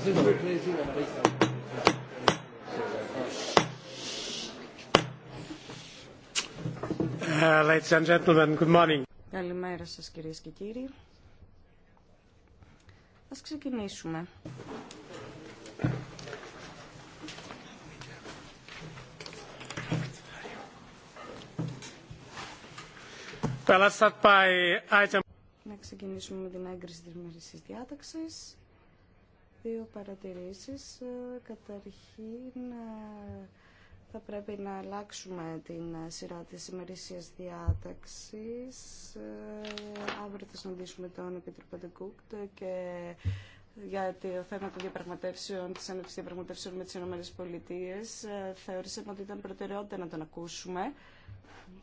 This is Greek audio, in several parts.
Uh, Καλημέρα σας κυρίες και κύριοι. Ας ξεκινήσουμε. Να ξεκινήσουμε με την έγκριση της διάταξης δύο παρατηρήσεις. Ε, καταρχήν, ε, θα πρέπει να αλλάξουμε την ε, σειρά της ημερήσιας διάταξης. Αύριο θα συναντήσουμε τον Επίτροπο Ντεκούκτ και για το θέμα των διαπραγματεύσεων, της έναρξης διαπραγματεύσεων με τις ΗΠΑ. Θεωρήσαμε ότι ήταν προτεραιότητα να τον ακούσουμε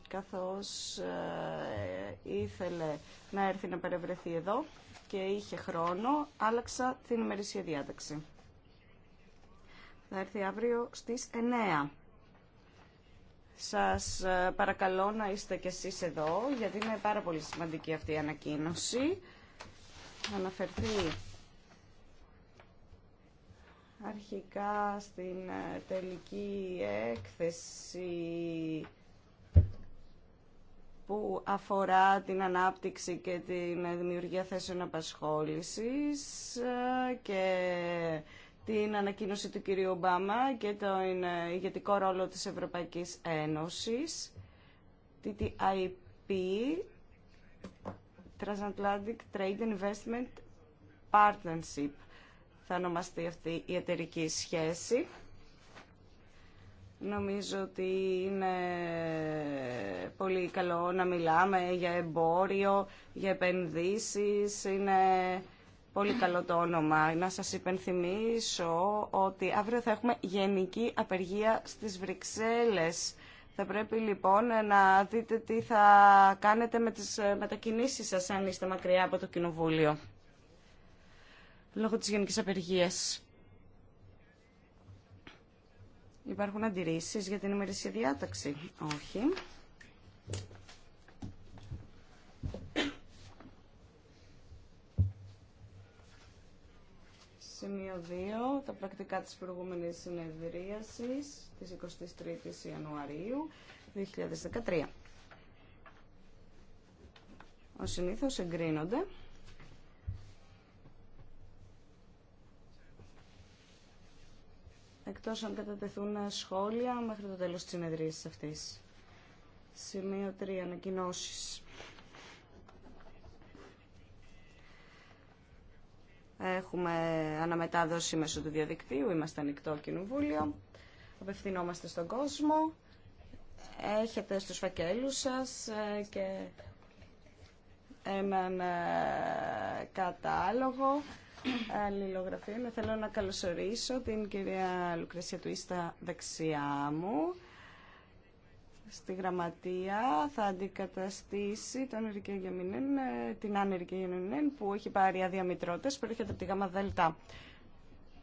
καθώς ήθελε να έρθει να παρευρεθεί εδώ και είχε χρόνο, άλλαξα την ημερήσια διάταξη. Θα έρθει αύριο στις 9. Σας ε, παρακαλώ να είστε κι εσείς εδώ, γιατί είναι πάρα πολύ σημαντική αυτή η ανακοίνωση. αναφερθεί αρχικά στην ε, τελική έκθεση που αφορά την ανάπτυξη και την δημιουργία θέσεων απασχόλησης ε, και την ανακοίνωση του κυρίου Ομπάμα και τον ε, ηγετικό ρόλο της Ευρωπαϊκής Ένωσης, TTIP, Transatlantic Trade Investment Partnership, θα ονομαστεί αυτή η εταιρική σχέση. Νομίζω ότι είναι πολύ καλό να μιλάμε για εμπόριο, για επενδύσεις, είναι πολύ καλό το όνομα. Να σας υπενθυμίσω ότι αύριο θα έχουμε γενική απεργία στις Βρυξέλλες. Θα πρέπει λοιπόν να δείτε τι θα κάνετε με τις μετακινήσεις σας αν είστε μακριά από το Κοινοβούλιο. Λόγω της γενικής απεργίας. Υπάρχουν αντιρρήσεις για την ημερήσια διάταξη. Όχι. Σημείο 2. Τα πρακτικά της προηγούμενης συνεδρίασης της 23ης Ιανουαρίου 2013. Ο συνήθως εγκρίνονται. εκτός αν κατατεθούν σχόλια μέχρι το τέλος της συνεδρίας αυτής. Σημείο 3. Ανακοινώσεις. Έχουμε αναμετάδοση μέσω του διαδικτύου, είμαστε ανοιχτό κοινοβούλιο, απευθυνόμαστε στον κόσμο, έχετε στους φακέλους σας ε, και έναν ε, κατάλογο αλληλογραφία. Θέλω να καλωσορίσω την κυρία Λουκρέσια του Ίστα δεξιά μου στη γραμματεία θα αντικαταστήσει τον Ερικέ Γεμινέν, ε, την Άννα Ερικέ Γεμινέν που έχει πάρει άδεια μητρότητας, προέρχεται από τη ΓΑΜΑ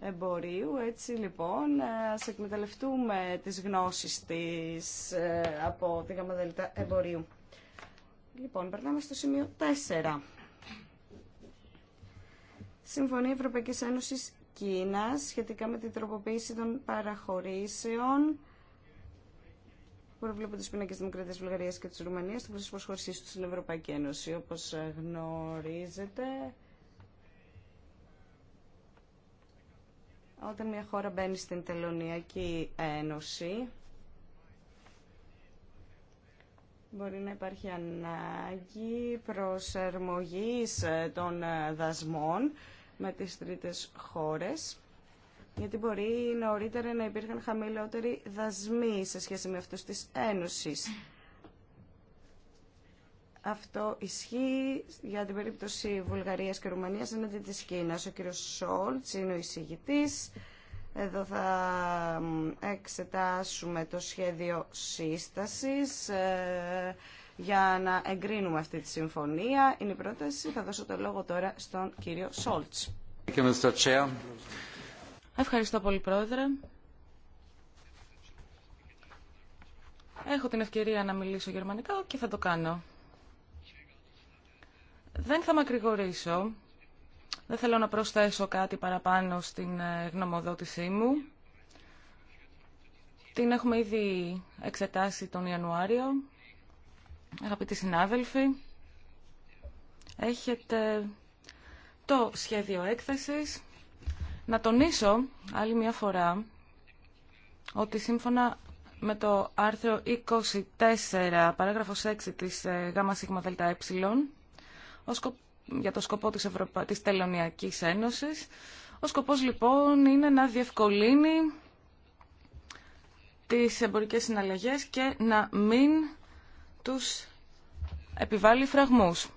εμπορίου. Έτσι λοιπόν, ε, ας εκμεταλλευτούμε τις γνώσεις της ε, από τη ΓΑΜΑ ΔΕΛΤΑ εμπορίου. Λοιπόν, περνάμε στο σημείο 4. Συμφωνία Ευρωπαϊκής Ένωσης Κίνας σχετικά με την τροποποίηση των παραχωρήσεων που προβλέπουν του πίνακε Δημοκρατία Βουλγαρία και τη Ρουμανίας στο πλαίσιο προσχώρησή του στην Ευρωπαϊκή Ένωση. Όπω γνωρίζετε, όταν μια χώρα μπαίνει στην Τελωνιακή Ένωση, μπορεί να υπάρχει ανάγκη προσαρμογής των δασμών με τις τρίτες χώρες γιατί μπορεί νωρίτερα να υπήρχαν χαμηλότεροι δασμοί σε σχέση με αυτούς της Ένωσης. Αυτό ισχύει για την περίπτωση Βουλγαρίας και Ρουμανίας εναντί της Κίνας. Ο κύριος Σόλτς είναι ο εισηγητής. Εδώ θα εξετάσουμε το σχέδιο σύστασης ε, για να εγκρίνουμε αυτή τη συμφωνία. Είναι η πρόταση. Θα δώσω το λόγο τώρα στον κύριο Σόλτς. Ευχαριστώ πολύ, Πρόεδρε. Έχω την ευκαιρία να μιλήσω γερμανικά και θα το κάνω. Δεν θα μακρηγορήσω. Δεν θέλω να προσθέσω κάτι παραπάνω στην ε, γνωμοδότησή μου. Την έχουμε ήδη εξετάσει τον Ιανουάριο Αγαπητοί συνάδελφοι, έχετε το σχέδιο έκθεσης. Να τονίσω άλλη μια φορά ότι σύμφωνα με το άρθρο 24, παράγραφος 6 της ΓΣΔΕ, ε, για το σκοπό της, Ευρωπα... της Τελωνιακής Ένωσης. Ο σκοπός λοιπόν είναι να διευκολύνει τις εμπορικές συναλλαγές και να μην τους επιβάλλει φραγμούς.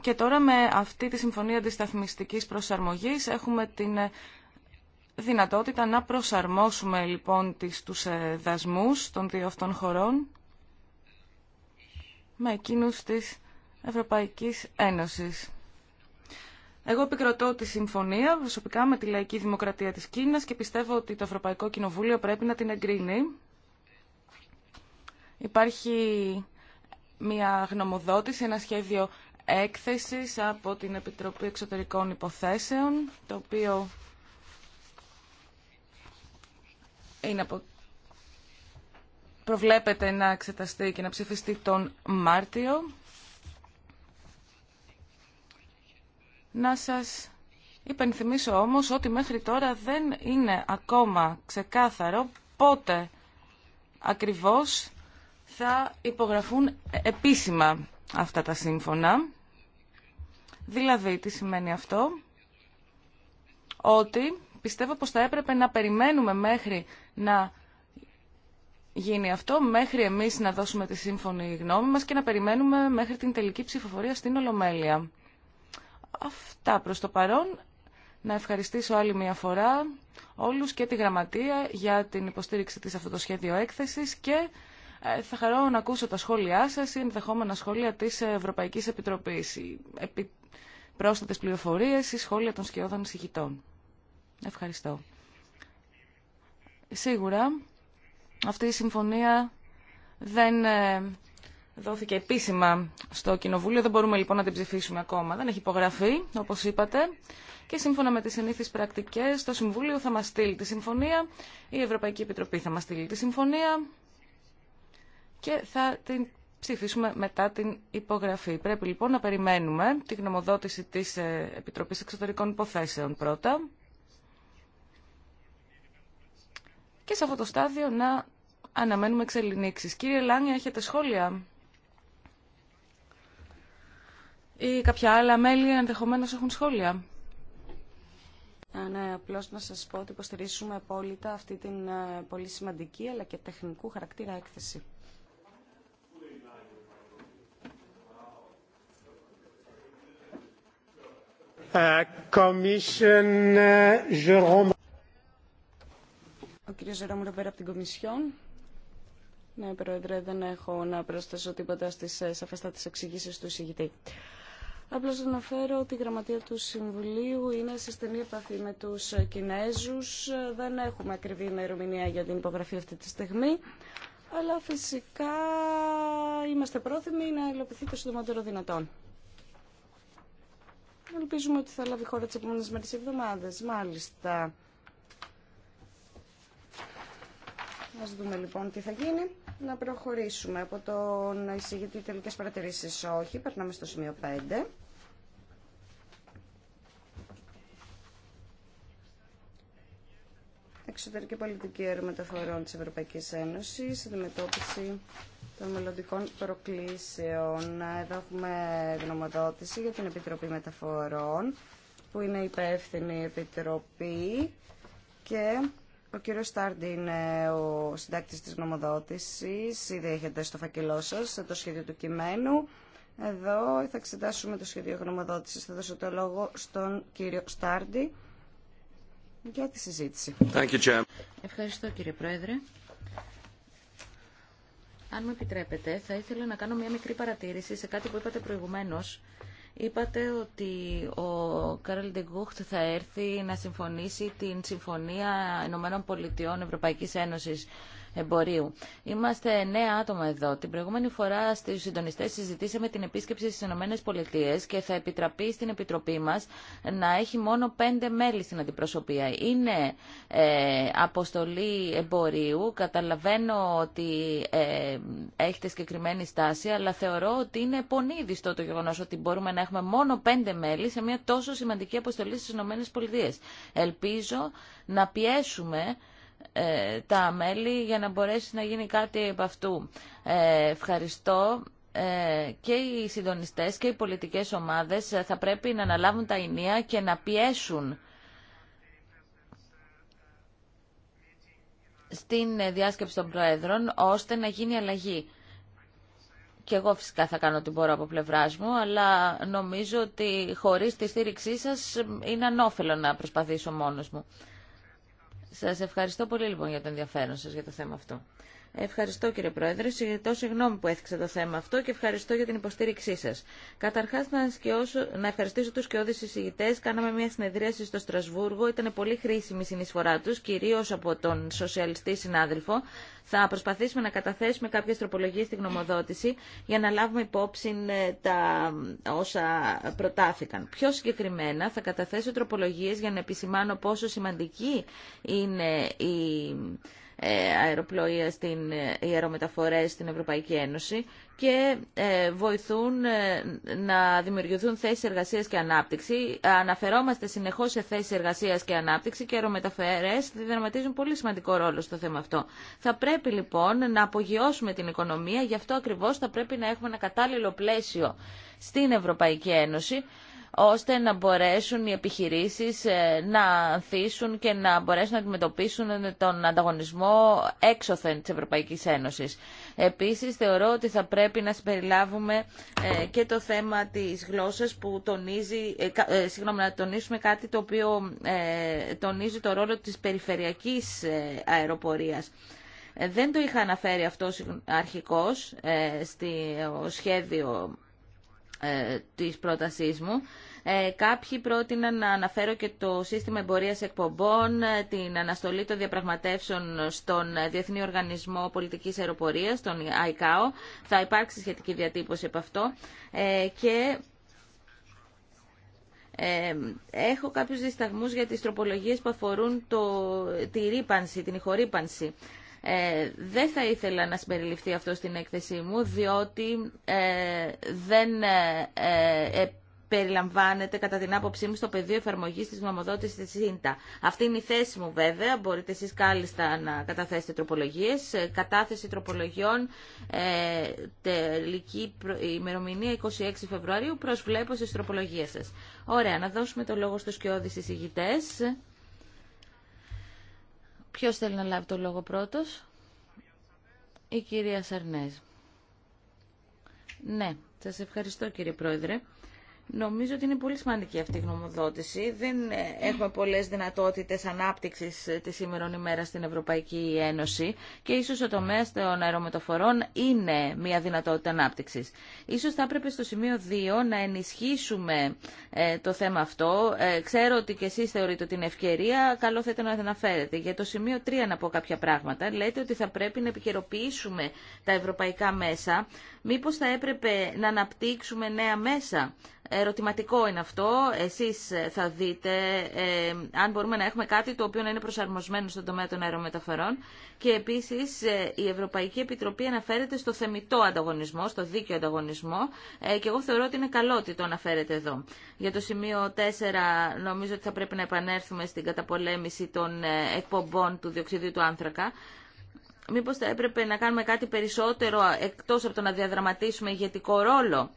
Και τώρα με αυτή τη Συμφωνία Αντισταθμιστικής Προσαρμογής έχουμε την ε, δυνατότητα να προσαρμόσουμε λοιπόν τις, τους ε, δασμούς των δύο αυτών χωρών με εκείνους της Ευρωπαϊκής Ένωσης. Εγώ επικροτώ τη συμφωνία προσωπικά με τη Λαϊκή Δημοκρατία της Κίνας και πιστεύω ότι το Ευρωπαϊκό Κοινοβούλιο πρέπει να την εγκρίνει Υπάρχει μια γνωμοδότηση, ένα σχέδιο έκθεσης από την Επιτροπή Εξωτερικών Υποθέσεων, το οποίο είναι προβλέπεται να εξεταστεί και να ψηφιστεί τον Μάρτιο. Να σας υπενθυμίσω όμως ότι μέχρι τώρα δεν είναι ακόμα ξεκάθαρο πότε ακριβώς θα υπογραφούν επίσημα αυτά τα σύμφωνα. Δηλαδή, τι σημαίνει αυτό, ότι πιστεύω πως θα έπρεπε να περιμένουμε μέχρι να γίνει αυτό, μέχρι εμείς να δώσουμε τη σύμφωνη γνώμη μας και να περιμένουμε μέχρι την τελική ψηφοφορία στην Ολομέλεια. Αυτά προς το παρόν. Να ευχαριστήσω άλλη μια φορά όλους και τη Γραμματεία για την υποστήριξη της αυτό το σχέδιο έκθεσης και ε, θα χαρώ να ακούσω τα σχόλιά σας ή ενδεχόμενα σχόλια της Ευρωπαϊκής Επιτροπής ή επί... πρόσθετες πληροφορίες ή σχόλια των σκιώδων εισηγητών. Ευχαριστώ. Σίγουρα αυτή η συμφωνία δεν ε, δόθηκε επίσημα στο Κοινοβούλιο, δεν μπορούμε λοιπόν να την ψηφίσουμε ακόμα. Δεν έχει υπογραφεί, όπως είπατε, και σύμφωνα με τις συνήθεις πρακτικές, το Συμβούλιο θα μας στείλει τη συμφωνία, η Ευρωπαϊκή Επιτροπή θα μα στείλει τη συμφωνία, και θα την ψηφίσουμε μετά την υπογραφή. Πρέπει λοιπόν να περιμένουμε τη γνωμοδότηση της ε, Επιτροπής Εξωτερικών Υποθέσεων πρώτα και σε αυτό το στάδιο να αναμένουμε εξελινήξεις. Κύριε Λάνια, έχετε σχόλια ή κάποια άλλα μέλη ενδεχομένως έχουν σχόλια. Ναι, απλώ να σας πω ότι υποστηρίζουμε απόλυτα αυτή την ε, πολύ σημαντική αλλά και τεχνικού χαρακτήρα έκθεση. Ε, Ο κύριος Ζερόμου πέρα από την Κομισιόν. Ναι, Πρόεδρε, δεν έχω να προσθέσω τίποτα στις ε, σαφέστατες εξηγήσεις του εισηγητή. Απλώς αναφέρω ότι η γραμματεία του Συμβουλίου είναι σε στενή επαφή με τους Κινέζους. Δεν έχουμε ακριβή ημερομηνία για την υπογραφή αυτή τη στιγμή. Αλλά φυσικά είμαστε πρόθυμοι να υλοποιηθεί το συντομότερο δυνατόν. Ελπίζουμε ότι θα λάβει χώρα τις επόμενες μέρες εβδομάδες. Μάλιστα. Ας δούμε λοιπόν τι θα γίνει. Να προχωρήσουμε από τον εισηγητή τελικές παρατηρήσεις. Όχι, περνάμε στο σημείο 5. εξωτερική πολιτική αερομεταφορών της Ευρωπαϊκής Ένωσης, αντιμετώπιση των μελλοντικών προκλήσεων. Εδώ έχουμε γνωμοδότηση για την Επιτροπή Μεταφορών, που είναι υπεύθυνη επιτροπή και ο κύριο Στάρντι είναι ο συντάκτης της γνωμοδότησης, ήδη έχετε στο φακελό σας το σχέδιο του κειμένου. Εδώ θα εξετάσουμε το σχέδιο γνωμοδότησης. Θα δώσω το λόγο στον κύριο Στάρντι για τη συζήτηση. Ευχαριστώ κύριε Πρόεδρε. Αν με επιτρέπετε, θα ήθελα να κάνω μια μικρή παρατήρηση σε κάτι που είπατε προηγουμένως. Είπατε ότι ο Κάρελ Ντεγκούχτ θα έρθει να συμφωνήσει την Συμφωνία Ηνωμένων Πολιτειών Ευρωπαϊκής Ένωσης. Εμπορίου. Είμαστε νέα άτομα εδώ. Την προηγούμενη φορά στου συντονιστέ συζητήσαμε την επίσκεψη στι ΗΠΑ και θα επιτραπεί στην Επιτροπή μα να έχει μόνο πέντε μέλη στην αντιπροσωπεία. Είναι ε, αποστολή εμπορίου. Καταλαβαίνω ότι ε, έχετε συγκεκριμένη στάση, αλλά θεωρώ ότι είναι πονίδιστο το γεγονό ότι μπορούμε να έχουμε μόνο πέντε μέλη σε μια τόσο σημαντική αποστολή στι ΗΠΑ. Ελπίζω να πιέσουμε ε, τα μέλη για να μπορέσει να γίνει κάτι από αυτού. Ε, ευχαριστώ ε, και οι συντονιστές και οι πολιτικές ομάδες θα πρέπει να αναλάβουν τα ενία και να πιέσουν στην διάσκεψη των Προέδρων ώστε να γίνει αλλαγή. Και εγώ φυσικά θα κάνω ό,τι μπορώ από πλευρά μου, αλλά νομίζω ότι χωρίς τη στήριξή σας είναι ανώφελο να προσπαθήσω μόνος μου. Σας ευχαριστώ πολύ λοιπόν για το ενδιαφέρον σας για το θέμα αυτό. Ευχαριστώ κύριε Πρόεδρε. Ζητώ συγγνώμη που έθιξα το θέμα αυτό και ευχαριστώ για την υποστήριξή σα. Καταρχά, να, σκιώσω, να ευχαριστήσω του σκιώδει συζητητέ. Κάναμε μια συνεδρίαση στο Στρασβούργο. Ήταν πολύ χρήσιμη η συνεισφορά του, κυρίω από τον σοσιαλιστή συνάδελφο. Θα προσπαθήσουμε να καταθέσουμε κάποιε τροπολογίε στη γνωμοδότηση για να λάβουμε υπόψη ε, τα ε, όσα προτάθηκαν. Πιο συγκεκριμένα, θα καταθέσω τροπολογίε για να επισημάνω πόσο σημαντική είναι η ε, αεροπλοεία στην ε, οι αερομεταφορές στην Ευρωπαϊκή Ένωση και ε, βοηθούν να δημιουργηθούν θέσεις εργασίας και ανάπτυξη. Αναφερόμαστε συνεχώς σε θέσεις εργασίας και ανάπτυξη και αερομεταφορές δραματίζουν πολύ σημαντικό ρόλο στο θέμα αυτό. Θα πρέπει λοιπόν να απογειώσουμε την οικονομία, γι' αυτό ακριβώς θα πρέπει να έχουμε ένα κατάλληλο πλαίσιο στην Ευρωπαϊκή Ένωση ώστε να μπορέσουν οι επιχειρήσεις ε, να ανθίσουν και να μπορέσουν να αντιμετωπίσουν ε, τον ανταγωνισμό έξωθεν της Ευρωπαϊκής Ένωσης. Επίσης, θεωρώ ότι θα πρέπει να συμπεριλάβουμε ε, και το θέμα της γλώσσας που τονίζει, συγγνώμη, να τονίσουμε κάτι το οποίο τονίζει το ρόλο της περιφερειακής αεροπορίας. Δεν το είχα αναφέρει αυτό αρχικώς στο σχέδιο ε, της πρότασής μου. Ε, κάποιοι πρότειναν να αναφέρω και το σύστημα εμπορίας εκπομπών, ε, την αναστολή των διαπραγματεύσεων στον ε, Διεθνή Οργανισμό Πολιτικής Αεροπορίας, τον ICAO. Θα υπάρξει σχετική διατύπωση από αυτό. και έχω κάποιους δισταγμούς για τις τροπολογίες που αφορούν το, τη ρήπανση, την ηχορύπανση. Ε, δεν θα ήθελα να συμπεριληφθεί αυτό στην έκθεσή μου, διότι ε, δεν ε, ε, περιλαμβάνεται κατά την άποψή μου στο πεδίο εφαρμογή τη γνωμοδότηση τη ΣΥΝΤΑ. Αυτή είναι η θέση μου βέβαια. Μπορείτε εσεί κάλλιστα να καταθέσετε τροπολογίε. Κατάθεση τροπολογιών τελική ημερομηνία 26 Φεβρουαρίου. Προσβλέπω στι τροπολογίε σα. Ωραία, να δώσουμε το λόγο στου κοιόδη εισηγητέ. Ποιος θέλει να λάβει το λόγο πρώτος? Η κυρία Σαρνέζ. Ναι, σας ευχαριστώ κύριε Πρόεδρε. Νομίζω ότι είναι πολύ σημαντική αυτή η γνωμοδότηση. Δεν ε, έχουμε πολλές δυνατότητες ανάπτυξης ε, τη σήμερον ημέρα στην Ευρωπαϊκή Ένωση και ίσως ο τομέας των αερομεταφορών είναι μια δυνατότητα ανάπτυξης. Ίσως θα έπρεπε στο σημείο 2 να ενισχύσουμε ε, το θέμα αυτό. ξέρω ότι και εσείς θεωρείτε την ευκαιρία, καλό θα ήταν να αναφέρετε. Για το σημείο 3 να πω κάποια πράγματα. Λέτε ότι θα πρέπει να επικαιροποιήσουμε τα ευρωπαϊκά μέσα. Μήπως θα έπρεπε να αναπτύξουμε νέα μέσα ερωτηματικό είναι αυτό. Εσείς ε, θα δείτε ε, αν μπορούμε να έχουμε κάτι το οποίο να είναι προσαρμοσμένο στον τομέα των αερομεταφορών. Και επίσης ε, η Ευρωπαϊκή Επιτροπή αναφέρεται στο θεμητό ανταγωνισμό, στο δίκαιο ανταγωνισμό και εγώ θεωρώ ότι είναι καλό ότι το αναφέρεται εδώ. Για το σημείο 4 νομίζω ότι θα πρέπει να επανέλθουμε στην καταπολέμηση των εκπομπών του διοξιδίου του άνθρακα. Μήπως θα έπρεπε να κάνουμε κάτι περισσότερο εκτός από το να διαδραματίσουμε ηγετικό ρόλο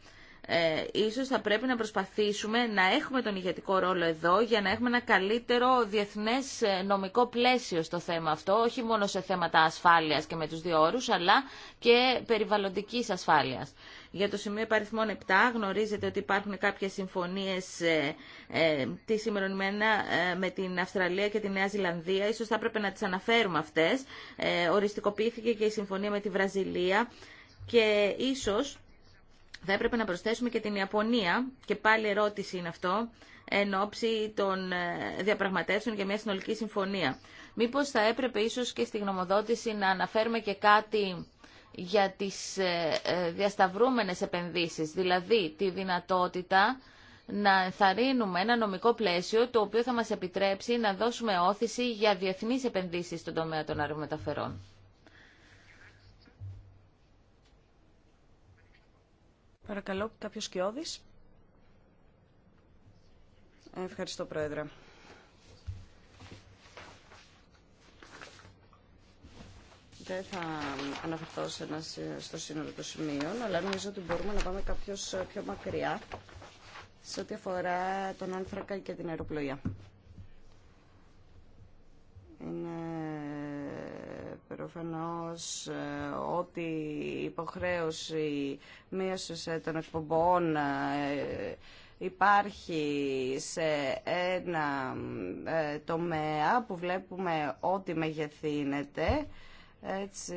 ε, ίσως θα πρέπει να προσπαθήσουμε να έχουμε τον ηγετικό ρόλο εδώ για να έχουμε ένα καλύτερο διεθνές ε, νομικό πλαίσιο στο θέμα αυτό, όχι μόνο σε θέματα ασφάλειας και με τους δύο όρους, αλλά και περιβαλλοντικής ασφάλειας. Για το σημείο υπαριθμών 7 γνωρίζετε ότι υπάρχουν κάποιες συμφωνίες ε, ε, τη ε, με την Αυστραλία και τη Νέα Ζηλανδία. Ίσως θα έπρεπε να τις αναφέρουμε αυτές. Ε, οριστικοποιήθηκε και η συμφωνία με τη Βραζιλία και ίσως θα έπρεπε να προσθέσουμε και την Ιαπωνία, και πάλι ερώτηση είναι αυτό, εν ώψη των ε, διαπραγματεύσεων για μια συνολική συμφωνία. Μήπως θα έπρεπε ίσως και στη γνωμοδότηση να αναφέρουμε και κάτι για τις ε, ε, διασταυρούμενες επενδύσεις, δηλαδή τη δυνατότητα να ενθαρρύνουμε ένα νομικό πλαίσιο το οποίο θα μας επιτρέψει να δώσουμε όθηση για διεθνείς επενδύσεις στον τομέα των αερομεταφερών. Παρακαλώ, κάποιο σκιώδης. Ευχαριστώ, Πρόεδρε. Δεν θα αναφερθώ σε ένα, στο σύνολο των σημείων, αλλά νομίζω ότι μπορούμε να πάμε κάποιο ε, πιο μακριά σε ό,τι αφορά τον άνθρακα και την αεροπλοΐα. Προφανώς ε, ότι η υποχρέωση μείωσης ε, των εκπομπών ε, υπάρχει σε ένα τομέα που βλέπουμε ότι μεγεθύνεται έτσι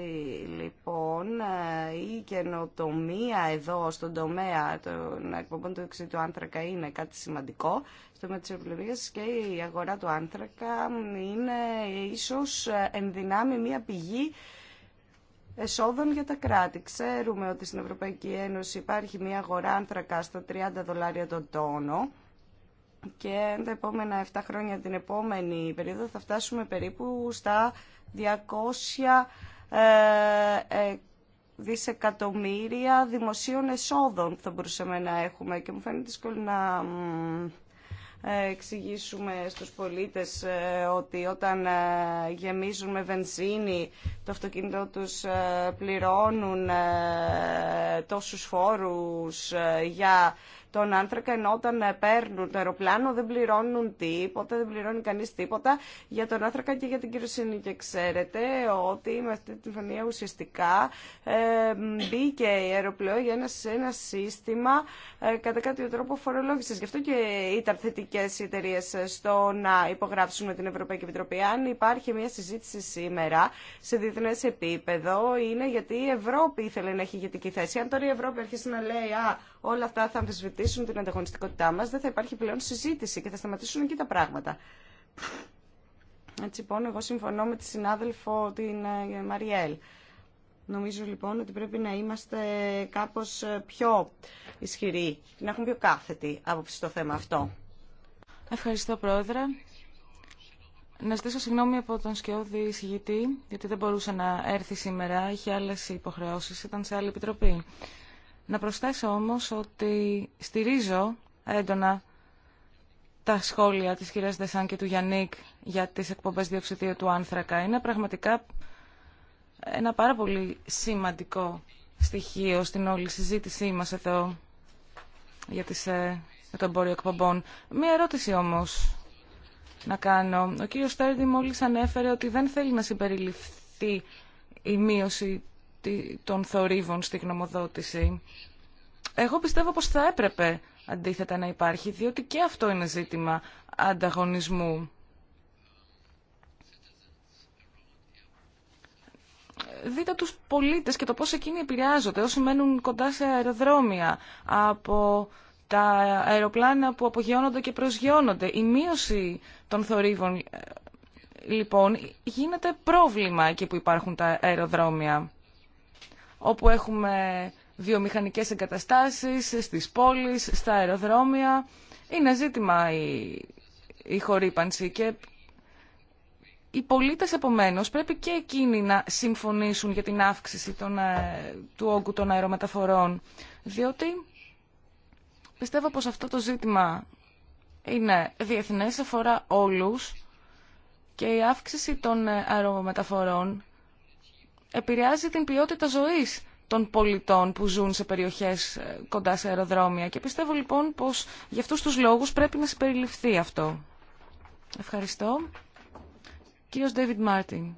λοιπόν ε, η καινοτομία εδώ στον τομέα των εκπομπών του εξή του άνθρακα είναι κάτι σημαντικό στο με της και η αγορά του άνθρακα είναι ίσως ε, ενδυνάμει μια πηγή εσόδων για τα κράτη. Ξέρουμε ότι στην Ευρωπαϊκή Ένωση υπάρχει μια αγορά άνθρακα στα 30 δολάρια τον τόνο και τα επόμενα 7 χρόνια την επόμενη περίοδο θα φτάσουμε περίπου στα 200 ε, ε, δισεκατομμύρια δημοσίων εσόδων που θα μπορούσαμε να έχουμε και μου φαίνεται δύσκολο να ε, εξηγήσουμε στους πολίτες ε, ότι όταν γεμίζουν με βενζίνη το αυτοκίνητό τους πληρώνουν τόσους φόρους για τον άνθρακα, ενώ όταν παίρνουν το αεροπλάνο δεν πληρώνουν τίποτα, δεν πληρώνει κανεί τίποτα για τον άνθρακα και για την κυρσίνη. Και ξέρετε ότι με αυτή τη συμφωνία ουσιαστικά ε, μπήκε η αεροπλοία σε ένα σύστημα ε, κατά κάποιο τρόπο φορολόγηση. Γι' αυτό και ήταν θετικέ οι εταιρείε στο να υπογράψουν με την Ευρωπαϊκή Επιτροπή. Αν υπάρχει μια συζήτηση σήμερα σε διεθνέ επίπεδο, είναι γιατί η Ευρώπη ήθελε να έχει ηγετική θέση. Αν τώρα η Ευρώπη αρχίσει να λέει Α, όλα αυτά θα αμφισβητήσουν την ανταγωνιστικότητά μα, δεν θα υπάρχει πλέον συζήτηση και θα σταματήσουν εκεί τα πράγματα. Έτσι λοιπόν, εγώ συμφωνώ με τη συνάδελφο την ε, Μαριέλ. Νομίζω λοιπόν ότι πρέπει να είμαστε κάπως ε, πιο ισχυροί να έχουμε πιο κάθετη άποψη στο θέμα αυτό. Ευχαριστώ Πρόεδρε. Να ζητήσω συγγνώμη από τον Σκιώδη εισηγητή, γιατί δεν μπορούσε να έρθει σήμερα, είχε άλλες υποχρεώσεις, ήταν σε άλλη επιτροπή. Να προσθέσω όμως ότι στηρίζω έντονα τα σχόλια της κυρίας Δεσάν και του Γιάννικ για τις εκπομπές διοξιδίου του άνθρακα. Είναι πραγματικά ένα πάρα πολύ σημαντικό στοιχείο στην όλη συζήτησή μας εδώ για, τις, για ε, το εμπόριο εκπομπών. Μία ερώτηση όμως να κάνω. Ο κύριος Στέρντι μόλις ανέφερε ότι δεν θέλει να συμπεριληφθεί η μείωση των θορύβων στη γνωμοδότηση. Εγώ πιστεύω πως θα έπρεπε αντίθετα να υπάρχει, διότι και αυτό είναι ζήτημα ανταγωνισμού. Δείτε τους πολίτες και το πώς εκείνοι επηρεάζονται όσοι μένουν κοντά σε αεροδρόμια από τα αεροπλάνα που απογειώνονται και προσγειώνονται. Η μείωση των θορύβων ε, λοιπόν γίνεται πρόβλημα εκεί που υπάρχουν τα αεροδρόμια όπου έχουμε βιομηχανικές εγκαταστάσεις, στις πόλεις, στα αεροδρόμια. Είναι ζήτημα η, η χορύπανση και οι πολίτες επομένως πρέπει και εκείνοι να συμφωνήσουν για την αύξηση των, ε, του όγκου των αερομεταφορών, διότι πιστεύω πως αυτό το ζήτημα είναι διεθνές, αφορά όλους και η αύξηση των ε, αερομεταφορών επηρεάζει την ποιότητα ζωής των πολιτών που ζουν σε περιοχές ε, κοντά σε αεροδρόμια και πιστεύω λοιπόν πως για αυτούς τους λόγους πρέπει να συμπεριληφθεί αυτό. Ευχαριστώ. Κύριος David Μάρτιν.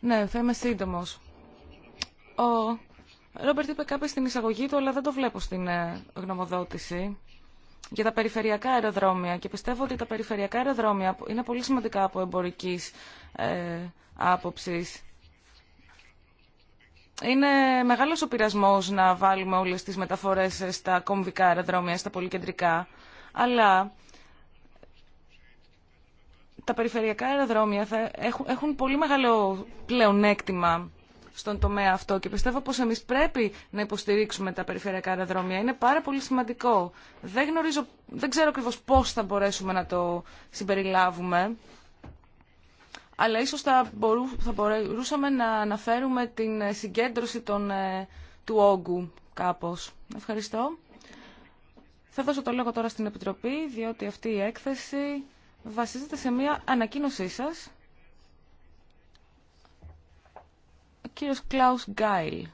Ναι, θα είμαι σύντομο. Ο Ρόμπερτ είπε κάποια στην εισαγωγή του, αλλά δεν το βλέπω στην ε, γνωμοδότηση για τα περιφερειακά αεροδρόμια και πιστεύω ότι τα περιφερειακά αεροδρόμια είναι πολύ σημαντικά από εμπορικής ε, άποψης. Είναι μεγάλος ο πειρασμός να βάλουμε όλες τις μεταφορές στα κομβικά αεροδρόμια, στα πολυκεντρικά, αλλά τα περιφερειακά αεροδρόμια θα έχουν, έχουν πολύ μεγάλο πλεονέκτημα στον τομέα αυτό και πιστεύω πως εμείς πρέπει να υποστηρίξουμε τα περιφερειακά αεροδρόμια. Είναι πάρα πολύ σημαντικό. Δεν, γνωρίζω, δεν ξέρω ακριβώ πώς θα μπορέσουμε να το συμπεριλάβουμε, αλλά ίσως θα, θα μπορούσαμε να αναφέρουμε την συγκέντρωση των, ε, του όγκου κάπως. Ευχαριστώ. Θα δώσω το λόγο τώρα στην Επιτροπή, διότι αυτή η έκθεση βασίζεται σε μια ανακοίνωσή σας κύριος Κλάους Γκάιλ.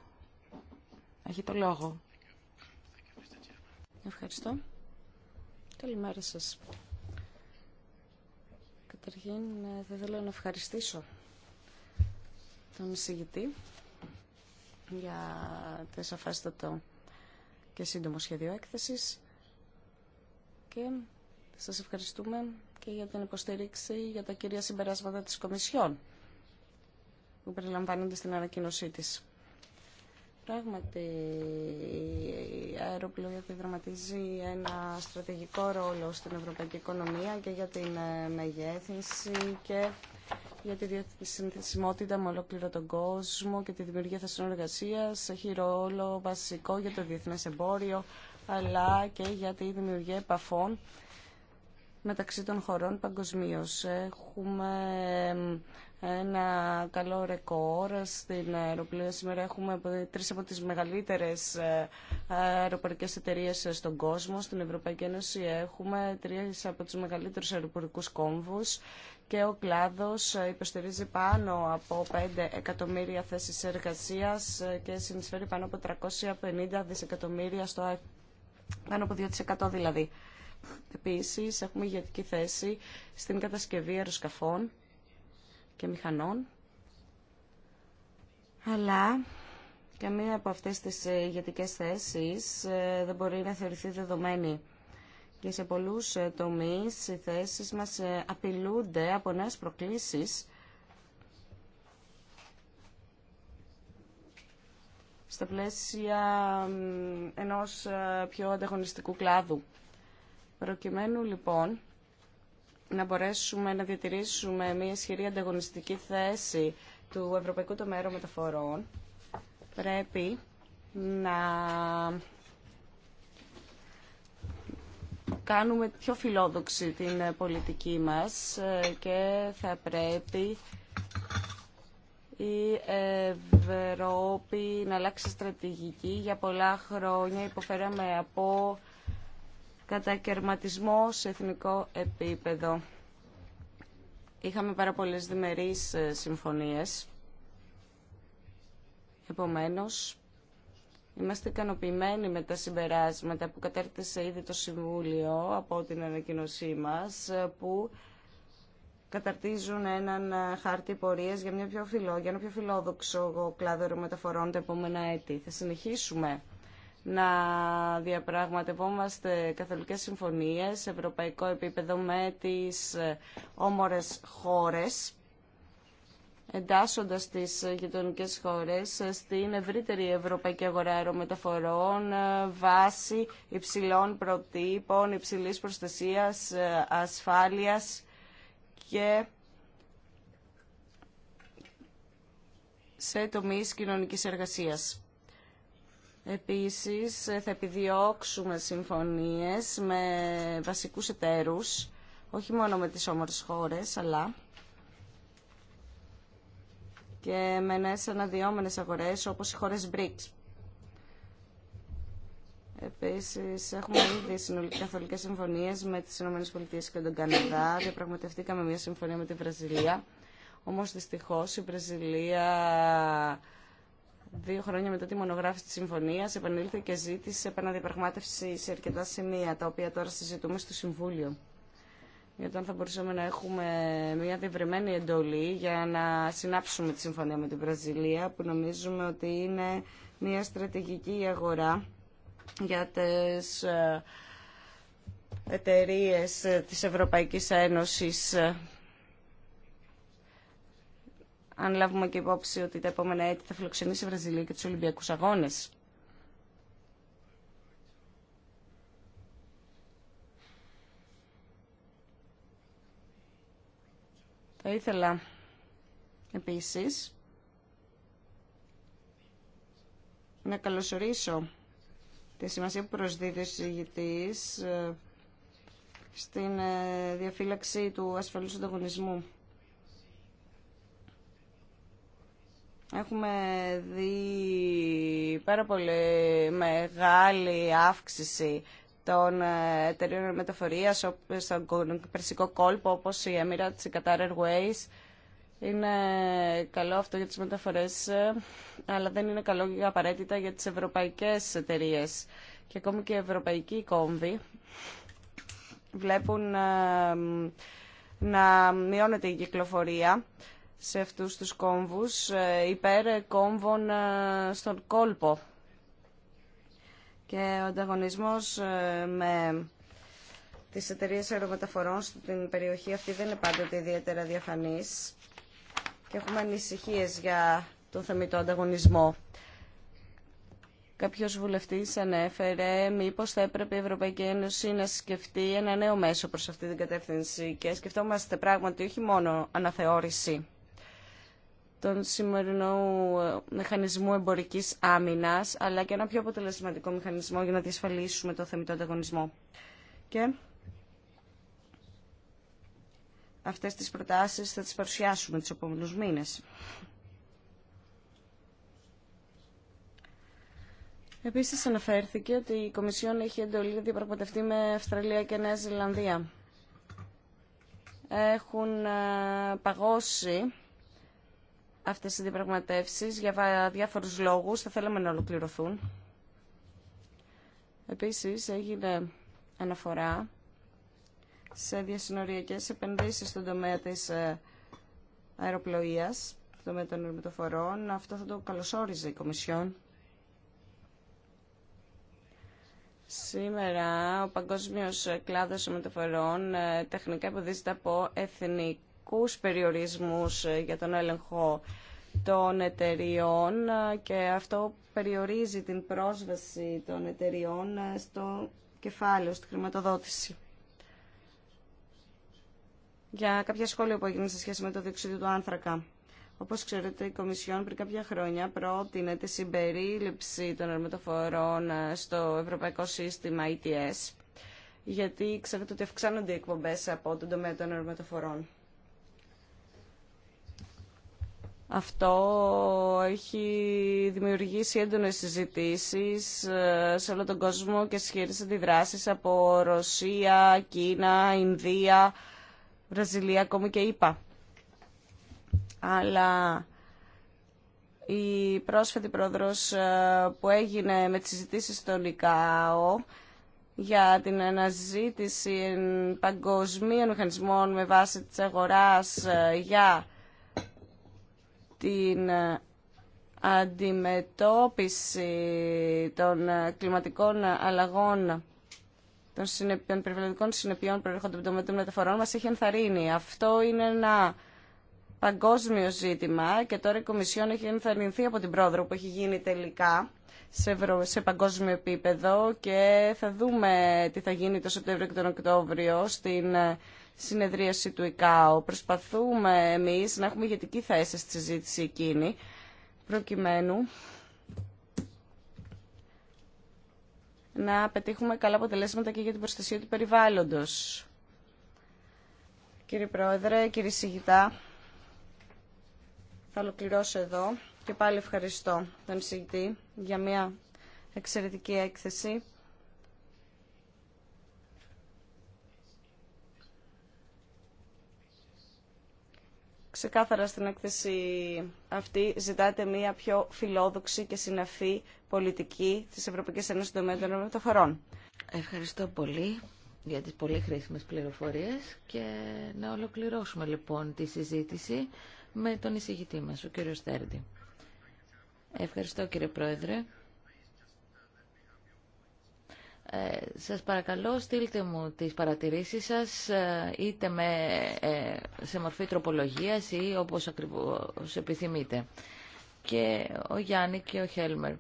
Έχει το λόγο. Ευχαριστώ. Καλημέρα σας. Καταρχήν ε, θα ήθελα να ευχαριστήσω τον εισηγητή για το σαφέστατο και σύντομο σχέδιο έκθεσης και σας ευχαριστούμε και για την υποστήριξη για τα κυρία συμπεράσματα της Κομισιόν που περιλαμβάνονται στην ανακοίνωσή τη. Πράγματι, η αεροπλοεία δραματίζει ένα στρατηγικό ρόλο στην ευρωπαϊκή οικονομία και για την ε, μεγέθυνση και για τη συνθεσιμότητα με ολόκληρο τον κόσμο και τη δημιουργία θεσμών Έχει ρόλο βασικό για το διεθνέ εμπόριο, αλλά και για τη δημιουργία επαφών μεταξύ των χωρών παγκοσμίω. Έχουμε ένα καλό ρεκόρ στην αεροπλία. Σήμερα έχουμε τρει από τι μεγαλύτερε αεροπορικέ εταιρείε στον κόσμο. Στην Ευρωπαϊκή Ένωση έχουμε τρει από του μεγαλύτερου αεροπορικού κόμβου και ο κλάδο ε, υποστηρίζει πάνω από 5 εκατομμύρια θέσει εργασία ε, και συνεισφέρει πάνω από 350 δισεκατομμύρια στο ΑΕΠ. Πάνω από 2% δηλαδή. Επίση έχουμε ηγετική θέση στην κατασκευή αεροσκαφών και μηχανών, αλλά καμία από αυτές τις ε, ηγετικέ θέσεις ε, δεν μπορεί να θεωρηθεί δεδομένη. Και σε πολλούς ε, τομείς οι θέσεις μας απειλούνται από νέες προκλήσεις στα πλαίσια ενός πιο ανταγωνιστικού κλάδου. Προκειμένου λοιπόν να μπορέσουμε να διατηρήσουμε μια ισχυρή ανταγωνιστική θέση του Ευρωπαϊκού Τομέα Μεταφορών, πρέπει να κάνουμε πιο φιλόδοξη την πολιτική μας και θα πρέπει η Ευρώπη να αλλάξει στρατηγική. Για πολλά χρόνια υποφέραμε από κατακαιρματισμό σε εθνικό επίπεδο. Είχαμε πάρα πολλές διμερείς ε, συμφωνίες. Επομένως, είμαστε ικανοποιημένοι με τα συμπεράσματα που κατέρτισε ήδη το Συμβούλιο από την ανακοινωσή μας, ε, που καταρτίζουν έναν ε, χάρτη πορείας για, μια πιο φιλό, για ένα πιο φιλόδοξο κλάδο μεταφορών τα επόμενα έτη. Θα συνεχίσουμε να διαπραγματευόμαστε καθολικές συμφωνίες σε ευρωπαϊκό επίπεδο με τις ε, όμορες χώρες εντάσσοντας τις γειτονικέ χώρες στην ευρύτερη ευρωπαϊκή αγορά αερομεταφορών ε, βάση υψηλών προτύπων, υψηλής προστασίας, ε, ασφάλειας και σε τομείς κοινωνικής εργασίας. Επίσης, θα επιδιώξουμε συμφωνίες με βασικούς εταίρους, όχι μόνο με τις όμορφες χώρες, αλλά και με νέες αναδυόμενες αγορές, όπως οι χώρες BRICS. Επίσης, έχουμε ήδη συνολικά καθολικές συμφωνίες με τις ΗΠΑ και τον Καναδά. Διαπραγματευτήκαμε μια συμφωνία με τη Βραζιλία. Όμως, δυστυχώς, η Βραζιλία δύο χρόνια μετά τη μονογράφηση της συμφωνίας, επανήλθε και ζήτησε επαναδιαπραγμάτευση σε αρκετά σημεία, τα οποία τώρα συζητούμε στο Συμβούλιο. Γιατί αν θα μπορούσαμε να έχουμε μια διευρυμένη εντολή για να συνάψουμε τη συμφωνία με την Βραζιλία, που νομίζουμε ότι είναι μια στρατηγική αγορά για τις ε, εταιρείε της Ευρωπαϊκής Ένωσης αν λάβουμε και υπόψη ότι τα επόμενα έτη θα φιλοξενήσει η Βραζιλία και τους Ολυμπιακούς Αγώνες. Θα ήθελα επίσης να καλωσορίσω τη σημασία που προσδίδει ο συζητητής ε, στην ε, διαφύλαξη του ασφαλούς ανταγωνισμού Έχουμε δει πάρα πολύ μεγάλη αύξηση των ε, εταιρείων μεταφορίας στον περσικό κόλπο όπως η Emirates, η Qatar Airways. Είναι καλό αυτό για τις μεταφορές, ε, αλλά δεν είναι καλό απαραίτητα για τις ευρωπαϊκές εταιρείες. Και ακόμη και οι ευρωπαϊκοί κόμβοι βλέπουν ε, να μειώνεται η κυκλοφορία σε αυτούς τους κόμβους ε, υπέρ κόμβων ε, στον κόλπο. Και ο ανταγωνισμός ε, με τις εταιρείες αερομεταφορών στην περιοχή αυτή δεν είναι πάντοτε ιδιαίτερα διαφανής και έχουμε ανησυχίες για τον θεμητό ανταγωνισμό. Κάποιος βουλευτής ανέφερε μήπως θα έπρεπε η Ευρωπαϊκή Ένωση να σκεφτεί ένα νέο μέσο προς αυτή την κατεύθυνση και σκεφτόμαστε πράγματι όχι μόνο αναθεώρηση τον σημερινό ε, μηχανισμό εμπορικής άμυνας, αλλά και ένα πιο αποτελεσματικό μηχανισμό για να διασφαλίσουμε το θεμητό ανταγωνισμό. Και αυτές τις προτάσεις θα τις παρουσιάσουμε του επόμενους μήνες. Επίσης αναφέρθηκε ότι η Κομισιόν έχει εντολή να διαπραγματευτεί με Αυστραλία και Νέα Ζηλανδία. Έχουν ε, παγώσει Αυτές οι διαπραγματεύσεις για διάφορους λόγους θα θέλαμε να ολοκληρωθούν. Επίσης έγινε αναφορά σε διασυνοριακές επενδύσεις στον τομέα της ε, αεροπλοείας, στον τομέα των ερμητοφορών. Αυτό θα το καλωσόριζε η Κομισιόν. Σήμερα ο παγκόσμιος κλάδος μεταφορών ε, τεχνικά υποδίζεται από εθνική σημαντικούς περιορισμούς ε, για τον έλεγχο των εταιριών ε, και αυτό περιορίζει την πρόσβαση των εταιριών ε, στο κεφάλαιο, στη χρηματοδότηση. Για κάποια σχόλια που έγινε σε σχέση με το διοξείδιο του άνθρακα. όπω ξέρετε, η Κομισιόν πριν κάποια χρόνια πρότεινε τη συμπερίληψη των ερμετοφορών στο Ευρωπαϊκό Σύστημα ETS, γιατί ξέρετε ότι αυξάνονται οι από τον τομέα των ερμετοφορών. Αυτό έχει δημιουργήσει έντονες συζητήσεις ε, σε όλο τον κόσμο και τη αντιδράσεις από Ρωσία, Κίνα, Ινδία, Βραζιλία, ακόμη και ΙΠΑ. Αλλά η πρόσφατη πρόδρος ε, που έγινε με τις συζητήσεις στον ΙΚΑΟ για την αναζήτηση παγκοσμίων μηχανισμών με βάση της αγοράς ε, για την ε, αντιμετώπιση των ε, κλιματικών αλλαγών των, περιβαλλοντικών συνεπειών προέρχονται από το μεταφορών μας έχει ενθαρρύνει. Αυτό είναι ένα παγκόσμιο ζήτημα και τώρα η Κομισιόν έχει ενθαρρυνθεί από την πρόεδρο που έχει γίνει τελικά σε, σε παγκόσμιο επίπεδο και θα δούμε τι θα γίνει το Σεπτέμβριο και τον Οκτώβριο στην ε, συνεδρίαση του ΙΚΑΟ. Προσπαθούμε εμείς να έχουμε ηγετική θέση στη συζήτηση εκείνη, προκειμένου να πετύχουμε καλά αποτελέσματα και για την προστασία του περιβάλλοντος. Κύριε Πρόεδρε, κύριε Σιγητά, θα ολοκληρώσω εδώ και πάλι ευχαριστώ τον Σιγητή για μια εξαιρετική έκθεση. Ξεκάθαρα στην έκθεση αυτή ζητάτε μια πιο φιλόδοξη και συναφή πολιτική της Ευρωπαϊκής Ένωσης των Μέτρων Μεταφορών. Ευχαριστώ πολύ για τις πολύ χρήσιμες πληροφορίες και να ολοκληρώσουμε λοιπόν τη συζήτηση με τον εισηγητή μας, ο κύριο Στέρντι. Ευχαριστώ κύριε Πρόεδρε. Ε, σας παρακαλώ στείλτε μου τις παρατηρήσεις σας ε, είτε με, ε, σε μορφή τροπολογίας ή όπως ακριβώς επιθυμείτε. Και ο Γιάννη και ο Χέλμερ.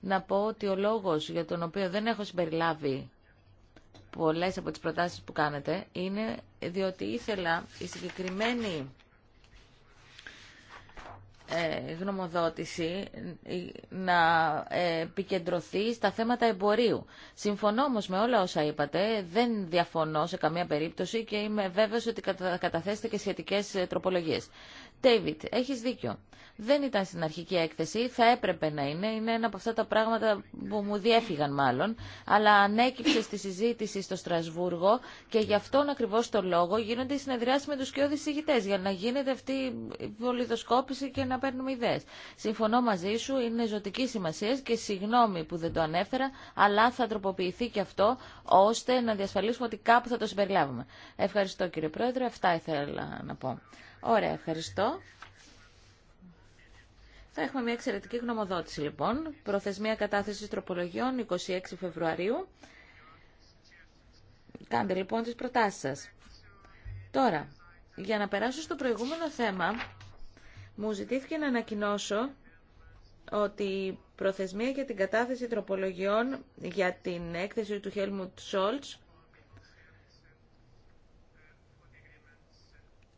Να πω ότι ο λόγος για τον οποίο δεν έχω συμπεριλάβει πολλές από τις προτάσεις που κάνετε είναι διότι ήθελα η συγκεκριμένη ε, γνωμοδότηση ε, να ε, επικεντρωθεί στα θέματα εμπορίου. Συμφωνώ όμως με όλα όσα είπατε, δεν διαφωνώ σε καμία περίπτωση και είμαι βέβαιος ότι καταθέσετε και σχετικές τροπολογίες. David, έχεις δίκιο. Δεν ήταν στην αρχική έκθεση, θα έπρεπε να είναι. Είναι ένα από αυτά τα πράγματα που μου διέφυγαν μάλλον. Αλλά ανέκυψε στη συζήτηση στο Στρασβούργο και γι' αυτόν ακριβώ το λόγο γίνονται οι συνεδριάσει με του κοιόδη ηγητέ για να γίνεται αυτή η πολυδοσκόπηση και να παίρνουμε ιδέε. Συμφωνώ μαζί σου, είναι ζωτική σημασία και συγγνώμη που δεν το ανέφερα, αλλά θα τροποποιηθεί και αυτό ώστε να διασφαλίσουμε ότι κάπου θα το συμπεριλάβουμε. Ευχαριστώ κύριε Πρόεδρε, αυτά ήθελα να πω. Ωραία, ευχαριστώ. Θα έχουμε μια εξαιρετική γνωμοδότηση λοιπόν. Προθεσμία κατάθεσης τροπολογιών 26 Φεβρουαρίου. Κάντε λοιπόν τις προτάσεις σας. Τώρα, για να περάσω στο προηγούμενο θέμα, μου ζητήθηκε να ανακοινώσω ότι η προθεσμία για την κατάθεση τροπολογιών για την έκθεση του Χέλμουντ Σόλτς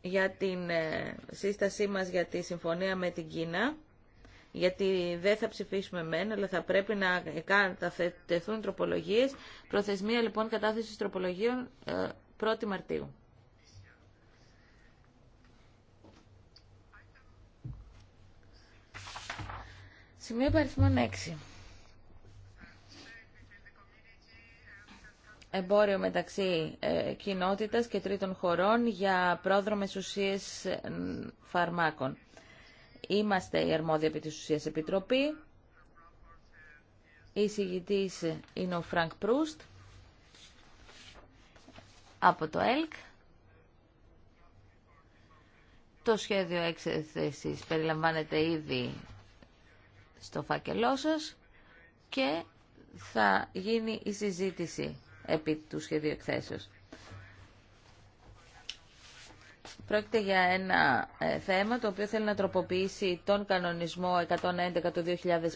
για την ε, σύστασή μας για τη συμφωνία με την Κίνα, γιατί δεν θα ψηφίσουμε μεν, αλλά θα πρέπει να καταθετεθούν τροπολογίες. Προθεσμία λοιπόν κατάθεσης τροπολογίων 1η ε, Μαρτίου. Σημείο παριθμών 6. εμπόριο μεταξύ ε, κοινότητας και τρίτων χωρών για πρόδρομες ουσίες ε, φαρμάκων. Είμαστε η αρμόδια επί της ουσίας επιτροπή. Η συγητής είναι ο Φρανκ Προύστ από το ΕΛΚ. Το σχέδιο έξεθεσης περιλαμβάνεται ήδη στο φάκελό σας και θα γίνει η συζήτηση επί του σχεδίου εκθέσεως. Πρόκειται για ένα ε, θέμα το οποίο θέλει να τροποποιήσει τον κανονισμό 111 του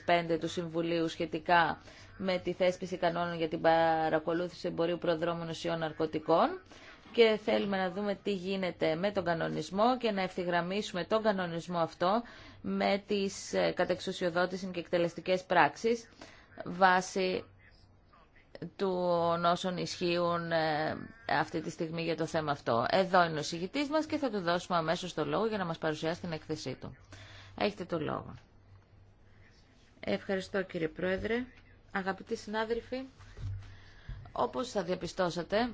2005 του Συμβουλίου σχετικά με τη θέσπιση κανόνων για την παρακολούθηση εμπορίου προδρόμων ουσιών ναρκωτικών και θέλουμε να δούμε τι γίνεται με τον κανονισμό και να ευθυγραμμίσουμε τον κανονισμό αυτό με τις ε, κατεξουσιοδότηση και εκτελεστικές πράξεις βάσει των όσων ισχύουν ε, αυτή τη στιγμή για το θέμα αυτό. Εδώ είναι ο συγητής μας και θα του δώσουμε αμέσως το λόγο για να μας παρουσιάσει την έκθεσή του. Έχετε το λόγο. Ευχαριστώ κύριε Πρόεδρε. Αγαπητοί συνάδελφοι, όπως θα διαπιστώσατε,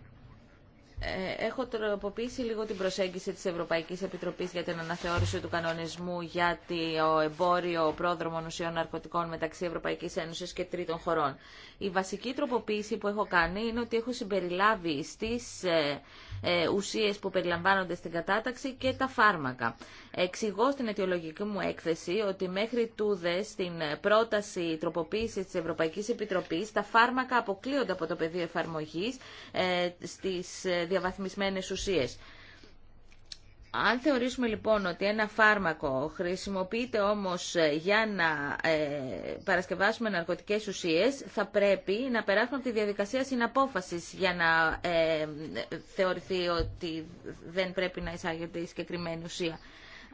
ε, έχω τροποποιήσει λίγο την προσέγγιση της Ευρωπαϊκής Επιτροπής για την αναθεώρηση του κανονισμού για το εμπόριο πρόδρομων ουσιών ναρκωτικών μεταξύ Ευρωπαϊκής Ένωσης και τρίτων χωρών. Η βασική τροποποίηση που έχω κάνει είναι ότι έχω συμπεριλάβει στις ε, ε, ουσίες που περιλαμβάνονται στην κατάταξη και τα φάρμακα. Εξηγώ στην αιτιολογική μου έκθεση ότι μέχρι τούδε στην πρόταση τροποποίηση τη Ευρωπαϊκή Επιτροπή, τα φάρμακα αποκλείονται από το πεδίο διαβαθμισμένες ουσίες. Αν θεωρήσουμε λοιπόν ότι ένα φάρμακο χρησιμοποιείται όμως ε, για να ε, παρασκευάσουμε ναρκωτικές ουσίες, θα πρέπει να περάσουμε από τη διαδικασία συναπόφασης για να ε, θεωρηθεί ότι δεν πρέπει να εισάγεται η συγκεκριμένη ουσία.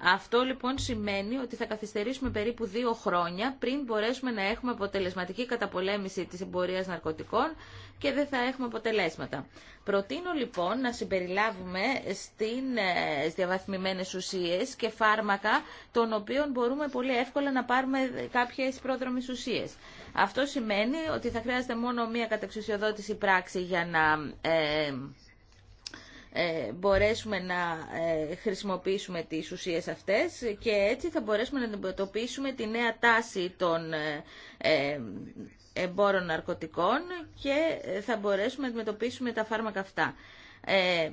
Αυτό λοιπόν σημαίνει ότι θα καθυστερήσουμε περίπου δύο χρόνια πριν μπορέσουμε να έχουμε αποτελεσματική καταπολέμηση της εμπορίας ναρκωτικών και δεν θα έχουμε αποτελέσματα. Προτείνω λοιπόν να συμπεριλάβουμε ε, στις διαβαθμιμένες ουσίες και φάρμακα των οποίων μπορούμε πολύ εύκολα να πάρουμε κάποιες πρόδρομες ουσίες. Αυτό σημαίνει ότι θα χρειάζεται μόνο μία κατεξουσιοδότηση πράξη για να ε, ε, μπορέσουμε να ε, χρησιμοποιήσουμε τις ουσίες αυτές και έτσι θα μπορέσουμε να αντιμετωπίσουμε τη νέα τάση των ε, εμπόρων ναρκωτικών και ε, θα μπορέσουμε να αντιμετωπίσουμε τα φάρμακα αυτά. Ε,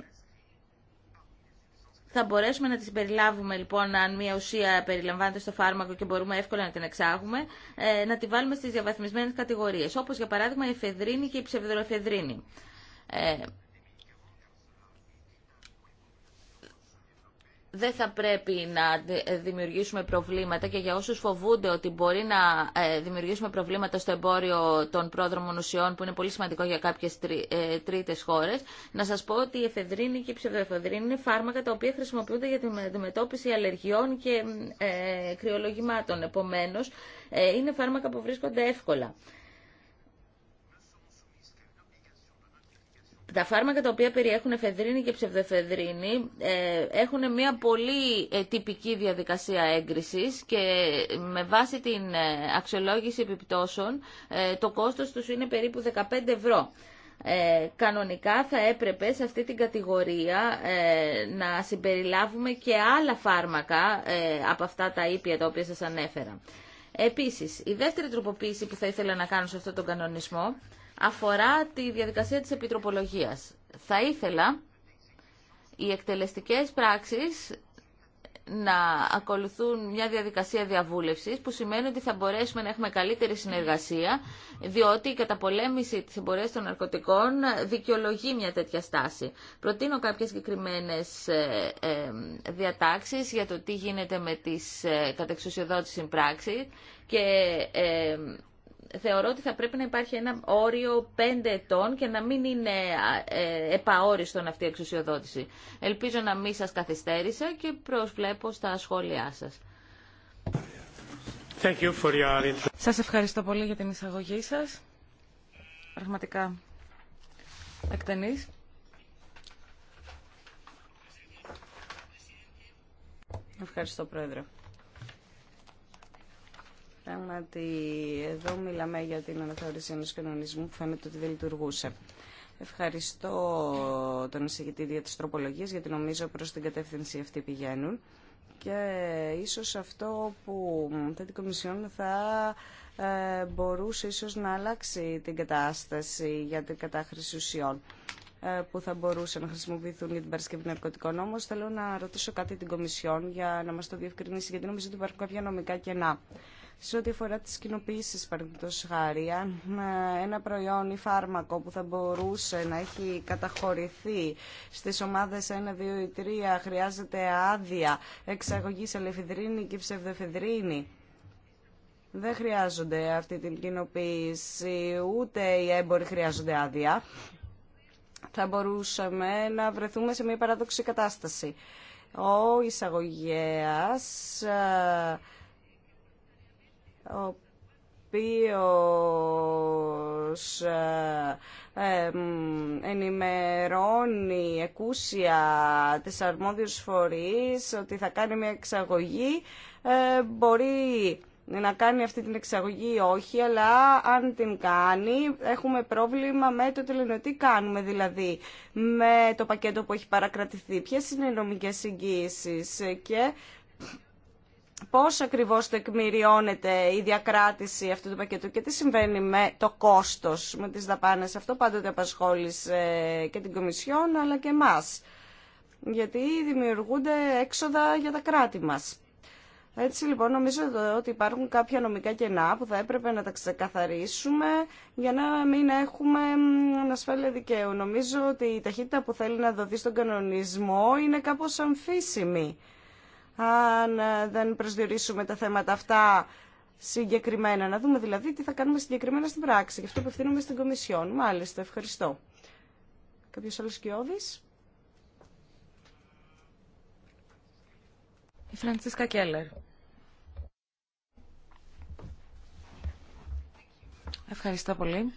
θα μπορέσουμε να τις περιλάβουμε λοιπόν αν μια ουσία περιλαμβάνεται στο φάρμακο και μπορούμε εύκολα να την εξάγουμε, ε, να τη βάλουμε στις διαβαθμισμένες κατηγορίες, όπως για παράδειγμα η εφεδρίνη και η ψευδροεφεδρίνη. Ε, δεν θα πρέπει να ε, δημιουργήσουμε προβλήματα και για όσους φοβούνται ότι μπορεί να ε, δημιουργήσουμε προβλήματα στο εμπόριο των πρόδρομων ουσιών που είναι πολύ σημαντικό για κάποιες ε, τρίτες χώρες να σας πω ότι η εφεδρίνη και η ψευδοεφεδρίνη είναι φάρμακα τα οποία χρησιμοποιούνται για την αντιμετώπιση αλλεργιών και κρυολογημάτων επομένως είναι φάρμακα που βρίσκονται εύκολα. τα φάρμακα τα οποία περιέχουν εφεδρίνη και ψευδεφεδρίνη ε, έχουν μια πολύ ε, τυπική διαδικασία έγκρισης και ε, με βάση την αξιολόγηση επιπτώσεων το κόστος τους είναι περίπου 15 ευρώ. Ε, κανονικά θα έπρεπε σε αυτή την κατηγορία να συμπεριλάβουμε και άλλα φάρμακα από αυτά τα ήπια τα οποία σας ανέφερα. Επίσης, η δεύτερη τροποποίηση που θα ήθελα να κάνω σε αυτόν τον κανονισμό αφορά τη διαδικασία της επιτροπολογίας. Θα ήθελα οι εκτελεστικές πράξεις να ακολουθούν μια διαδικασία διαβούλευσης που σημαίνει ότι θα μπορέσουμε να έχουμε καλύτερη συνεργασία διότι η καταπολέμηση της εμπορίας των ναρκωτικών δικαιολογεί μια τέτοια στάση. Προτείνω κάποιες συγκεκριμένε ε, ε, διατάξεις για το τι γίνεται με τις ε, κατεξουσιοδότηση πράξεις και θεωρώ ότι θα πρέπει να υπάρχει ένα όριο 5 ετών και να μην είναι ε, επαόριστον αυτή η εξουσιοδότηση. Ελπίζω να μην σας καθυστέρησα και προσβλέπω στα σχόλιά σας. Thank you for your... Σας ευχαριστώ πολύ για την εισαγωγή σας. Πραγματικά εκτενής. Ευχαριστώ, Πρόεδρε. Πράγματι, εδώ μιλάμε για την αναθεώρηση ενός κανονισμού που φαίνεται ότι δεν λειτουργούσε. Ευχαριστώ τον εισηγητή για τις τροπολογίες, γιατί νομίζω προς την κατεύθυνση αυτή πηγαίνουν. Και ίσως αυτό που θέτει η Κομισιόν θα ε, μπορούσε ίσως να αλλάξει την κατάσταση για την κατάχρηση ουσιών ε, που θα μπορούσαν να χρησιμοποιηθούν για την παρασκευή ναρκωτικών. Όμω θέλω να ρωτήσω κάτι την Κομισιόν για να μα το διευκρινίσει, γιατί νομίζω ότι υπάρχουν κάποια νομικά κενά σε ό,τι αφορά τις κοινοποίησεις παραδείγματος χάρη, αν ε, ένα προϊόν ή φάρμακο που θα μπορούσε να έχει καταχωρηθεί στις ομάδες 1, 2 ή 3 χρειάζεται άδεια εξαγωγής αλεφιδρίνη και ψευδεφιδρίνη. Δεν χρειάζονται αυτή την κοινοποίηση, ούτε οι έμποροι χρειάζονται άδεια. Θα μπορούσαμε να βρεθούμε σε μια παράδοξη κατάσταση. Ο εισαγωγέας ε, ο οποίος ε, ενημερώνει εκούσια τις αρμόδιους φορείς ότι θα κάνει μια εξαγωγή, ε, μπορεί να κάνει αυτή την εξαγωγή ή όχι, αλλά αν την κάνει έχουμε πρόβλημα με το τελευταίο. Τι κάνουμε δηλαδή με το πακέτο που έχει παρακρατηθεί, ποιες είναι οι νομικές εγγύησεις και πώς ακριβώς τεκμηριώνεται η διακράτηση αυτού του πακέτου και τι συμβαίνει με το κόστος, με τις δαπάνες. Αυτό πάντοτε απασχόλησε ε, και την Κομισιόν αλλά και εμάς. Γιατί δημιουργούνται έξοδα για τα κράτη μας. Έτσι λοιπόν νομίζω ότι υπάρχουν κάποια νομικά κενά που θα έπρεπε να τα ξεκαθαρίσουμε για να μην έχουμε ανασφάλεια δικαίου. Νομίζω ότι η ταχύτητα που θέλει να δοθεί στον κανονισμό είναι κάπως αμφίσιμη αν ε, δεν προσδιορίσουμε τα θέματα αυτά συγκεκριμένα. Να δούμε δηλαδή τι θα κάνουμε συγκεκριμένα στην πράξη. Γι' αυτό απευθύνομαι στην Κομισιόν. Μάλιστα, ευχαριστώ. Κάποιος άλλος κοιόδης. Η Φραντσίσκα Κέλλερ. Ευχαριστώ πολύ.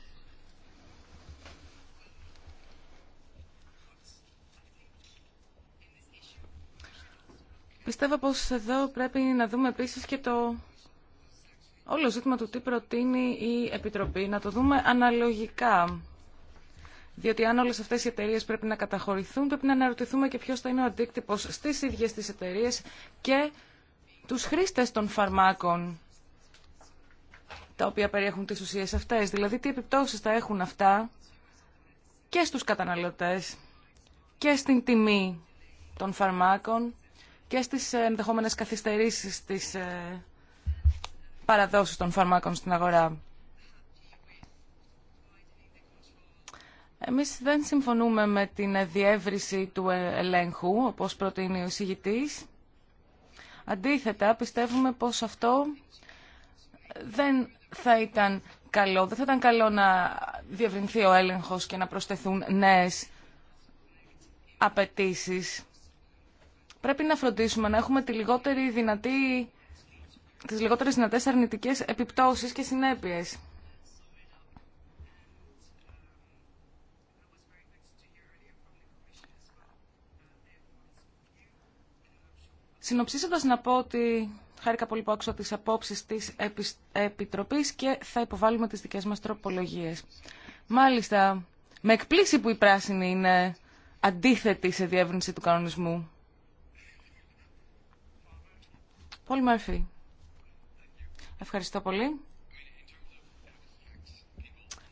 Πιστεύω πως εδώ πρέπει να δούμε επίσης και το όλο ζήτημα του τι προτείνει η Επιτροπή, να το δούμε αναλογικά. Διότι αν όλες αυτές οι εταιρείε πρέπει να καταχωρηθούν, πρέπει να αναρωτηθούμε και ποιος θα είναι ο αντίκτυπος στις ίδιες τις εταιρείε και τους χρήστες των φαρμάκων τα οποία περιέχουν τις ουσίες αυτές. Δηλαδή τι επιπτώσεις θα έχουν αυτά και στους καταναλωτές και στην τιμή των φαρμάκων και στις ε, ενδεχόμενες καθυστερήσεις της ε, παραδώσει των φαρμάκων στην αγορά. Εμείς δεν συμφωνούμε με την διεύρυνση του ε, ελέγχου, όπως προτείνει ο εισηγητής. Αντίθετα, πιστεύουμε πως αυτό δεν θα ήταν καλό. Δεν θα ήταν καλό να διευρυνθεί ο έλεγχος και να προσθεθούν νέες απαιτήσεις πρέπει να φροντίσουμε να έχουμε τη λιγότερη δυνατή, τις λιγότερες δυνατές αρνητικές επιπτώσεις και συνέπειες. Συνοψίζοντας να πω ότι χάρηκα πολύ που άκουσα τις απόψεις της Επιτροπής και θα υποβάλουμε τις δικές μας τροπολογίες. Μάλιστα, με εκπλήσει που η πράσινη είναι αντίθετη σε διεύρυνση του κανονισμού. Πολ Ευχαριστώ πολύ.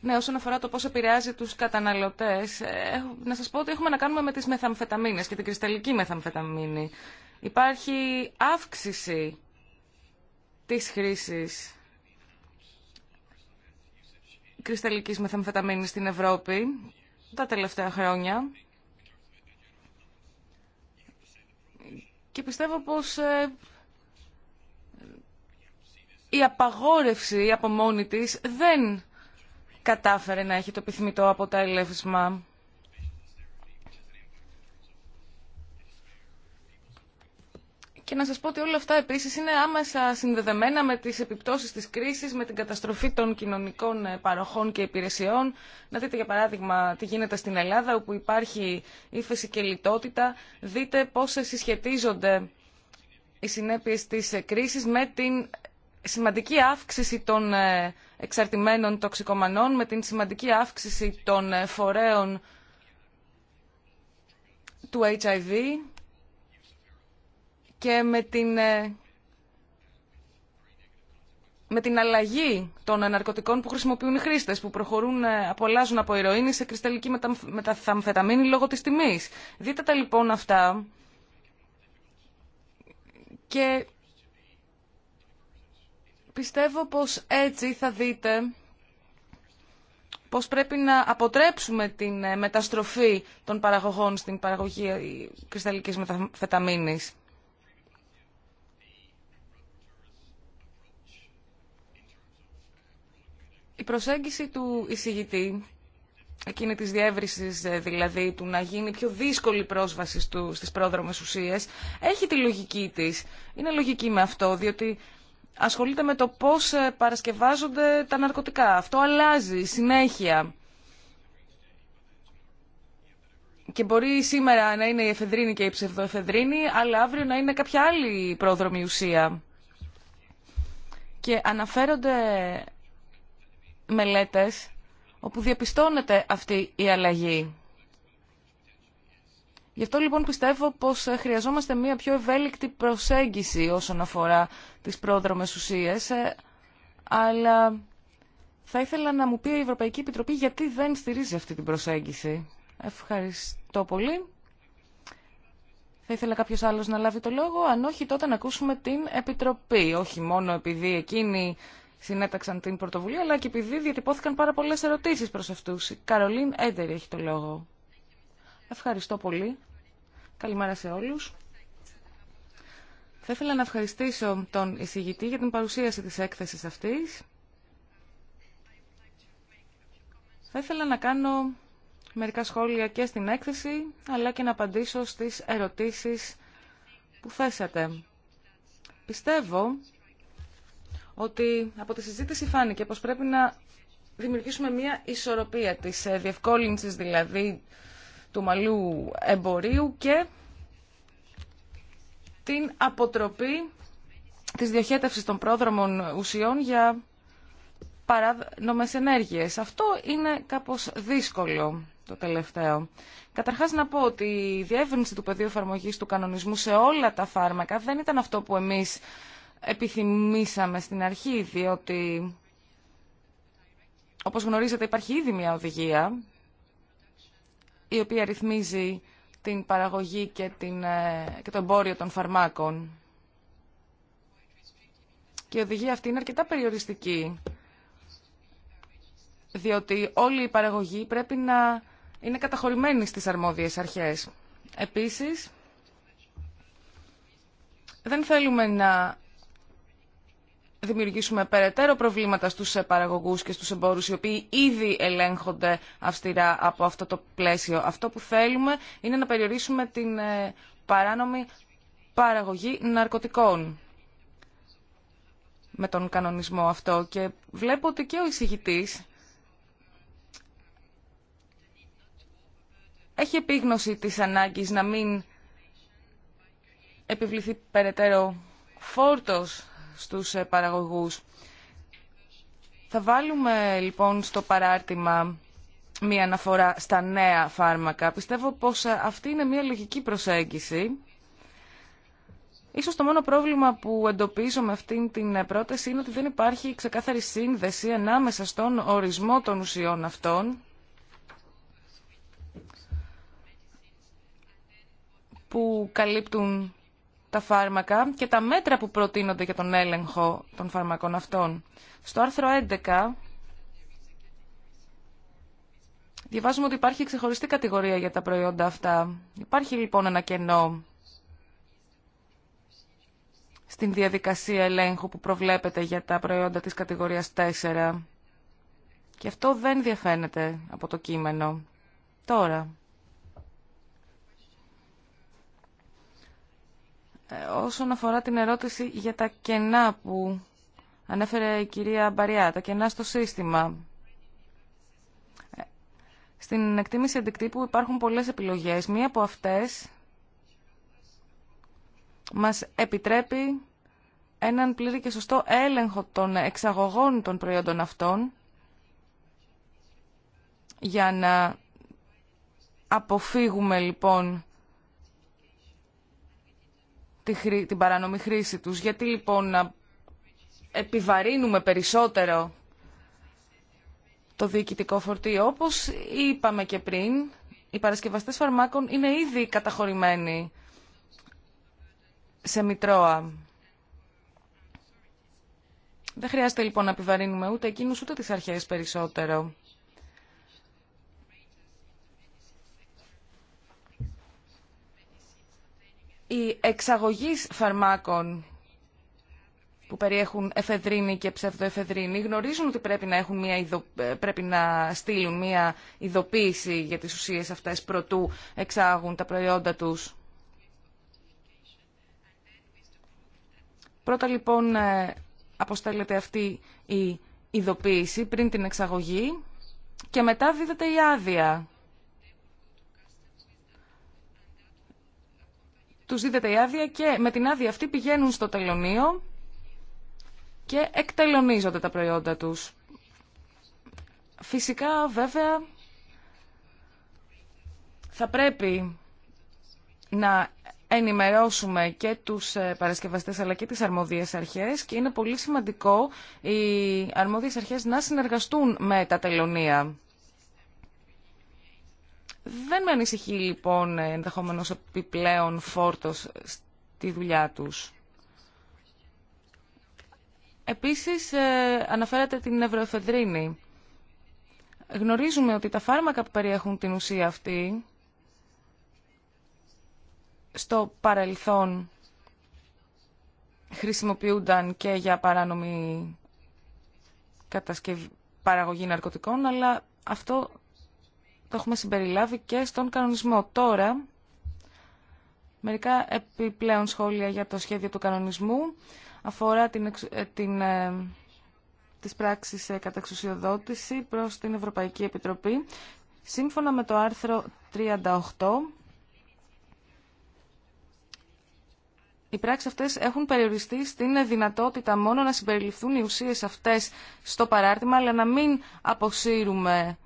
Ναι, όσον αφορά το πώς επηρεάζει τους καταναλωτές, ε, να σας πω ότι έχουμε να κάνουμε με τις μεθαμφεταμίνες και την κρυσταλλική μεθαμφεταμίνη. Υπάρχει αύξηση της χρήσης κρυσταλλικής μεθαμφεταμίνης στην Ευρώπη τα τελευταία χρόνια. Και πιστεύω πως ε, η απαγόρευση από μόνη της δεν κατάφερε να έχει το επιθυμητό αποτέλεσμα. Και να σας πω ότι όλα αυτά επίσης είναι άμεσα συνδεδεμένα με τις επιπτώσεις της κρίσης, με την καταστροφή των κοινωνικών παροχών και υπηρεσιών. Να δείτε για παράδειγμα τι γίνεται στην Ελλάδα όπου υπάρχει ύφεση και λιτότητα. Δείτε πώς συσχετίζονται οι συνέπειες της κρίσης με την σημαντική αύξηση των ε, εξαρτημένων τοξικομανών, με την σημαντική αύξηση των ε, φορέων του HIV και με την, ε, με την αλλαγή των ναρκωτικών που χρησιμοποιούν οι χρήστες, που προχωρούν, απολάζουν από ηρωίνη σε κρυσταλλική μεταθαμφεταμίνη λόγω της τιμής. Δείτε τα λοιπόν αυτά και Πιστεύω πως έτσι θα δείτε πως πρέπει να αποτρέψουμε την ε, μεταστροφή των παραγωγών στην παραγωγή ε, κρυσταλλικής μεταφεταμίνης. Η προσέγγιση του εισηγητή, εκείνη της διεύρυνσης ε, δηλαδή του να γίνει πιο δύσκολη πρόσβαση στις πρόδρομες ουσίες, έχει τη λογική της. Είναι λογική με αυτό, διότι ασχολείται με το πώς ε, παρασκευάζονται τα ναρκωτικά. Αυτό αλλάζει συνέχεια. Και μπορεί σήμερα να είναι η εφεδρίνη και η ψευδοεφεδρίνη, αλλά αύριο να είναι κάποια άλλη πρόδρομη ουσία. Και αναφέρονται μελέτες όπου διαπιστώνεται αυτή η αλλαγή. Γι' αυτό λοιπόν πιστεύω πως ε, χρειαζόμαστε μια πιο ευέλικτη προσέγγιση όσον αφορά τις πρόδρομες ουσίες, ε, αλλά θα ήθελα να μου πει η Ευρωπαϊκή Επιτροπή γιατί δεν στηρίζει αυτή την προσέγγιση. Ευχαριστώ πολύ. Θα ήθελα κάποιο άλλο να λάβει το λόγο. Αν όχι, τότε να ακούσουμε την Επιτροπή. Όχι μόνο επειδή εκείνοι συνέταξαν την πρωτοβουλία, αλλά και επειδή διατυπώθηκαν πάρα πολλέ ερωτήσει προ αυτού. Η Καρολίν Έντερη έχει το λόγο. Ευχαριστώ πολύ. Καλημέρα σε όλους. Θα ήθελα να ευχαριστήσω τον εισηγητή για την παρουσίαση της έκθεσης αυτής. Θα ήθελα να κάνω μερικά σχόλια και στην έκθεση, αλλά και να απαντήσω στις ερωτήσεις που θέσατε. Πιστεύω ότι από τη συζήτηση φάνηκε πως πρέπει να δημιουργήσουμε μια ισορροπία της ε, διευκόλυνσης δηλαδή του μαλλίου εμπορίου και την αποτροπή της διοχέτευσης των πρόδρομων ουσιών για παράνομες ενέργειες. Αυτό είναι κάπως δύσκολο το τελευταίο. Καταρχάς να πω ότι η διεύρυνση του πεδίου εφαρμογή του κανονισμού σε όλα τα φάρμακα δεν ήταν αυτό που εμείς επιθυμήσαμε στην αρχή, διότι όπως γνωρίζετε υπάρχει ήδη μια οδηγία η οποία ρυθμίζει την παραγωγή και, την, ε, το εμπόριο των φαρμάκων. Και η οδηγία αυτή είναι αρκετά περιοριστική, διότι όλη η παραγωγή πρέπει να είναι καταχωρημένη στις αρμόδιες αρχές. Επίσης, δεν θέλουμε να δημιουργήσουμε περαιτέρω προβλήματα στους παραγωγούς και στους εμπόρους οι οποίοι ήδη ελέγχονται αυστηρά από αυτό το πλαίσιο. Αυτό που θέλουμε είναι να περιορίσουμε την ε, παράνομη παραγωγή ναρκωτικών με τον κανονισμό αυτό και βλέπω ότι και ο εισηγητής έχει επίγνωση της ανάγκης να μην επιβληθεί περαιτέρω φόρτος στους ε, παραγωγούς. Θα βάλουμε λοιπόν στο παράρτημα μία αναφορά στα νέα φάρμακα. Πιστεύω πως ε, αυτή είναι μία λογική προσέγγιση. Ίσως το μόνο πρόβλημα που εντοπίζω με αυτήν την ε, πρόταση είναι ότι δεν υπάρχει ξεκάθαρη σύνδεση ανάμεσα στον ορισμό των ουσιών αυτών που καλύπτουν τα φάρμακα και τα μέτρα που προτείνονται για τον έλεγχο των φαρμακών αυτών. Στο άρθρο 11 διαβάζουμε ότι υπάρχει ξεχωριστή κατηγορία για τα προϊόντα αυτά. Υπάρχει λοιπόν ένα κενό στην διαδικασία ελέγχου που προβλέπεται για τα προϊόντα της κατηγορίας 4. Και αυτό δεν διαφαίνεται από το κείμενο. Τώρα, Ε, όσον αφορά την ερώτηση για τα κενά που ανέφερε η κυρία Μπαριά, τα κενά στο σύστημα. Ε, στην εκτίμηση αντικτύπου υπάρχουν πολλές επιλογές. Μία από αυτές μας επιτρέπει έναν πλήρη και σωστό έλεγχο των εξαγωγών των προϊόντων αυτών για να αποφύγουμε λοιπόν τη, την παράνομη χρήση τους. Γιατί λοιπόν να επιβαρύνουμε περισσότερο το διοικητικό φορτίο. Όπως είπαμε και πριν, οι παρασκευαστές φαρμάκων είναι ήδη καταχωρημένοι σε Μητρώα. Δεν χρειάζεται λοιπόν να επιβαρύνουμε ούτε εκείνους ούτε τις αρχές περισσότερο. η εξαγωγή φαρμάκων που περιέχουν εφεδρίνη και ψευδοεφεδρίνη γνωρίζουν ότι πρέπει να, έχουν μια πρέπει να στείλουν μια ειδοποίηση για τις ουσίες αυτές προτού εξάγουν τα προϊόντα τους. Πρώτα λοιπόν ε, αποστέλλεται αυτή η ειδοποίηση πριν την εξαγωγή και μετά δίδεται η άδεια τους δίδεται η άδεια και με την άδεια αυτή πηγαίνουν στο τελωνίο και εκτελωνίζονται τα προϊόντα τους. Φυσικά βέβαια θα πρέπει να ενημερώσουμε και τους ε, παρασκευαστές αλλά και τις αρμόδιες αρχές και είναι πολύ σημαντικό οι αρμόδιες αρχές να συνεργαστούν με τα τελωνία. Δεν με ανησυχεί λοιπόν ενδεχόμενος επιπλέον φόρτος στη δουλειά τους. Επίσης ε, αναφέρατε την νευροεφεδρίνη. Γνωρίζουμε ότι τα φάρμακα που περιέχουν την ουσία αυτή στο παρελθόν χρησιμοποιούνταν και για παράνομη κατασκευή, παραγωγή ναρκωτικών, αλλά αυτό το έχουμε συμπεριλάβει και στον κανονισμό. Τώρα, μερικά επιπλέον σχόλια για το σχέδιο του κανονισμού αφορά την, ε, την, ε, τις πράξεις ε, κατά εξουσιοδότηση προς την Ευρωπαϊκή Επιτροπή. Σύμφωνα με το άρθρο 38, οι πράξεις αυτές έχουν περιοριστεί στην δυνατότητα μόνο να συμπεριληφθούν οι ουσίες αυτές στο παράρτημα, αλλά να μην αποσύρουμε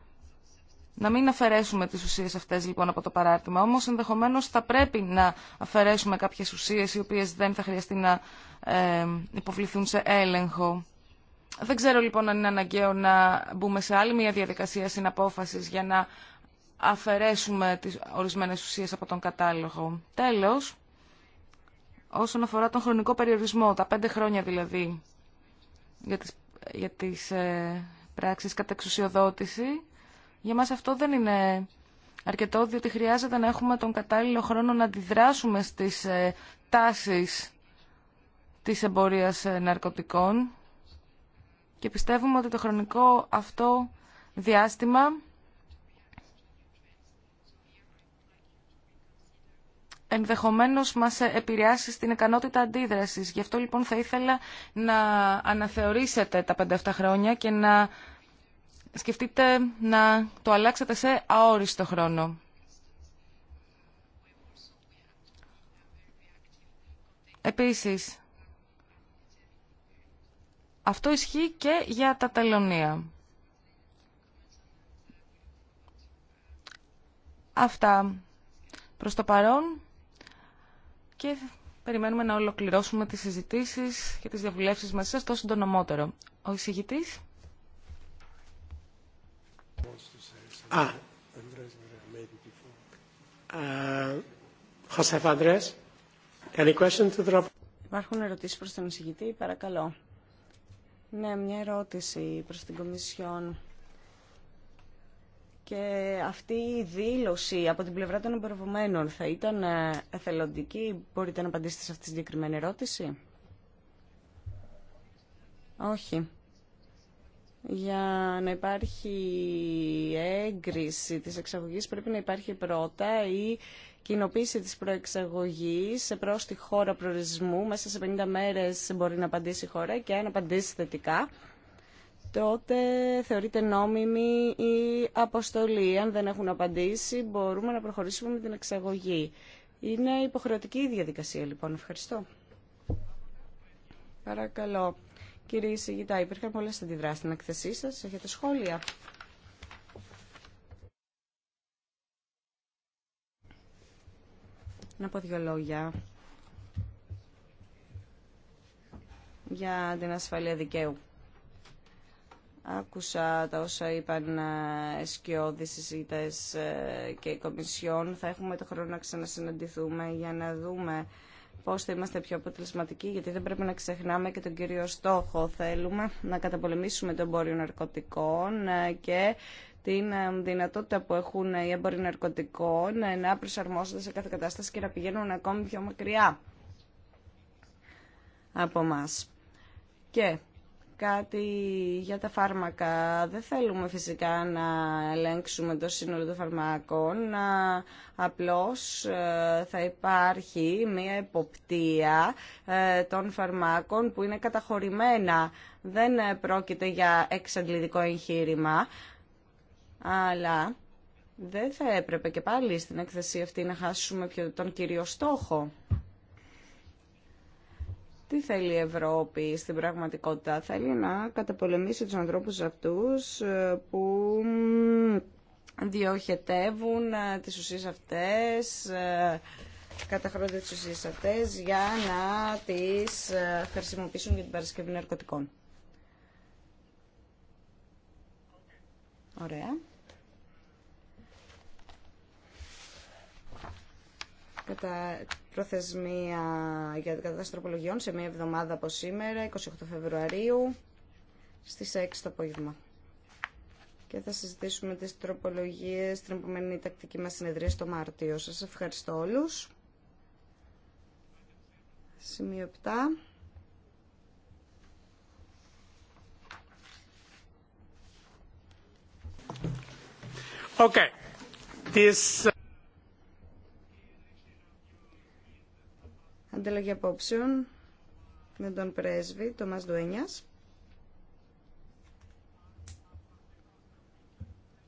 να μην αφαιρέσουμε τις ουσίες αυτές λοιπόν από το παράρτημα, όμως ενδεχομένως θα πρέπει να αφαιρέσουμε κάποιες ουσίες οι οποίες δεν θα χρειαστεί να ε, υποβληθούν σε έλεγχο. Δεν ξέρω λοιπόν αν είναι αναγκαίο να μπούμε σε άλλη μια διαδικασία συναπόφασης για να αφαιρέσουμε τις ορισμένες ουσίες από τον κατάλογο. Τέλος, όσον αφορά τον χρονικό περιορισμό, τα πέντε χρόνια δηλαδή για τις, για τις ε, εξουσιοδότηση, για μας αυτό δεν είναι αρκετό, διότι χρειάζεται να έχουμε τον κατάλληλο χρόνο να αντιδράσουμε στις ε, τάσεις της εμπορίας ε, ναρκωτικών και πιστεύουμε ότι το χρονικό αυτό διάστημα ενδεχομένως μας ε, επηρεάσει στην ικανότητα αντίδρασης. Γι' αυτό λοιπόν θα ήθελα να αναθεωρήσετε τα 5-7 χρόνια και να σκεφτείτε να το αλλάξετε σε αόριστο χρόνο. Επίσης, αυτό ισχύει και για τα τελωνία. Αυτά προς το παρόν και περιμένουμε να ολοκληρώσουμε τις συζητήσεις και τις διαβουλεύσεις μας το συντονομότερο. Ο εισηγητής. Uh, any to Υπάρχουν ερωτήσεις προς τον εισηγητή, παρακαλώ. Ναι, μια ερώτηση προς την Κομισιόν. Και αυτή η δήλωση από την πλευρά των εμπορευμένων θα ήταν ε, εθελοντική. Μπορείτε να απαντήσετε σε αυτή τη συγκεκριμένη ερώτηση. Όχι για να υπάρχει έγκριση της εξαγωγής πρέπει να υπάρχει πρώτα η κοινοποίηση της προεξαγωγής προς τη χώρα προορισμού. Μέσα σε 50 μέρες μπορεί να απαντήσει η χώρα και αν απαντήσει θετικά τότε θεωρείται νόμιμη η αποστολή. Αν δεν έχουν απαντήσει μπορούμε να προχωρήσουμε με την εξαγωγή. Είναι υποχρεωτική η διαδικασία λοιπόν. Ευχαριστώ. Παρακαλώ. Κύριε Ισηγητά, υπήρχαν πολλέ αντιδράσει στην εκθεσή σα. Έχετε σχόλια. Να πω δύο λόγια για την ασφαλεία δικαίου. Άκουσα τα όσα είπαν εσκιώδεις συζήτητες ε, και η Κομισιόν. Θα έχουμε το χρόνο να ξανασυναντηθούμε για να δούμε Πώ θα είμαστε πιο αποτελεσματικοί, γιατί δεν πρέπει να ξεχνάμε και τον κύριο στόχο. Θέλουμε να καταπολεμήσουμε το εμπόριο ναρκωτικών ε, και την ε, δυνατότητα που έχουν οι έμποροι ναρκωτικών ε, να προσαρμόζονται σε κάθε κατάσταση και να πηγαίνουν ακόμη πιο μακριά από εμά. Και κάτι για τα φάρμακα. Δεν θέλουμε φυσικά να ελέγξουμε το σύνολο των φαρμάκων. Απλώς ε, θα υπάρχει μία εποπτεία ε, των φαρμάκων που είναι καταχωρημένα. Δεν ε, πρόκειται για εξαντλητικό εγχείρημα, αλλά δεν θα έπρεπε και πάλι στην έκθεση αυτή να χάσουμε τον κύριο στόχο. Τι θέλει η Ευρώπη στην πραγματικότητα. Θέλει να καταπολεμήσει τους ανθρώπους αυτούς ε, που διοχετεύουν ε, τις ουσίες αυτές, ε, καταχρώνται τις ουσίες αυτές για να τις χρησιμοποιήσουν για την παρασκευή ναρκωτικών. Ωραία. κατά προθεσμία για την κατάσταση τροπολογιών σε μία εβδομάδα από σήμερα, 28 Φεβρουαρίου, στις 6 το απόγευμα. Και θα συζητήσουμε τις τροπολογίες στην επόμενη τακτική μας συνεδρία στο Μάρτιο. Σας ευχαριστώ όλους. Σημείο 7. Okay. This... Uh, ανταλλαγή απόψεων με τον πρέσβη Τομάς Μας εξ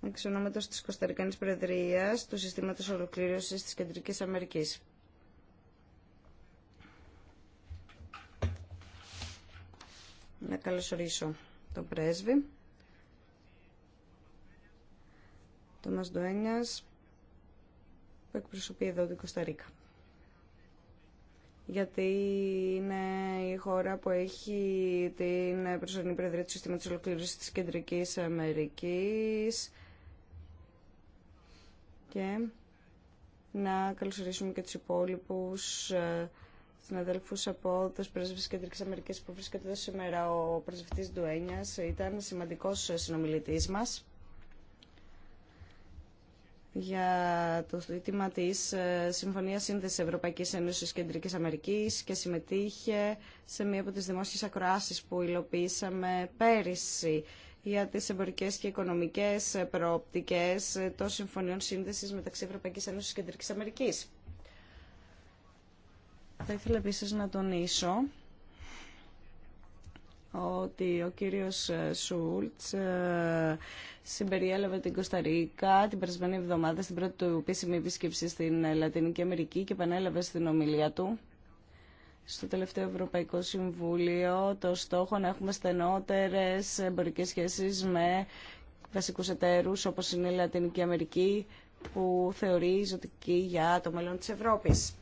εξονόματος της Κωνσταρικάνης Προεδρίας του Συστήματος Ολοκλήρωσης της Κεντρικής Αμερικής. Να καλωσορίσω τον πρέσβη, τον Μας Δουένιας που εκπροσωπεί εδώ την Κωνσταρίκα γιατί είναι η χώρα που έχει την προσωρινή προεδρία του συστήματος ολοκλήρωσης της Κεντρικής Αμερικής και να καλωσορίσουμε και τους υπόλοιπους ε, συναδέλφους από τους πρέσβη της Κεντρικής Αμερικής που βρίσκεται εδώ σήμερα. Ο πρεσβευτής Ντουένιας ήταν σημαντικός συνομιλητής μας για το ζήτημα της ε, Συμφωνίας Σύνδεσης Ευρωπαϊκής Ένωσης Κεντρικής Αμερικής και συμμετείχε σε μία από τις δημόσιες ακροάσεις που υλοποιήσαμε πέρυσι για τις εμπορικές και οικονομικές προοπτικές των Συμφωνιών Σύνδεσης μεταξύ Ευρωπαϊκής Ένωσης και Κεντρικής Αμερικής. Θα ήθελα επίση να τονίσω ότι ο κύριος ε, Σούλτς ε, συμπεριέλαβε την Κωνσταντίνα την περασμένη εβδομάδα στην πρώτη του επίσημη επίσκεψη στην ε, Λατινική Αμερική και επανέλαβε στην ομιλία του στο τελευταίο Ευρωπαϊκό Συμβούλιο το στόχο να έχουμε στενότερες εμπορικέ σχέσεις με βασικούς εταίρους όπως είναι η Λατινική Αμερική που θεωρεί ζωτική για το μέλλον της Ευρώπης.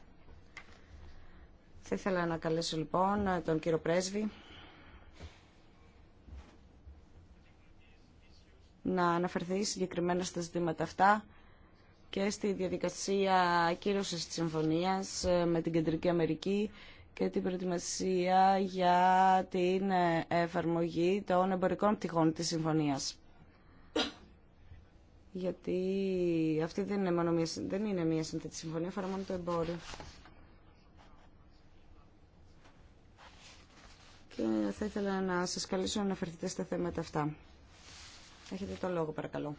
Θα ήθελα να καλέσω λοιπόν τον κύριο Πρέσβη να αναφερθεί συγκεκριμένα στα ζητήματα αυτά και στη διαδικασία ακύρωσης της συμφωνίας ε, με την Κεντρική Αμερική και την προετοιμασία για την ε, εφαρμογή των εμπορικών πτυχών της συμφωνίας. Γιατί αυτή δεν είναι, μόνο μια, δεν είναι μια συνθέτη συμφωνία, αφορά μόνο το εμπόριο. Και θα ήθελα να σας καλήσω να αναφερθείτε στα θέματα αυτά. Έχετε το λόγο παρακαλώ.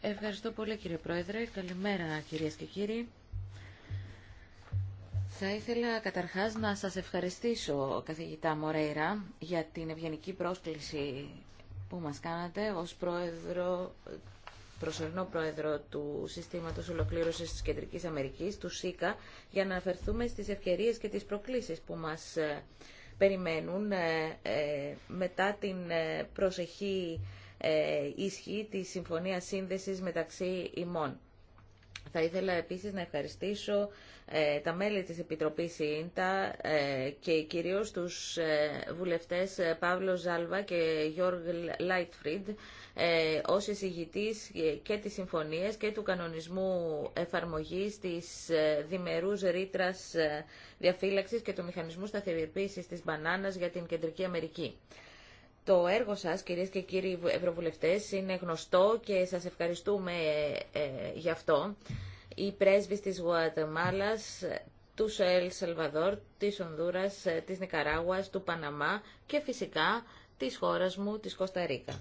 Ευχαριστώ πολύ κύριε Πρόεδρε. Καλημέρα κυρίες και κύριοι. Θα ήθελα καταρχάς να σας ευχαριστήσω, καθηγητά Μορέιρα, για την ευγενική πρόσκληση που μας κάνατε ως πρόεδρο, προσωρινό πρόεδρο του Συστήματος Ολοκλήρωσης της Κεντρικής Αμερικής, του ΣΥΚΑ, για να αναφερθούμε στις ευκαιρίες και τις προκλήσεις που μας ε, περιμένουν ε, ε, μετά την ε, προσεχή ισχύ τη συμφωνία Σύνδεσης μεταξύ ημών. Θα ήθελα επίσης να ευχαριστήσω τα μέλη της Επιτροπής ΙΝΤΑ και κυρίως τους βουλευτές Παύλο Ζάλβα και Γιώργ Λάιτφριντ ε, ως εισηγητής και της συμφωνίας και του κανονισμού εφαρμογής της ε, διμερούς ρήτρα ε, διαφύλαξης και του μηχανισμού σταθεροποίησης της μπανάνας για την Κεντρική Αμερική. Το έργο σας, κυρίες και κύριοι ευρωβουλευτές, είναι γνωστό και σας ευχαριστούμε ε, γι' αυτό. Οι πρέσβεις της Γουατεμάλας, του Σελ Σαλβαδόρ, της Ονδούρας, της Νικαράγουας, του Παναμά και φυσικά της χώρας μου, της Κωνσταντίνα.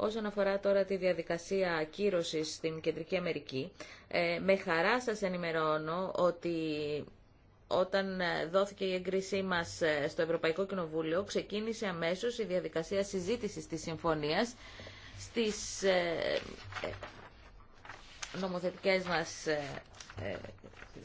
Όσον αφορά τώρα τη διαδικασία ακύρωσης στην Κεντρική Αμερική, ε, με χαρά σας ενημερώνω ότι όταν δόθηκε η έγκρισή μας ε, στο Ευρωπαϊκό Κοινοβούλιο, ξεκίνησε αμέσως η διαδικασία συζήτησης της συμφωνίας στις ε, νομοθετικές μας ε,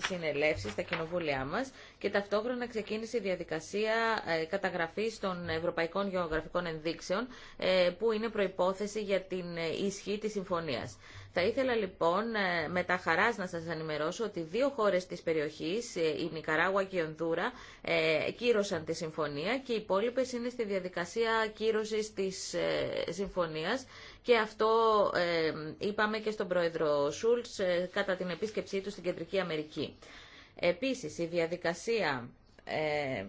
συνελεύσεις στα κοινοβούλια μας και ταυτόχρονα ξεκίνησε η διαδικασία ε, καταγραφής των Ευρωπαϊκών Γεωγραφικών Ενδείξεων ε, που είναι προϋπόθεση για την ισχύ της συμφωνίας. Θα ήθελα λοιπόν με τα χαράς να σας ενημερώσω ότι δύο χώρες της περιοχής, η Νικαράγουα και η Ονδούρα, κύρωσαν τη συμφωνία και οι υπόλοιπε είναι στη διαδικασία κύρωσης της συμφωνίας και αυτό ε, είπαμε και στον πρόεδρο Σούλτς ε, κατά την επίσκεψή του στην Κεντρική Αμερική. Επίσης, η διαδικασία ε,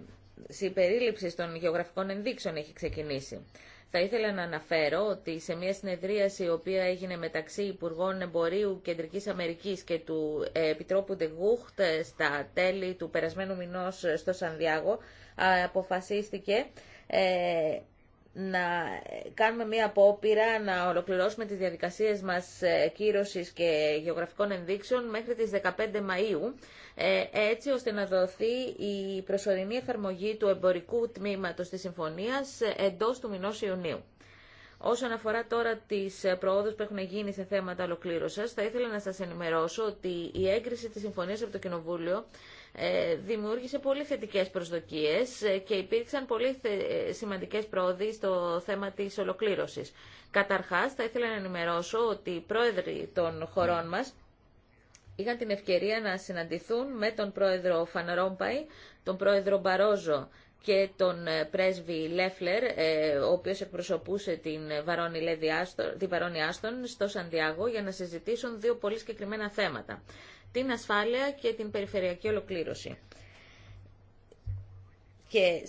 συμπερίληψης των γεωγραφικών ενδείξεων έχει ξεκινήσει. Θα ήθελα να αναφέρω ότι σε μια συνεδρίαση η οποία έγινε μεταξύ Υπουργών Εμπορίου Κεντρικής Αμερικής και του ε, Επιτρόπου Ντεγούχτ στα τέλη του περασμένου μηνός στο Σανδιάγο αποφασίστηκε να κάνουμε μία απόπειρα να ολοκληρώσουμε τις διαδικασίες μας ε, κύρωσης και γεωγραφικών ενδείξεων μέχρι τις 15 Μαΐου, ε, έτσι ώστε να δοθεί η προσωρινή εφαρμογή του εμπορικού τμήματος της Συμφωνίας ε, εντός του μηνός Ιουνίου. Όσον αφορά τώρα τι προόδου που έχουν γίνει σε θέματα ολοκλήρωση, θα ήθελα να σα ενημερώσω ότι η έγκριση τη συμφωνία από το Κοινοβούλιο ε, δημιούργησε πολύ θετικές προσδοκίες ε, και υπήρξαν πολύ ε, σημαντικές πρόοδοι στο θέμα της ολοκλήρωσης. Καταρχάς, θα ήθελα να ενημερώσω ότι οι πρόεδροι των χωρών μας είχαν την ευκαιρία να συναντηθούν με τον πρόεδρο Φαναρόμπαϊ, τον πρόεδρο Μπαρόζο και τον πρέσβη Λέφλερ, ο οποίος εκπροσωπούσε την Βαρόνη, Άστον, Άστον στο Σαντιάγο για να συζητήσουν δύο πολύ συγκεκριμένα θέματα την ασφάλεια και την περιφερειακή ολοκλήρωση. Και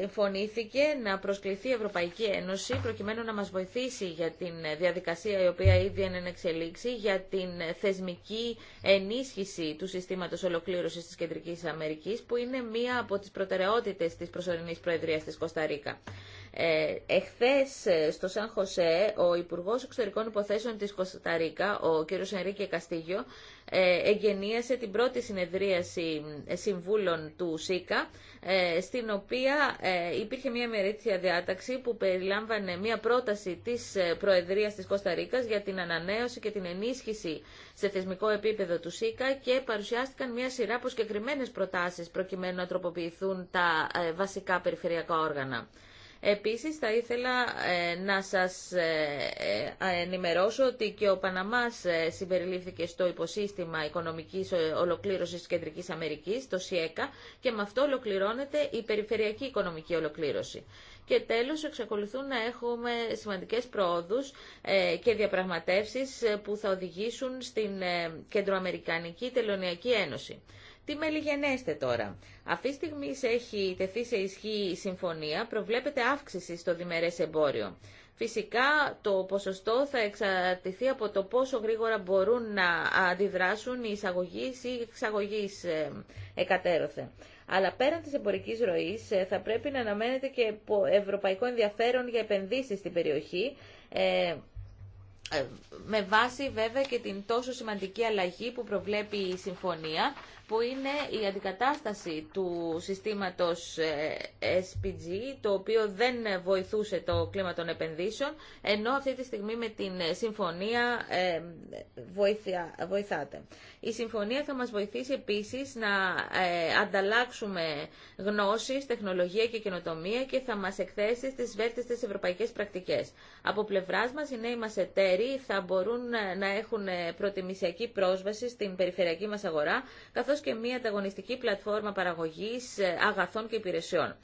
εμφωνήθηκε να προσκληθεί η Ευρωπαϊκή Ένωση προκειμένου να μας βοηθήσει για την διαδικασία η οποία ήδη είναι εξελίξη, για την θεσμική ενίσχυση του συστήματος ολοκλήρωσης της Κεντρικής Αμερικής, που είναι μία από τις προτεραιότητες της προσωρινής Προεδρίας της Κωνσταντίνα. Ε, εχθές ε, στο Σαν Χωσέ, ο Υπουργός Εξωτερικών Υποθέσεων της Κωνσταντίνα, ο κ. Ενρίκε Καστίγιο, ε, εγγενίασε την πρώτη συνεδρίαση ε, συμβούλων του ΣΥΚΑ, στην οποία υπήρχε μια μερίτσια διάταξη που περιλάμβανε μια πρόταση της Προεδρίας της Κωνστανταρίκας για την ανανέωση και την ενίσχυση σε θεσμικό επίπεδο του ΣΥΚΑ και παρουσιάστηκαν μια σειρά από συγκεκριμένε προτάσεις προκειμένου να τροποποιηθούν τα βασικά περιφερειακά όργανα. Επίσης θα ήθελα ε, να σας ε, ε, ενημερώσω ότι και ο Παναμάς συμπεριλήφθηκε στο υποσύστημα οικονομικής ολοκλήρωσης της Κεντρικής Αμερικής, το ΣΥΕΚΑ, και με αυτό ολοκληρώνεται η περιφερειακή οικονομική ολοκλήρωση. Και τέλος, εξακολουθούν να έχουμε σημαντικές πρόοδους και διαπραγματεύσεις που θα οδηγήσουν στην Κεντροαμερικανική Τελωνιακή Ένωση. Τι μελιγενέστε τώρα. Αυτή τη στιγμή έχει τεθεί σε ισχύ η συμφωνία, προβλέπεται αύξηση στο διμερές εμπόριο. Φυσικά το ποσοστό θα εξαρτηθεί από το πόσο γρήγορα μπορούν να αντιδράσουν οι εισαγωγείς ή οι εξαγωγείς ε, εκατέρωθε. Αλλά πέραν της εμπορικής ροής ε, θα πρέπει να αναμένεται και ευρωπαϊκό ενδιαφέρον για επενδύσεις στην περιοχή, ε, με βάση βέβαια και την τόσο σημαντική αλλαγή που προβλέπει η συμφωνία που είναι η αντικατάσταση του συστήματος ε, SPG, το οποίο δεν βοηθούσε το κλίμα των επενδύσεων, ενώ αυτή τη στιγμή με την συμφωνία ε, βοηθάτε. Η συμφωνία θα μας βοηθήσει επίσης να ε, ανταλλάξουμε γνώσεις, τεχνολογία και καινοτομία και θα μας εκθέσει στις βέλτιστες ευρωπαϊκές πρακτικές. Από πλευράς μας οι νέοι μας εταίροι θα μπορούν να έχουν προτιμησιακή πρόσβαση στην περιφερειακή μας αγορά, καθώς και μια ανταγωνιστική πλατφόρμα παραγωγής ε, αγαθών και υπηρεσιών.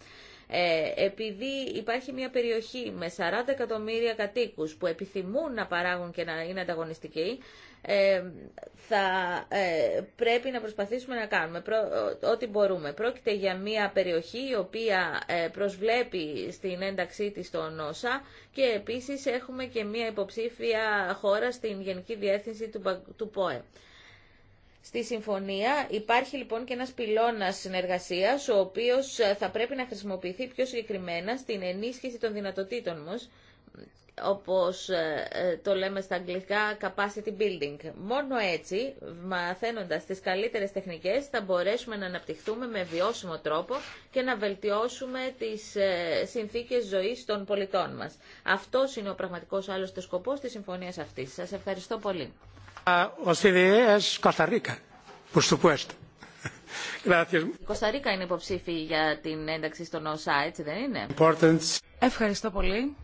Ε, επειδή υπάρχει μια περιοχή με 40 εκατομμύρια κατοίκους που επιθυμούν να παράγουν και να είναι ανταγωνιστικοί, ε, θα ε, πρέπει να προσπαθήσουμε να κάνουμε ό,τι μπορούμε. Πρόκειται για μια περιοχή η οποία προσβλέπει στην ένταξή της στον νόσα και επίσης έχουμε και μια υποψήφια χώρα στην Γενική Διεύθυνση του, του ΠΟΕ στη συμφωνία υπάρχει λοιπόν και ένας πυλώνας συνεργασίας, ο οποίος ε, θα πρέπει να χρησιμοποιηθεί πιο συγκεκριμένα στην ενίσχυση των δυνατοτήτων μας, όπως ε, ε, το λέμε στα αγγλικά capacity building. Μόνο έτσι, μαθαίνοντας τις καλύτερες τεχνικές, θα μπορέσουμε να αναπτυχθούμε με βιώσιμο τρόπο και να βελτιώσουμε τις συνθήκες ζωής των πολιτών μας. Αυτός είναι ο πραγματικός άλλωστε σκοπός της συμφωνίας αυτής. Σας ευχαριστώ πολύ. OCDE Η είναι υποψήφη για την ένταξη στον ΩΣΑ, έτσι δεν είναι. Ευχαριστώ πολύ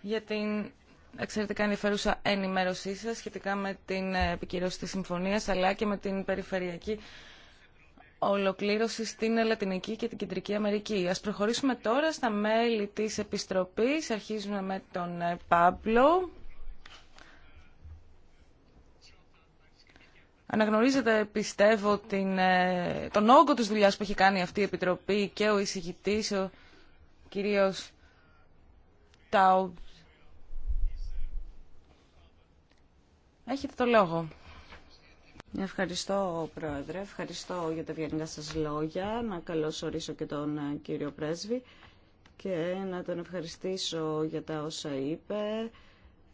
για την εξαιρετικά ενδιαφέρουσα ενημέρωσή σας σχετικά με την ε, επικυρώση της συμφωνίας αλλά και με την περιφερειακή ολοκλήρωση στην Λατινική και την Κεντρική Αμερική. Ας προχωρήσουμε τώρα στα μέλη της Επιστροπής. Αρχίζουμε με τον ε, Πάμπλο. Αναγνωρίζετε, πιστεύω, την, ε, τον όγκο της δουλειάς που έχει κάνει αυτή η Επιτροπή και ο εισηγητής, ο κύριος Τάου. Έχετε το λόγο. Ευχαριστώ, Πρόεδρε. Ευχαριστώ για τα βιανικά σας λόγια. Να καλωσορίσω και τον ε, κύριο Πρέσβη και να τον ευχαριστήσω για τα όσα είπε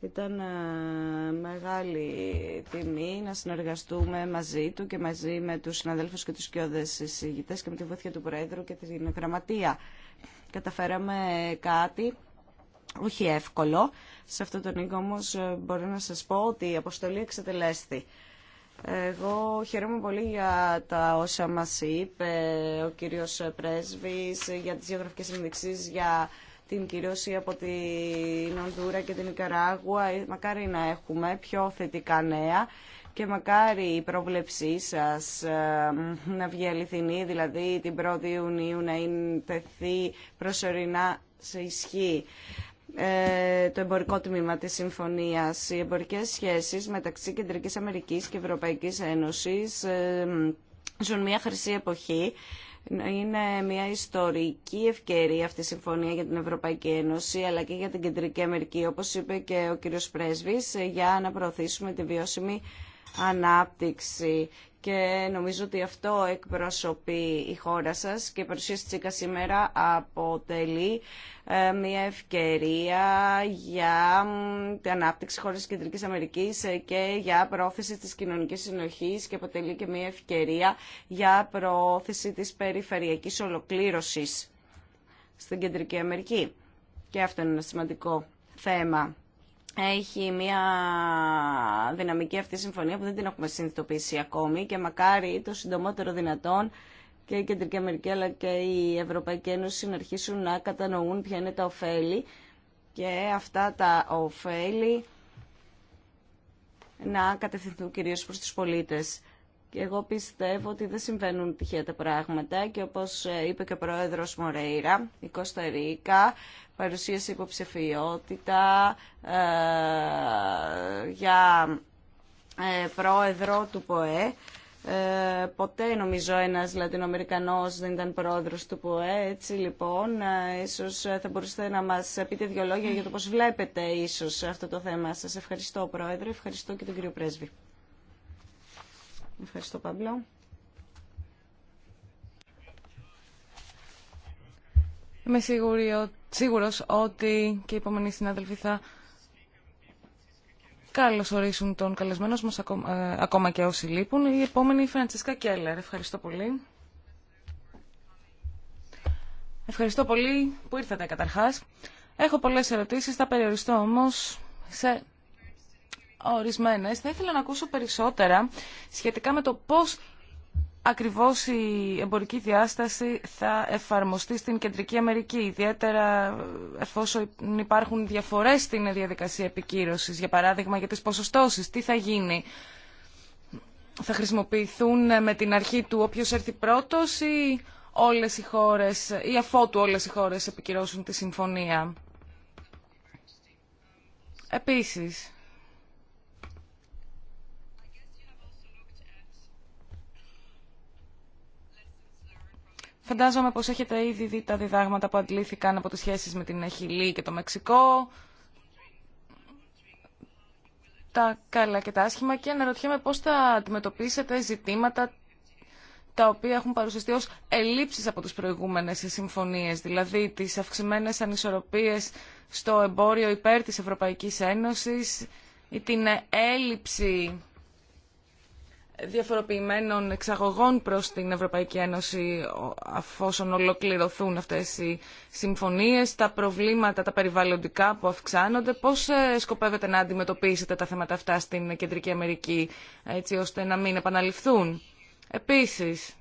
ήταν ε, μεγάλη τιμή να συνεργαστούμε μαζί του και μαζί με τους συναδέλφους και τους κοιόδες συζητητές και με τη βοήθεια του Πρόεδρου και την Γραμματεία. Καταφέραμε κάτι, όχι εύκολο. Σε αυτό τον οίκο όμως ε, μπορώ να σας πω ότι η αποστολή εξετελέστη. Εγώ χαίρομαι πολύ για τα όσα μας είπε ο κύριος Πρέσβης, για τις γεωγραφικές ενδειξίες, για την κυρίωση από την Ονδούρα και την Ικαράγουα. Ε, μακάρι να έχουμε πιο θετικά νέα και μακάρι η πρόβλεψή σας ε, να βγει αληθινή, δηλαδή την 1η Ιουνίου να είναι τεθεί προσωρινά σε ισχύ ε, το εμπορικό τμήμα της συμφωνίας. Οι εμπορικές σχέσεις μεταξύ Κεντρικής Αμερικής και Ευρωπαϊκής Ένωσης ζουν μια χρυσή εποχή είναι μια ιστορική ευκαιρία αυτή η συμφωνία για την Ευρωπαϊκή Ένωση αλλά και για την Κεντρική Αμερική, όπως είπε και ο κύριος Πρέσβης, για να προωθήσουμε τη βιώσιμη ανάπτυξη και νομίζω ότι αυτό εκπροσωπεί η χώρα σας και η παρουσίαση της σήμερα αποτελεί ε, μια ευκαιρία για την ανάπτυξη χώρας της Κεντρικής Αμερικής ε, και για πρόθεση της κοινωνικής συνοχής και αποτελεί και μια ευκαιρία για πρόθεση της περιφερειακής ολοκλήρωσης στην Κεντρική Αμερική. Και αυτό είναι ένα σημαντικό θέμα έχει μια δυναμική αυτή συμφωνία που δεν την έχουμε συνειδητοποιήσει ακόμη και μακάρι το συντομότερο δυνατόν και η Κεντρική Αμερική αλλά και η Ευρωπαϊκή Ένωση να αρχίσουν να κατανοούν ποια είναι τα ωφέλη και αυτά τα ωφέλη να κατευθυνθούν κυρίως προς τους πολίτες. Και εγώ πιστεύω ότι δεν συμβαίνουν τυχαία τα πράγματα και όπως είπε και ο Πρόεδρος Μορέιρα, η Κώστα Παρουσίαση υποψηφιότητα ε, για ε, πρόεδρο του ΠΟΕ. Ε, ποτέ νομίζω ένας Λατινοαμερικανός δεν ήταν πρόεδρος του ΠΟΕ, έτσι λοιπόν ίσως θα μπορούσατε να μας πείτε δυο λόγια για το πώς βλέπετε ίσως αυτό το θέμα. Σας ευχαριστώ Πρόεδρε, ευχαριστώ και τον κύριο Πρέσβη. Ευχαριστώ Παμπλό. Είμαι σίγουρη ότι σίγουρος ότι και οι επόμενοι συνάδελφοι θα καλωσορίσουν τον καλεσμένο μας ε, ακόμα και όσοι λείπουν. Η επόμενη η Φραντσίσκα Κέλλερ. Ευχαριστώ πολύ. Ευχαριστώ πολύ που ήρθατε καταρχάς. Έχω πολλές ερωτήσεις, θα περιοριστώ όμως σε ορισμένες. Θα ήθελα να ακούσω περισσότερα σχετικά με το πώς ακριβώς η εμπορική διάσταση θα εφαρμοστεί στην Κεντρική Αμερική, ιδιαίτερα ε, εφόσον υπάρχουν διαφορές στην διαδικασία επικύρωσης, για παράδειγμα για τις ποσοστώσεις, τι θα γίνει. Θα χρησιμοποιηθούν ε, με την αρχή του όποιος έρθει πρώτος ή όλες οι χώρες, ή αφότου όλες οι χώρες επικυρώσουν τη συμφωνία. Επίσης, Φαντάζομαι πως έχετε ήδη δει τα διδάγματα που αντλήθηκαν από τις σχέσεις με την Χιλή και το Μεξικό, τα καλά και τα άσχημα και αναρωτιέμαι πώς θα αντιμετωπίσετε ζητήματα τα οποία έχουν παρουσιαστεί ως ελλείψεις από τις προηγούμενες συμφωνίες, δηλαδή τις αυξημένες ανισορροπίες στο εμπόριο υπέρ της Ευρωπαϊκής Ένωσης ή την έλλειψη διαφοροποιημένων εξαγωγών προς την Ευρωπαϊκή Ένωση αφόσον ολοκληρωθούν αυτές οι συμφωνίες, τα προβλήματα, τα περιβαλλοντικά που αυξάνονται. Πώς ε, σκοπεύετε να αντιμετωπίσετε τα θέματα αυτά στην Κεντρική Αμερική έτσι ώστε να μην επαναληφθούν. Επίσης,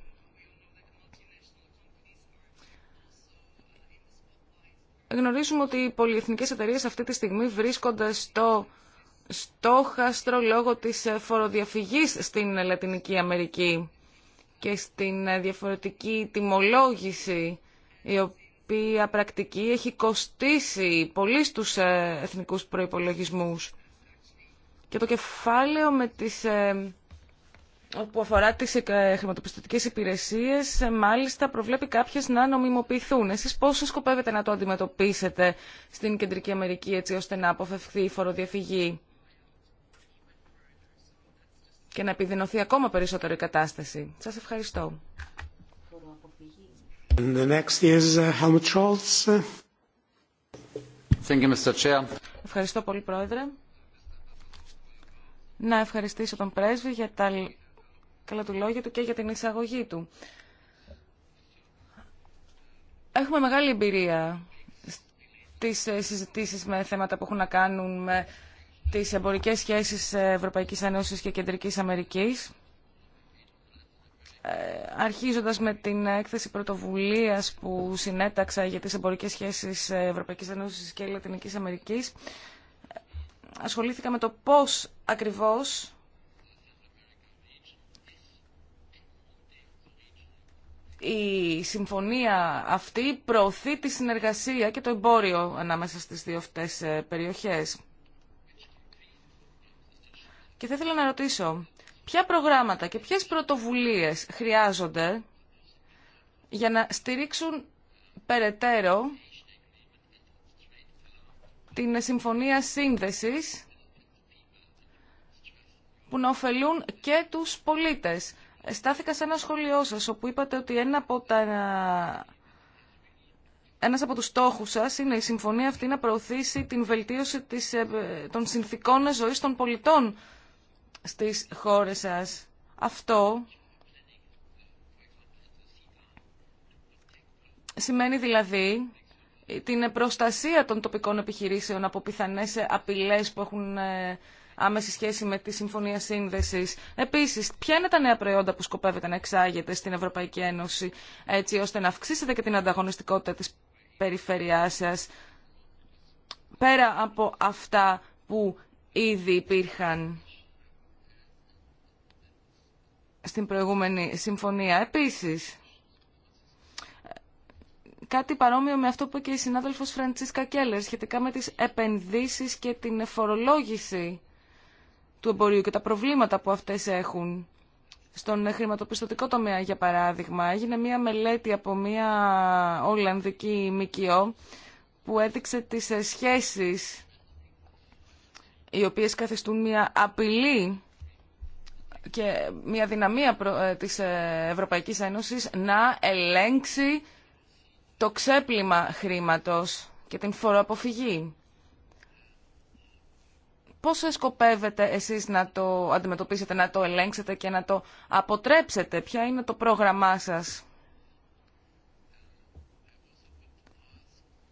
γνωρίζουμε ότι οι πολυεθνικές εταιρείες αυτή τη στιγμή βρίσκονται στο στόχαστρο λόγω της ε, φοροδιαφυγής στην Λατινική Αμερική και στην ε, διαφορετική τιμολόγηση η οποία πρακτική έχει κοστίσει πολύ στους ε, εθνικούς προϋπολογισμούς. Και το κεφάλαιο με τις, που αφορά τις χρηματοπιστωτικές υπηρεσίες μάλιστα προβλέπει κάποιες να νομιμοποιηθούν. Εσείς πώς σκοπεύετε να το αντιμετωπίσετε στην Κεντρική Αμερική έτσι ώστε να αποφευχθεί η φοροδιαφυγή και να επιδεινωθεί ακόμα περισσότερο η κατάσταση. Σας ευχαριστώ. Uh, ευχαριστώ πολύ, Πρόεδρε. Να ευχαριστήσω τον πρέσβη για τα καλά του λόγια του και για την εισαγωγή του. Έχουμε μεγάλη εμπειρία στις ε, συζητήσεις με θέματα που έχουν να κάνουν με τις εμπορικές σχέσεις Ευρωπαϊκής Ένωσης και Κεντρικής Αμερικής. Ε, αρχίζοντας με την έκθεση πρωτοβουλίας που συνέταξα για τις εμπορικές σχέσεις Ευρωπαϊκής Ένωσης και Λατινικής Αμερικής, ασχολήθηκα με το πώς ακριβώς η συμφωνία αυτή προωθεί τη συνεργασία και το εμπόριο ανάμεσα στις δύο αυτές περιοχές. Και θα ήθελα να ρωτήσω, ποια προγράμματα και ποιες πρωτοβουλίες χρειάζονται για να στηρίξουν περαιτέρω την συμφωνία σύνδεσης που να ωφελούν και τους πολίτες. Στάθηκα σε ένα σχολείο σας όπου είπατε ότι ένα από τα... Ένας από τους στόχους σας είναι η συμφωνία αυτή να προωθήσει την βελτίωση της, ε, των συνθήκων ζωής των πολιτών στις χώρες σας. Αυτό σημαίνει δηλαδή την προστασία των τοπικών επιχειρήσεων από πιθανές απειλές που έχουν ε, άμεση σχέση με τη Συμφωνία σύνδεσης επίσης ποια είναι τα νέα προϊόντα που σκοπεύετε να εξάγετε στην Ευρωπαϊκή Ένωση, έτσι ώστε να αυξήσετε και την ανταγωνιστικότητα της περιφερειάς σα, πέρα από αυτά που ήδη υπήρχαν στην προηγούμενη συμφωνία. Επίσης, κάτι παρόμοιο με αυτό που είπε και η συνάδελφος Φραντσίσκα Κέλλερ σχετικά με τις επενδύσεις και την εφορολόγηση του εμπορίου και τα προβλήματα που αυτές έχουν. Στον χρηματοπιστωτικό τομέα, για παράδειγμα, έγινε μία μελέτη από μία Ολλανδική ΜΚΟ που έδειξε τις ε, σχέσεις οι οποίες καθιστούν μία απειλή και μια δυναμία ε, της ε, Ευρωπαϊκής Ένωσης να ελέγξει το ξέπλυμα χρήματος και την φοροαποφυγή. Πώς σκοπεύετε εσείς να το αντιμετωπίσετε, να το ελέγξετε και να το αποτρέψετε. Ποια είναι το πρόγραμμά σας.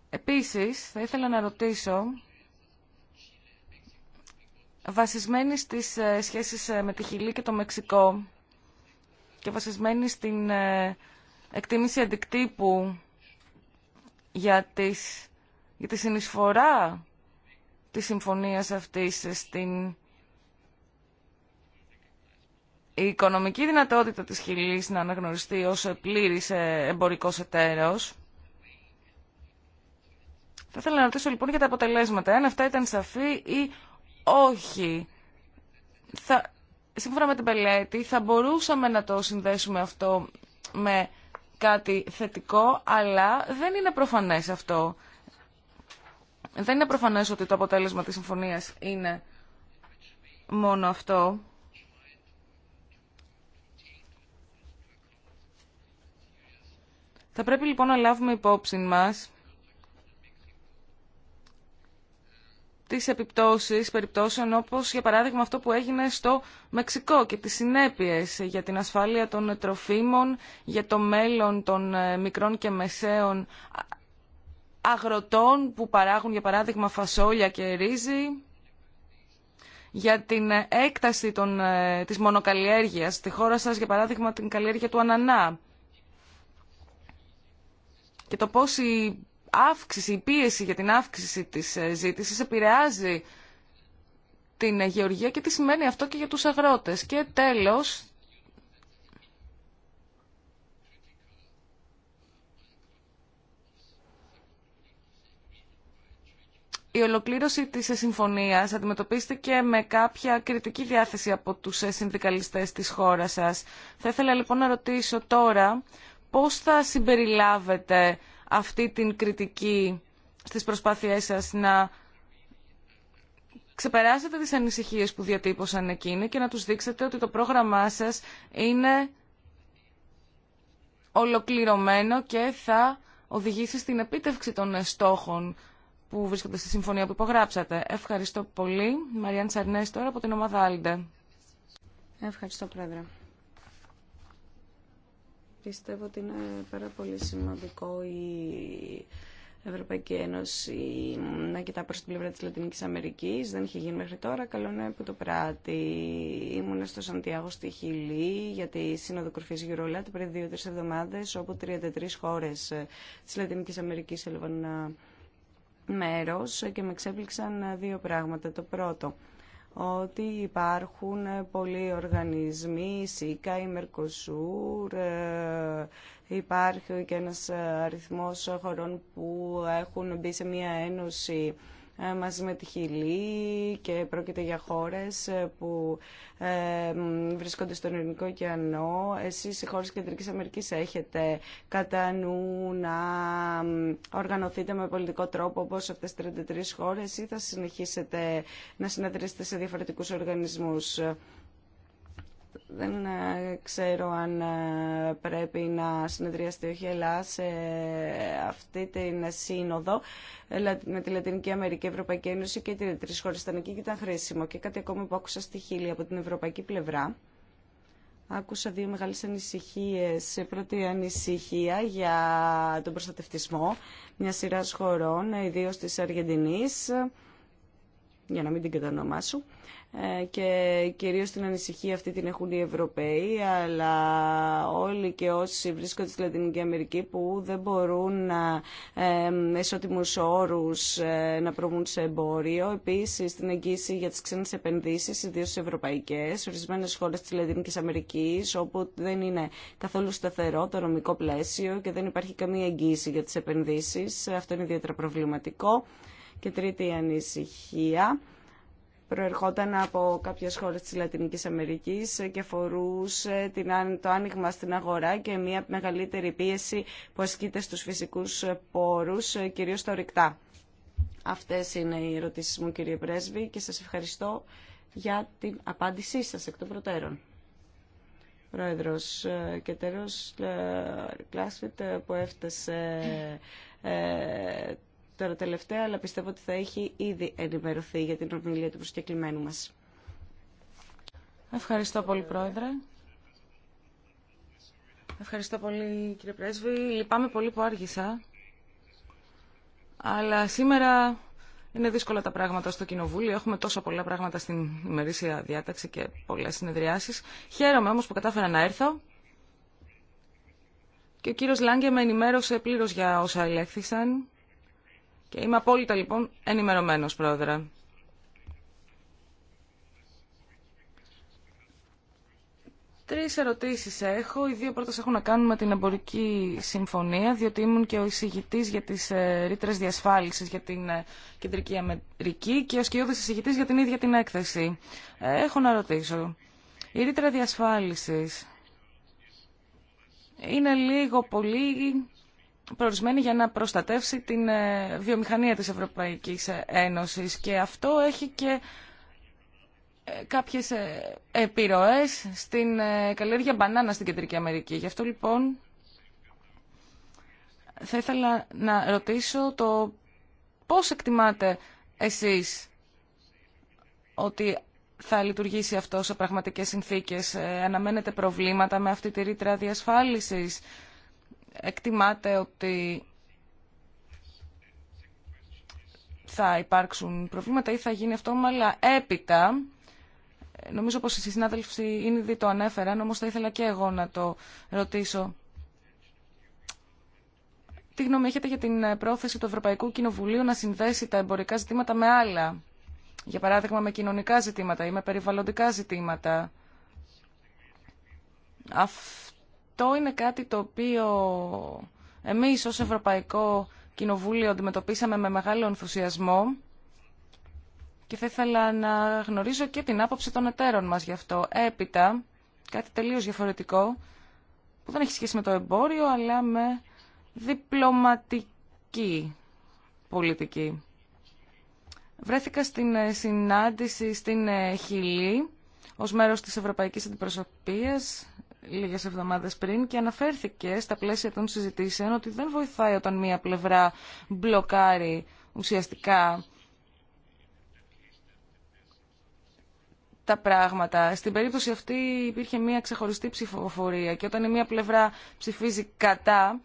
Επίσης, θα ήθελα να ρωτήσω βασισμένη στις ε, σχέσεις ε, με τη Χιλή και το Μεξικό και βασισμένη στην ε, εκτίμηση αντικτύπου για, τις, για τη συνεισφορά της συμφωνίας αυτής στην η οικονομική δυνατότητα της Χιλής να αναγνωριστεί ως πλήρης εμπορικός εταίρος. Θα ήθελα να ρωτήσω λοιπόν για τα αποτελέσματα. Αν αυτά ήταν σαφή ή όχι. Θα, σύμφωνα με την πελέτη θα μπορούσαμε να το συνδέσουμε αυτό με κάτι θετικό, αλλά δεν είναι προφανές αυτό. Δεν είναι προφανές ότι το αποτέλεσμα της συμφωνίας είναι μόνο αυτό. Θα πρέπει λοιπόν να λάβουμε υπόψη μας τις επιπτώσεις περιπτώσεων όπως για παράδειγμα αυτό που έγινε στο Μεξικό και τις συνέπειες για την ασφάλεια των τροφίμων, για το μέλλον των ε, μικρών και μεσαίων αγροτών που παράγουν για παράδειγμα φασόλια και ρύζι, για την ε, έκταση των, ε, της μονοκαλλιέργειας στη χώρα σας για παράδειγμα την καλλιέργεια του ανανά και το πώς αύξηση, η πίεση για την αύξηση της ε, ζήτησης επηρεάζει την γεωργία και τι σημαίνει αυτό και για τους αγρότες. Και τέλος, η ολοκλήρωση της ε, συμφωνίας αντιμετωπίστηκε με κάποια κριτική διάθεση από τους ε, συνδικαλιστές της χώρας σας. Θα ήθελα λοιπόν να ρωτήσω τώρα πώς θα συμπεριλάβετε αυτή την κριτική στις προσπάθειές σας να ξεπεράσετε τις ανησυχίες που διατύπωσαν εκείνοι και να τους δείξετε ότι το πρόγραμμά σας είναι ολοκληρωμένο και θα οδηγήσει στην επίτευξη των στόχων που βρίσκονται στη συμφωνία που υπογράψατε. Ευχαριστώ πολύ. Μαριάν Σαρνές τώρα από την ομάδα Άλντε. Ευχαριστώ, Πρόεδρε. Πιστεύω ότι είναι πάρα πολύ σημαντικό η Ευρωπαϊκή Ένωση να κοιτά προς την πλευρά της Λατινικής Αμερικής. Δεν είχε γίνει μέχρι τώρα. Καλό είναι που το πράττει. Ήμουν στο Σαντιάγο στη Χιλή για τη Σύνοδο Κορφής Γιουρολάτ πριν δύο-τρεις εβδομάδες όπου 33 χώρες της Λατινικής Αμερικής έλαβαν ε, μέρος και με ξέπληξαν ε, δύο πράγματα. Το πρώτο, ότι υπάρχουν πολλοί οργανισμοί, η ΣΥΚΑ, η Μερκοσούρ, ε, υπάρχει και ένας αριθμός χωρών που έχουν μπει σε μία ένωση ε, μαζί με τη Χιλή και πρόκειται για χώρες ε, που ε, βρίσκονται στον Ελληνικό ωκεανό. Εσείς οι χώρες Κεντρικής Αμερικής έχετε κατά νου να οργανωθείτε με πολιτικό τρόπο όπως αυτές τις 33 χώρες ή θα συνεχίσετε να συνεδρίσετε σε διαφορετικούς οργανισμούς. Δεν ε, ξέρω αν ε, πρέπει να συνεδριαστεί όχι Χελά σε αυτή την σύνοδο ε, με τη Λατινική Αμερική, Ευρωπαϊκή Ένωση και οι τρει χώρε ήταν εκεί και ήταν χρήσιμο. Και κάτι ακόμα που άκουσα στη Χίλη από την ευρωπαϊκή πλευρά. Άκουσα δύο μεγάλες ανησυχίες. Πρώτη ανησυχία για τον προστατευτισμό μια σειρά χωρών, ιδίως της Αργεντινής, για να μην την κατανομάσω. Ε, και κυρίως την ανησυχία αυτή την έχουν οι Ευρωπαίοι αλλά όλοι και όσοι βρίσκονται στη Λατινική Αμερική που δεν μπορούν να εσώτιμους όρους ε, να προβούν σε εμπόριο επίσης την εγγύηση για τις ξένες επενδύσεις ιδίως στις ευρωπαϊκές ορισμένες χώρες της Λατινικής Αμερικής όπου δεν είναι καθόλου σταθερό το νομικό πλαίσιο και δεν υπάρχει καμία εγγύηση για τις επενδύσεις αυτό είναι ιδιαίτερα προβληματικό και τρίτη ανησυχία προερχόταν από κάποιες χώρες της Λατινικής Αμερικής και φορούσε την, το άνοιγμα στην αγορά και μια μεγαλύτερη πίεση που ασκείται στους φυσικούς πόρους, κυρίως τα ορυκτά. Αυτές είναι οι ερωτήσεις μου κύριε Πρέσβη και σας ευχαριστώ για την απάντησή σας εκ των προτέρων. Πρόεδρος ε, και τέλος ε, Κλάσφιτ ε, που έφτασε τώρα τελευταία, αλλά πιστεύω ότι θα έχει ήδη ενημερωθεί για την ομιλία του προσκεκλημένου μας. Ευχαριστώ πολύ, Πρόεδρε. Ευχαριστώ πολύ, κύριε Πρέσβη. Λυπάμαι πολύ που άργησα. Αλλά σήμερα είναι δύσκολα τα πράγματα στο Κοινοβούλιο. Έχουμε τόσα πολλά πράγματα στην ημερήσια διάταξη και πολλές συνεδριάσεις. Χαίρομαι όμως που κατάφερα να έρθω. Και ο κύριος Λάγκε με ενημέρωσε πλήρως για όσα ελέγχθησαν. Και είμαι απόλυτα λοιπόν ενημερωμένος, Πρόεδρε. Τρεις ερωτήσεις έχω. Οι δύο πρώτες έχουν να κάνουν με την εμπορική συμφωνία, διότι ήμουν και ο εισηγητής για τις ε, ρήτρες διασφάλισης για την ε, Κεντρική Αμερική και ο σκιώδης εισηγητής για την ίδια την έκθεση. Ε, έχω να ρωτήσω. Η ρήτρα διασφάλισης είναι λίγο πολύ προορισμένη για να προστατεύσει την ε, βιομηχανία της Ευρωπαϊκής Ένωσης και αυτό έχει και ε, κάποιες ε, επιρροές στην καλλιέργεια μπανάνα στην Κεντρική Αμερική. Γι' αυτό λοιπόν θα ήθελα να ρωτήσω το πώς εκτιμάτε εσείς ότι θα λειτουργήσει αυτό σε πραγματικές συνθήκες. Αναμένετε προβλήματα με αυτή τη ρήτρα διασφάλισης εκτιμάτε ότι θα υπάρξουν προβλήματα ή θα γίνει αυτό, αλλά έπειτα, νομίζω πως οι συνάδελφοι ήδη το ανέφεραν, όμως θα ήθελα και εγώ να το ρωτήσω. Τι γνώμη έχετε για την πρόθεση του Ευρωπαϊκού Κοινοβουλίου να συνδέσει τα εμπορικά ζητήματα με άλλα, για παράδειγμα με κοινωνικά ζητήματα ή με περιβαλλοντικά ζητήματα. Αυτό είναι κάτι το οποίο εμείς ως Ευρωπαϊκό Κοινοβούλιο αντιμετωπίσαμε με μεγάλο ενθουσιασμό και θα ήθελα να γνωρίζω και την άποψη των εταίρων μας γι' αυτό. Έπειτα, κάτι τελείως διαφορετικό, που δεν έχει σχέση με το εμπόριο, αλλά με διπλωματική πολιτική. Βρέθηκα στην ε, συνάντηση στην ε, Χιλή ως μέρος της Ευρωπαϊκής Αντιπροσωπείας λίγες εβδομάδες πριν και αναφέρθηκε στα πλαίσια των συζητήσεων ότι δεν βοηθάει όταν μία πλευρά μπλοκάρει ουσιαστικά τα πράγματα. Στην περίπτωση αυτή υπήρχε μία ξεχωριστή ψηφοφορία και όταν η μία πλευρά ψηφίζει κατά,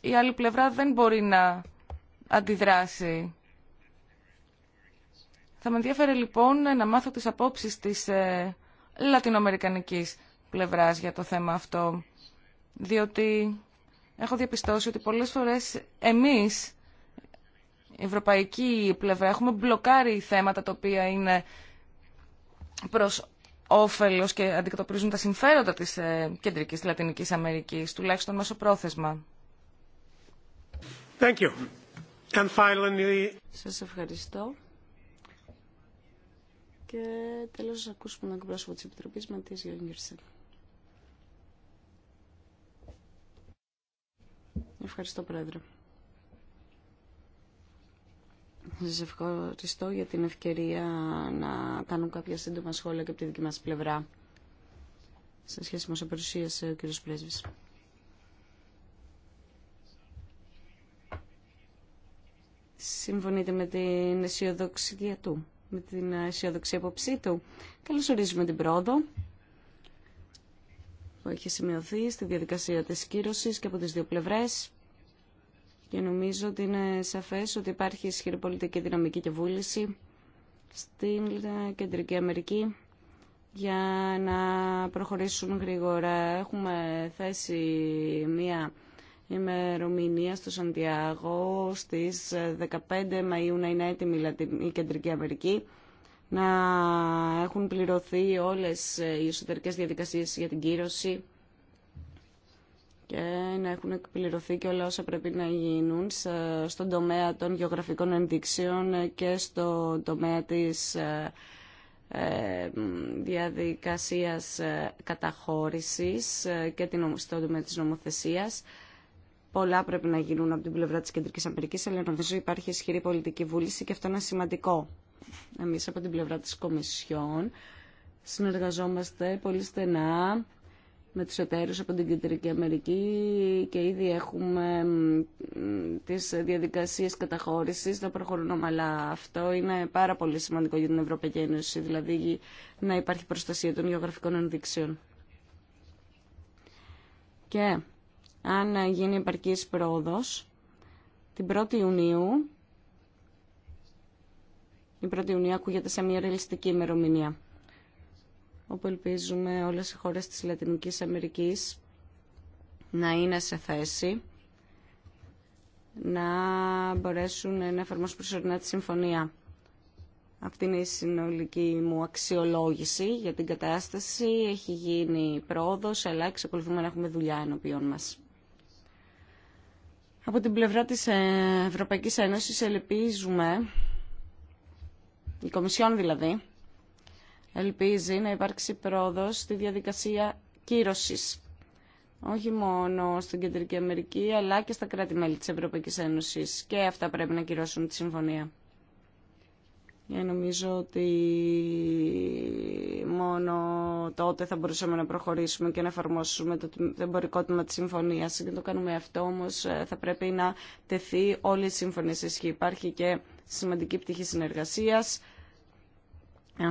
η άλλη πλευρά δεν μπορεί να αντιδράσει. Θα με ενδιαφέρε λοιπόν να μάθω τις απόψεις της ε, λατινοαμερικανικής πλευράς για το θέμα αυτό, διότι έχω διαπιστώσει ότι πολλές φορές εμείς, η ευρωπαϊκή πλευρά, έχουμε μπλοκάρει θέματα τα οποία είναι προς όφελος και αντικατοπρίζουν τα συμφέροντα της ε, κεντρικής Λατινικής Αμερικής, τουλάχιστον μέσω πρόθεσμα. Thank Σας ευχαριστώ. Και τέλος να ακούσουμε τον εκπρόσωπο της Επιτροπής Ματίας Γιώργηρσεν. Ευχαριστώ Πρόεδρε. Σας ευχαριστώ για την ευκαιρία να κάνω κάποια σύντομα σχόλια και από τη δική μας πλευρά σε σχέση με όσα παρουσίασε ο κ. Πρέσβης. Συμφωνείτε με την αισιοδοξία του με την αισιοδοξία απόψή του. Καλώς ορίζουμε την πρόοδο που έχει σημειωθεί στη διαδικασία της κύρωσης και από τις δύο πλευρές. Και νομίζω ότι είναι σαφές ότι υπάρχει ισχυρή πολιτική δυναμική και βούληση στην Κεντρική Αμερική για να προχωρήσουν γρήγορα. Έχουμε θέσει μία ημερομηνία στο Σαντιάγο στις 15 ε, Μαΐου να είναι έτοιμη η Κεντρική Αμερική να έχουν πληρωθεί όλες ε, οι εσωτερικέ διαδικασίες για την κύρωση και να έχουν εκπληρωθεί και όλα όσα πρέπει να γίνουν στον τομέα των γεωγραφικών ενδείξεων και στο τομέα της ε, διαδικασίας καταχώρησης και στον τομέα της νομοθεσίας. Πολλά πρέπει να γίνουν από την πλευρά τη Κεντρική Αμερική, αλλά νομίζω υπάρχει ισχυρή πολιτική βούληση και αυτό είναι σημαντικό. Εμεί, από την πλευρά τη Κομισιόν συνεργαζόμαστε πολύ στενά με τους εταίρους από την Κεντρική Αμερική και ήδη έχουμε τις διαδικασίες καταχώρησης να προχωρούν ομαλά. Αυτό είναι πάρα πολύ σημαντικό για την Ευρωπαϊκή Ένωση, δηλαδή να υπάρχει προστασία των γεωγραφικών ενδείξεων. Και αν γίνει επαρκής πρόοδος, την 1η Ιουνίου, η 1η Ιουνίου ακούγεται σε μια ρελιστική ημερομηνία, όπου ελπίζουμε όλες οι χώρες της Λατινικής Αμερικής να είναι σε θέση να μπορέσουν να εφαρμόσουν προσωρινά τη συμφωνία. Αυτή είναι η συνολική μου αξιολόγηση για την κατάσταση. Έχει γίνει πρόοδος, αλλά εξακολουθούμε να έχουμε δουλειά ενώπιόν μας. Από την πλευρά της ε, Ευρωπαϊκής Ένωσης ελπίζουμε, η Κομισιόν δηλαδή, ελπίζει να υπάρξει πρόοδος στη διαδικασία κύρωσης. Όχι μόνο στην Κεντρική Αμερική, αλλά και στα κράτη-μέλη της Ευρωπαϊκής Ένωσης. Και αυτά πρέπει να κυρώσουν τη συμφωνία. Ε, νομίζω ότι μόνο τότε θα μπορούσαμε να προχωρήσουμε και να εφαρμόσουμε το εμπορικό τμήμα της συμφωνία. Για να το κάνουμε αυτό όμως ε, θα πρέπει να τεθεί όλη η σύμφωνη σε ισχύ. Υπάρχει και σημαντική πτυχή συνεργασίας.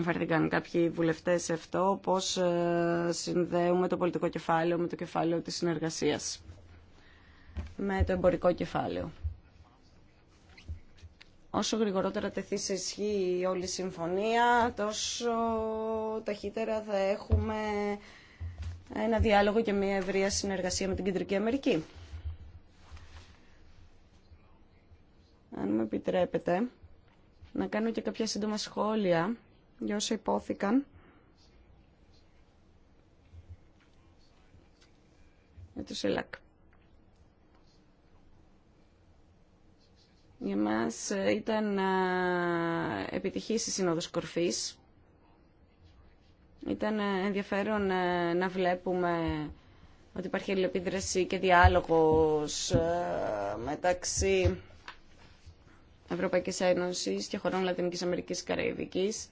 φέρθηκαν κάποιοι βουλευτές σε αυτό, πώς ε, συνδέουμε το πολιτικό κεφάλαιο με το κεφάλαιο της συνεργασία, με το εμπορικό κεφάλαιο. Όσο γρηγορότερα τεθεί σε ισχύ όλη η συμφωνία, τόσο ταχύτερα θα έχουμε ένα διάλογο και μια ευρεία συνεργασία με την Κεντρική Αμερική. Αν μου επιτρέπετε, να κάνω και κάποια σύντομα σχόλια για όσα υπόθηκαν. Για τους ΕΛΑΚ. Για μας ε, ήταν επιτυχής η Σύνοδος Κορφής. Ήταν ε, ενδιαφέρον ε, να βλέπουμε ότι υπάρχει αλληλεπίδραση και διάλογος μεταξύ Ευρωπαϊκής Ένωσης και χωρών Λατινικής Αμερικής Καραϊβικής.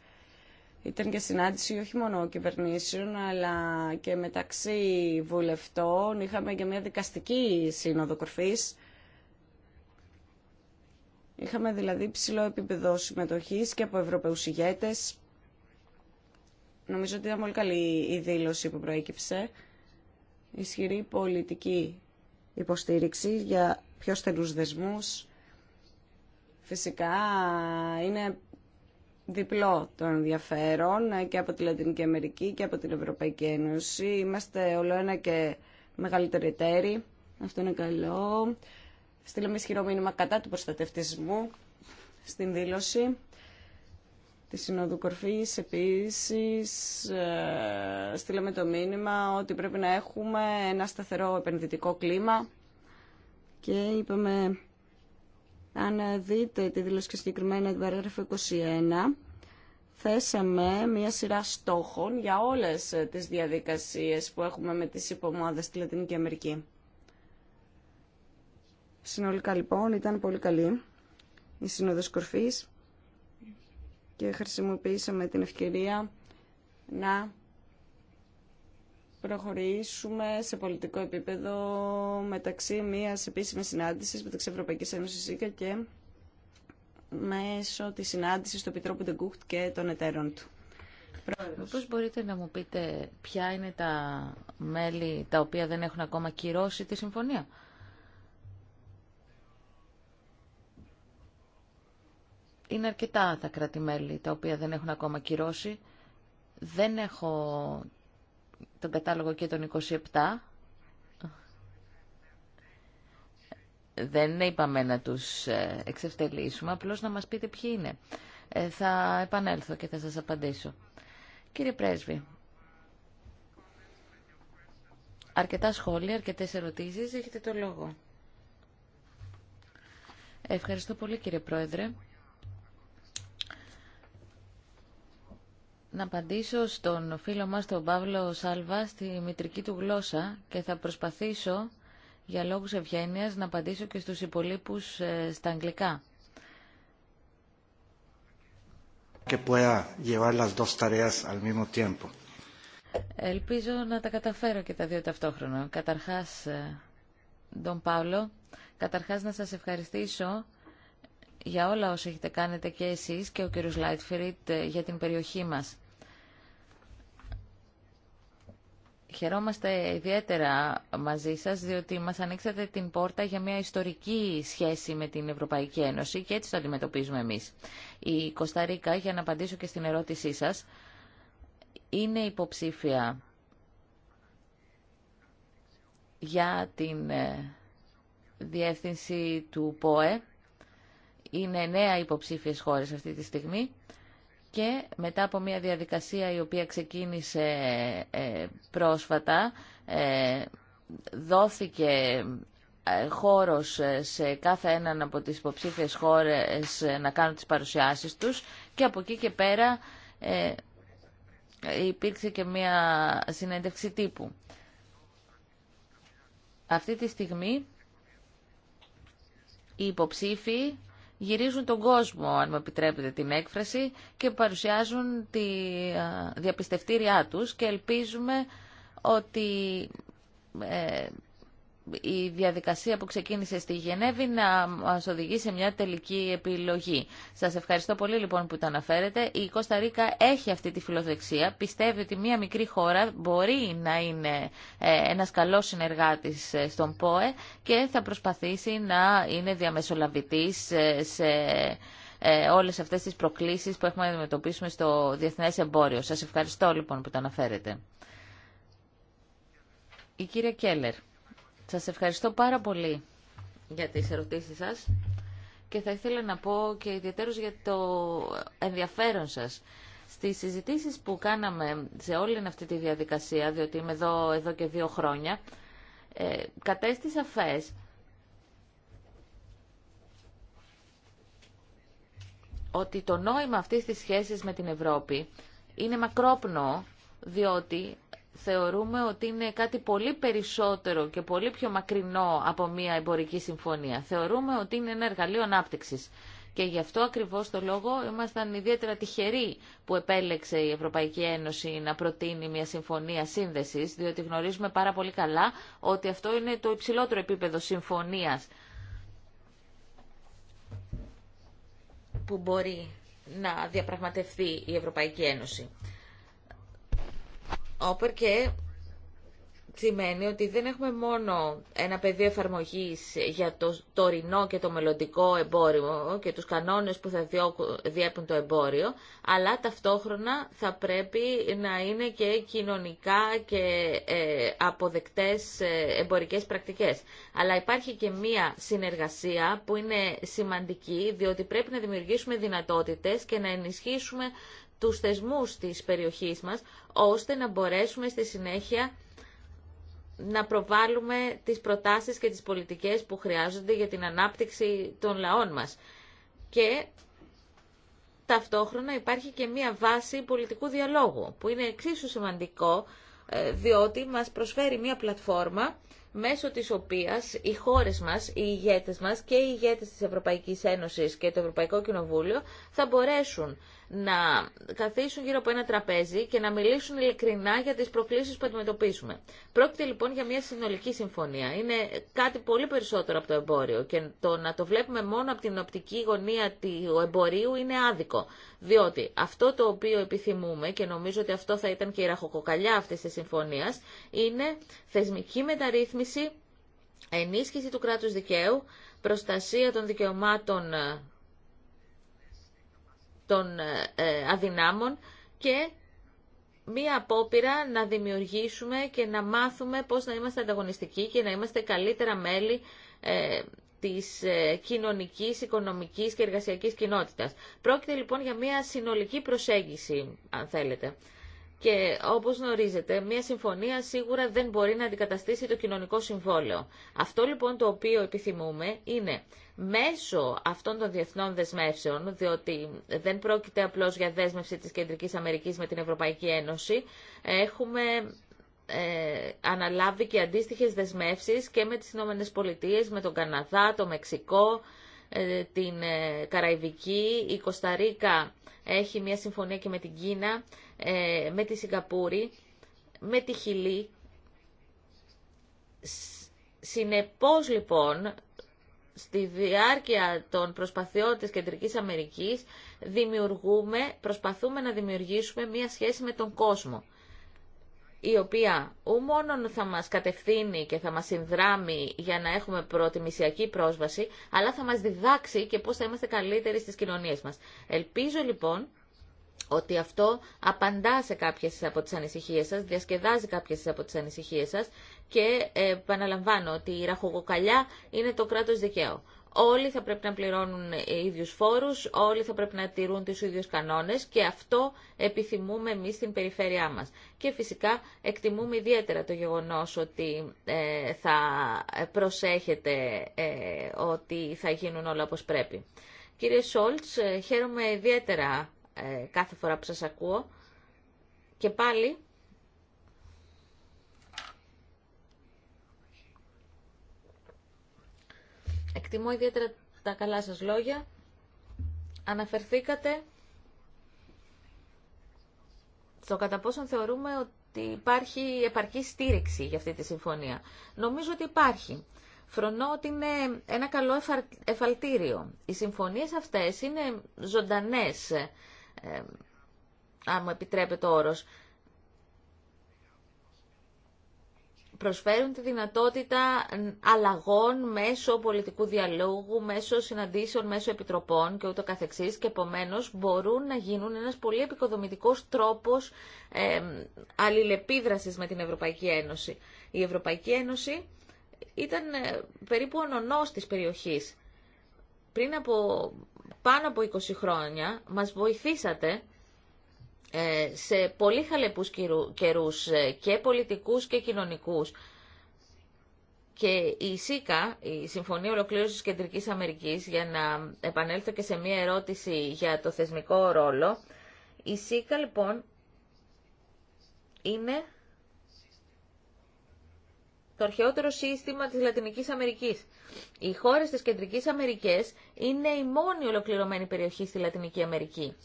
Ήταν και συνάντηση όχι μόνο κυβερνήσεων, αλλά και μεταξύ βουλευτών. Είχαμε και μια δικαστική σύνοδο κορφής Είχαμε δηλαδή ψηλό επίπεδο συμμετοχή και από Ευρωπαίου ηγέτε. Νομίζω ότι ήταν πολύ καλή η δήλωση που προέκυψε. Ισχυρή πολιτική υποστήριξη για πιο στενούς δεσμούς. Φυσικά είναι διπλό το ενδιαφέρον και από τη Λατινική Αμερική και από την Ευρωπαϊκή Ένωση. Είμαστε όλο ένα και μεγαλύτεροι εταίροι. Αυτό είναι καλό στείλαμε ισχυρό μήνυμα κατά του προστατευτισμού στην δήλωση της Συνόδου Κορφής. Επίσης, ε, στείλαμε το μήνυμα ότι πρέπει να έχουμε ένα σταθερό επενδυτικό κλίμα και είπαμε, αν δείτε τη δήλωση και συγκεκριμένα την παράγραφο 21, θέσαμε μία σειρά στόχων για όλες τις διαδικασίες που έχουμε με τις υπομάδες στη Λατινική Αμερική. Συνολικά λοιπόν ήταν πολύ καλή η Σύνοδος Κορφής και χρησιμοποίησαμε την ευκαιρία να προχωρήσουμε σε πολιτικό επίπεδο μεταξύ μιας επίσημης συνάντησης μεταξύ Ευρωπαϊκής Ένωσης και μέσω της συνάντησης του Επιτρόπου Ντεγκούχτ και των εταίρων του. Πώς μπορείτε να μου πείτε ποια είναι τα μέλη τα οποία δεν έχουν ακόμα κυρώσει τη συμφωνία. είναι αρκετά τα κράτη-μέλη τα οποία δεν έχουν ακόμα κυρώσει. Δεν έχω τον κατάλογο και τον 27. Δεν είπαμε να τους ε, εξευτελίσουμε, απλώς να μας πείτε ποιοι είναι. Ε, θα επανέλθω και θα σας απαντήσω. Κύριε Πρέσβη, αρκετά σχόλια, αρκετές ερωτήσεις, έχετε το λόγο. Ευχαριστώ πολύ κύριε Πρόεδρε. να απαντήσω στον φίλο μας τον Παύλο Σάλβα στη μητρική του γλώσσα και θα προσπαθήσω για λόγους ευγένειας να απαντήσω και στους υπολείπους ε, στα αγγλικά. Ελπίζω να τα καταφέρω και τα δύο ταυτόχρονα. Καταρχάς, τον ε, Παύλο, καταρχάς να σας ευχαριστήσω για όλα όσα έχετε κάνετε και εσείς και ο κύριος Λάιτφιριτ ε, για την περιοχή μας. Χαιρόμαστε ιδιαίτερα μαζί σας διότι μας ανοίξατε την πόρτα για μια ιστορική σχέση με την Ευρωπαϊκή Ένωση και έτσι το αντιμετωπίζουμε εμείς. Η Κωνσταντίνα, για να απαντήσω και στην ερώτησή σας, είναι υποψήφια για την ε, διεύθυνση του ΠΟΕ. Είναι νέα υποψήφιες χώρες αυτή τη στιγμή και μετά από μια διαδικασία η οποία ξεκίνησε ε, πρόσφατα ε, δόθηκε ε, χώρος σε κάθε έναν από τις υποψήφιες χώρες να κάνουν τις παρουσιάσεις τους και από εκεί και πέρα υπήρξε και μια συνέντευξη τύπου. Αυτή τη στιγμή οι υποψήφοι γυρίζουν τον κόσμο, αν μου επιτρέπετε την έκφραση, και παρουσιάζουν τη διαπιστευτήριά τους και ελπίζουμε ότι ε, η διαδικασία που ξεκίνησε στη Γενέβη να μας οδηγεί σε μια τελική επιλογή. Σας ευχαριστώ πολύ λοιπόν που τα αναφέρετε. Η Κωνσταντίνα έχει αυτή τη φιλοδεξία. Πιστεύει ότι μια μικρή χώρα μπορεί να είναι ε, ένας καλός συνεργάτης ε, στον ΠΟΕ και θα προσπαθήσει να είναι διαμεσολαβητής ε, σε όλες αυτές τις προκλήσεις που έχουμε να αντιμετωπίσουμε στο διεθνές εμπόριο. Σας ευχαριστώ λοιπόν που τα αναφέρετε. Η κυρία Κέλλερ. Σας ευχαριστώ πάρα πολύ για τις ερωτήσεις σας και θα ήθελα να πω και ιδιαίτερως για το ενδιαφέρον σας. Στις συζητήσεις που κάναμε σε όλη αυτή τη διαδικασία, διότι είμαι εδώ, εδώ και δύο χρόνια, ε, κατέστη ότι το νόημα αυτής της σχέσης με την Ευρώπη είναι μακρόπνο, διότι θεωρούμε ότι είναι κάτι πολύ περισσότερο και πολύ πιο μακρινό από μια εμπορική συμφωνία. Θεωρούμε ότι είναι ένα εργαλείο ανάπτυξης. Και γι' αυτό ακριβώς το λόγο ήμασταν ιδιαίτερα τυχεροί που επέλεξε η Ευρωπαϊκή Ένωση να προτείνει μια συμφωνία σύνδεσης, διότι γνωρίζουμε πάρα πολύ καλά ότι αυτό είναι το υψηλότερο επίπεδο συμφωνία που μπορεί να διαπραγματευτεί η Ευρωπαϊκή Ένωση όπερ και σημαίνει ότι δεν έχουμε μόνο ένα πεδίο εφαρμογής για το τωρινό και το μελλοντικό εμπόριο και τους κανόνες που θα διέπουν το εμπόριο, αλλά ταυτόχρονα θα πρέπει να είναι και κοινωνικά και ε, αποδεκτές ε, εμπορικές πρακτικές. Αλλά υπάρχει και μία συνεργασία που είναι σημαντική, διότι πρέπει να δημιουργήσουμε δυνατότητες και να ενισχύσουμε τους θεσμούς της περιοχής μας, ώστε να μπορέσουμε στη συνέχεια να προβάλλουμε τις προτάσεις και τις πολιτικές που χρειάζονται για την ανάπτυξη των λαών μας. Και ταυτόχρονα υπάρχει και μία βάση πολιτικού διαλόγου, που είναι εξίσου σημαντικό, ε, διότι μας προσφέρει μία πλατφόρμα μέσω της οποίας οι χώρες μας, οι ηγέτες μας και οι ηγέτες της Ευρωπαϊκής Ένωσης και το Ευρωπαϊκό Κοινοβούλιο θα μπορέσουν να καθίσουν γύρω από ένα τραπέζι και να μιλήσουν ειλικρινά για τις προκλήσεις που αντιμετωπίσουμε. Πρόκειται λοιπόν για μια συνολική συμφωνία. Είναι κάτι πολύ περισσότερο από το εμπόριο και το να το βλέπουμε μόνο από την οπτική γωνία του εμπορίου είναι άδικο. Διότι αυτό το οποίο επιθυμούμε και νομίζω ότι αυτό θα ήταν και η ραχοκοκαλιά αυτής της συμφωνίας είναι θεσμική μεταρρύθμιση, ενίσχυση του κράτους δικαίου, προστασία των δικαιωμάτων των ε, ε, αδυνάμων και μία απόπειρα να δημιουργήσουμε και να μάθουμε πώς να είμαστε ανταγωνιστικοί και να είμαστε καλύτερα μέλη ε, της κοινωνικής, οικονομικής και εργασιακής κοινότητας. Πρόκειται λοιπόν για μία συνολική προσέγγιση, αν θέλετε. Και όπως γνωρίζετε, μια συμφωνία σίγουρα δεν μπορεί να αντικαταστήσει το κοινωνικό συμβόλαιο. Αυτό λοιπόν το οποίο επιθυμούμε είναι μέσω αυτών των διεθνών δεσμεύσεων, διότι δεν πρόκειται απλώς για δέσμευση της Κεντρικής Αμερικής με την Ευρωπαϊκή Ένωση, έχουμε ε, αναλάβει και αντίστοιχε δεσμεύσει και με τι Ηνωμένες με τον Καναδά, το Μεξικό, ε, την ε, Καραϊβική, η Κωνσταντίνα έχει μια συμφωνία και με την Κίνα ε, με τη Σιγκαπούρη, με τη Χιλή. Συνεπώς λοιπόν, στη διάρκεια των προσπαθειών της Κεντρικής Αμερικής, δημιουργούμε, προσπαθούμε να δημιουργήσουμε μία σχέση με τον κόσμο η οποία ου μόνον θα μας κατευθύνει και θα μας συνδράμει για να έχουμε προτιμησιακή πρόσβαση, αλλά θα μας διδάξει και πώς θα είμαστε καλύτεροι στις κοινωνίες μας. Ελπίζω λοιπόν ότι αυτό απαντά σε κάποιες από τις ανησυχίες σας, διασκεδάζει κάποιες από τις ανησυχίες σας και ε, επαναλαμβάνω ότι η ραχογοκαλιά είναι το κράτος δικαίου. Όλοι θα πρέπει να πληρώνουν ίδιους φόρους, όλοι θα πρέπει να τηρούν τις ίδιους κανόνες και αυτό επιθυμούμε εμείς στην περιφέρειά μας. Και φυσικά εκτιμούμε ιδιαίτερα το γεγονός ότι ε, θα προσέχετε ε, ότι θα γίνουν όλα όπως πρέπει. Κύριε Σόλτς, χαίρομαι ιδιαίτερα ε, κάθε φορά που σας ακούω. Και πάλι εκτιμώ ιδιαίτερα τα καλά σας λόγια. Αναφερθήκατε στο κατά πόσον θεωρούμε ότι υπάρχει επαρκή στήριξη για αυτή τη συμφωνία. Νομίζω ότι υπάρχει. Φρονώ ότι είναι ένα καλό εφαλτήριο. Οι συμφωνίες αυτές είναι ζωντανές ε, αν μου επιτρέπεται όρος, προσφέρουν τη δυνατότητα αλλαγών μέσω πολιτικού διαλόγου, μέσω συναντήσεων, μέσω επιτροπών και ούτω καθεξής και επομένως μπορούν να γίνουν ένας πολύ επικοδομητικός τρόπος ε, αλληλεπίδρασης με την Ευρωπαϊκή Ένωση. Η Ευρωπαϊκή Ένωση ήταν ε, περίπου ο νονός της περιοχής. Πριν από πάνω από 20 χρόνια μας βοηθήσατε ε, σε πολύ χαλεπούς καιρούς ε, και πολιτικούς και κοινωνικούς. Και η ΣΥΚΑ, η Συμφωνία Ολοκλήρωσης Κεντρικής Αμερικής, για να επανέλθω και σε μία ερώτηση για το θεσμικό ρόλο, η ΣΥΚΑ λοιπόν είναι το αρχαιότερο σύστημα της Λατινικής Αμερικής. Οι χώρες της Κεντρικής Αμερικής είναι η μόνη ολοκληρωμένη περιοχή στη Λατινική Αμερική.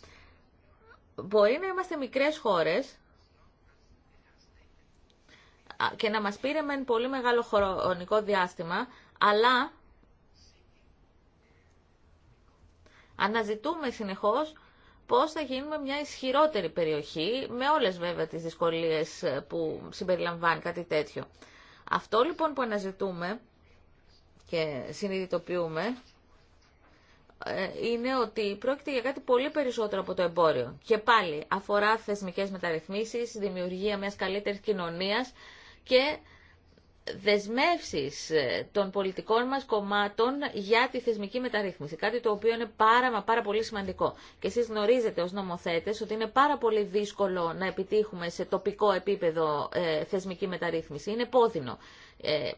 Μπορεί να είμαστε μικρές χώρες και να μας πήρε μεν πολύ μεγάλο χρονικό διάστημα, αλλά αναζητούμε συνεχώς πώς θα γίνουμε μια ισχυρότερη περιοχή, με όλες βέβαια τις δυσκολίες που συμπεριλαμβάνει κάτι τέτοιο. Αυτό λοιπόν που αναζητούμε και συνειδητοποιούμε ε, είναι ότι πρόκειται για κάτι πολύ περισσότερο από το εμπόριο. Και πάλι αφορά θεσμικές μεταρρυθμίσεις, δημιουργία μιας καλύτερης κοινωνίας και δεσμεύσεις ε, των πολιτικών μας κομμάτων για τη θεσμική μεταρρύθμιση. Κάτι το οποίο είναι πάρα μα πάρα πολύ σημαντικό. Και εσείς γνωρίζετε ως νομοθέτες ότι είναι πάρα πολύ δύσκολο να επιτύχουμε σε τοπικό επίπεδο ε, θεσμική μεταρρύθμιση. Είναι πόδινο. Ε,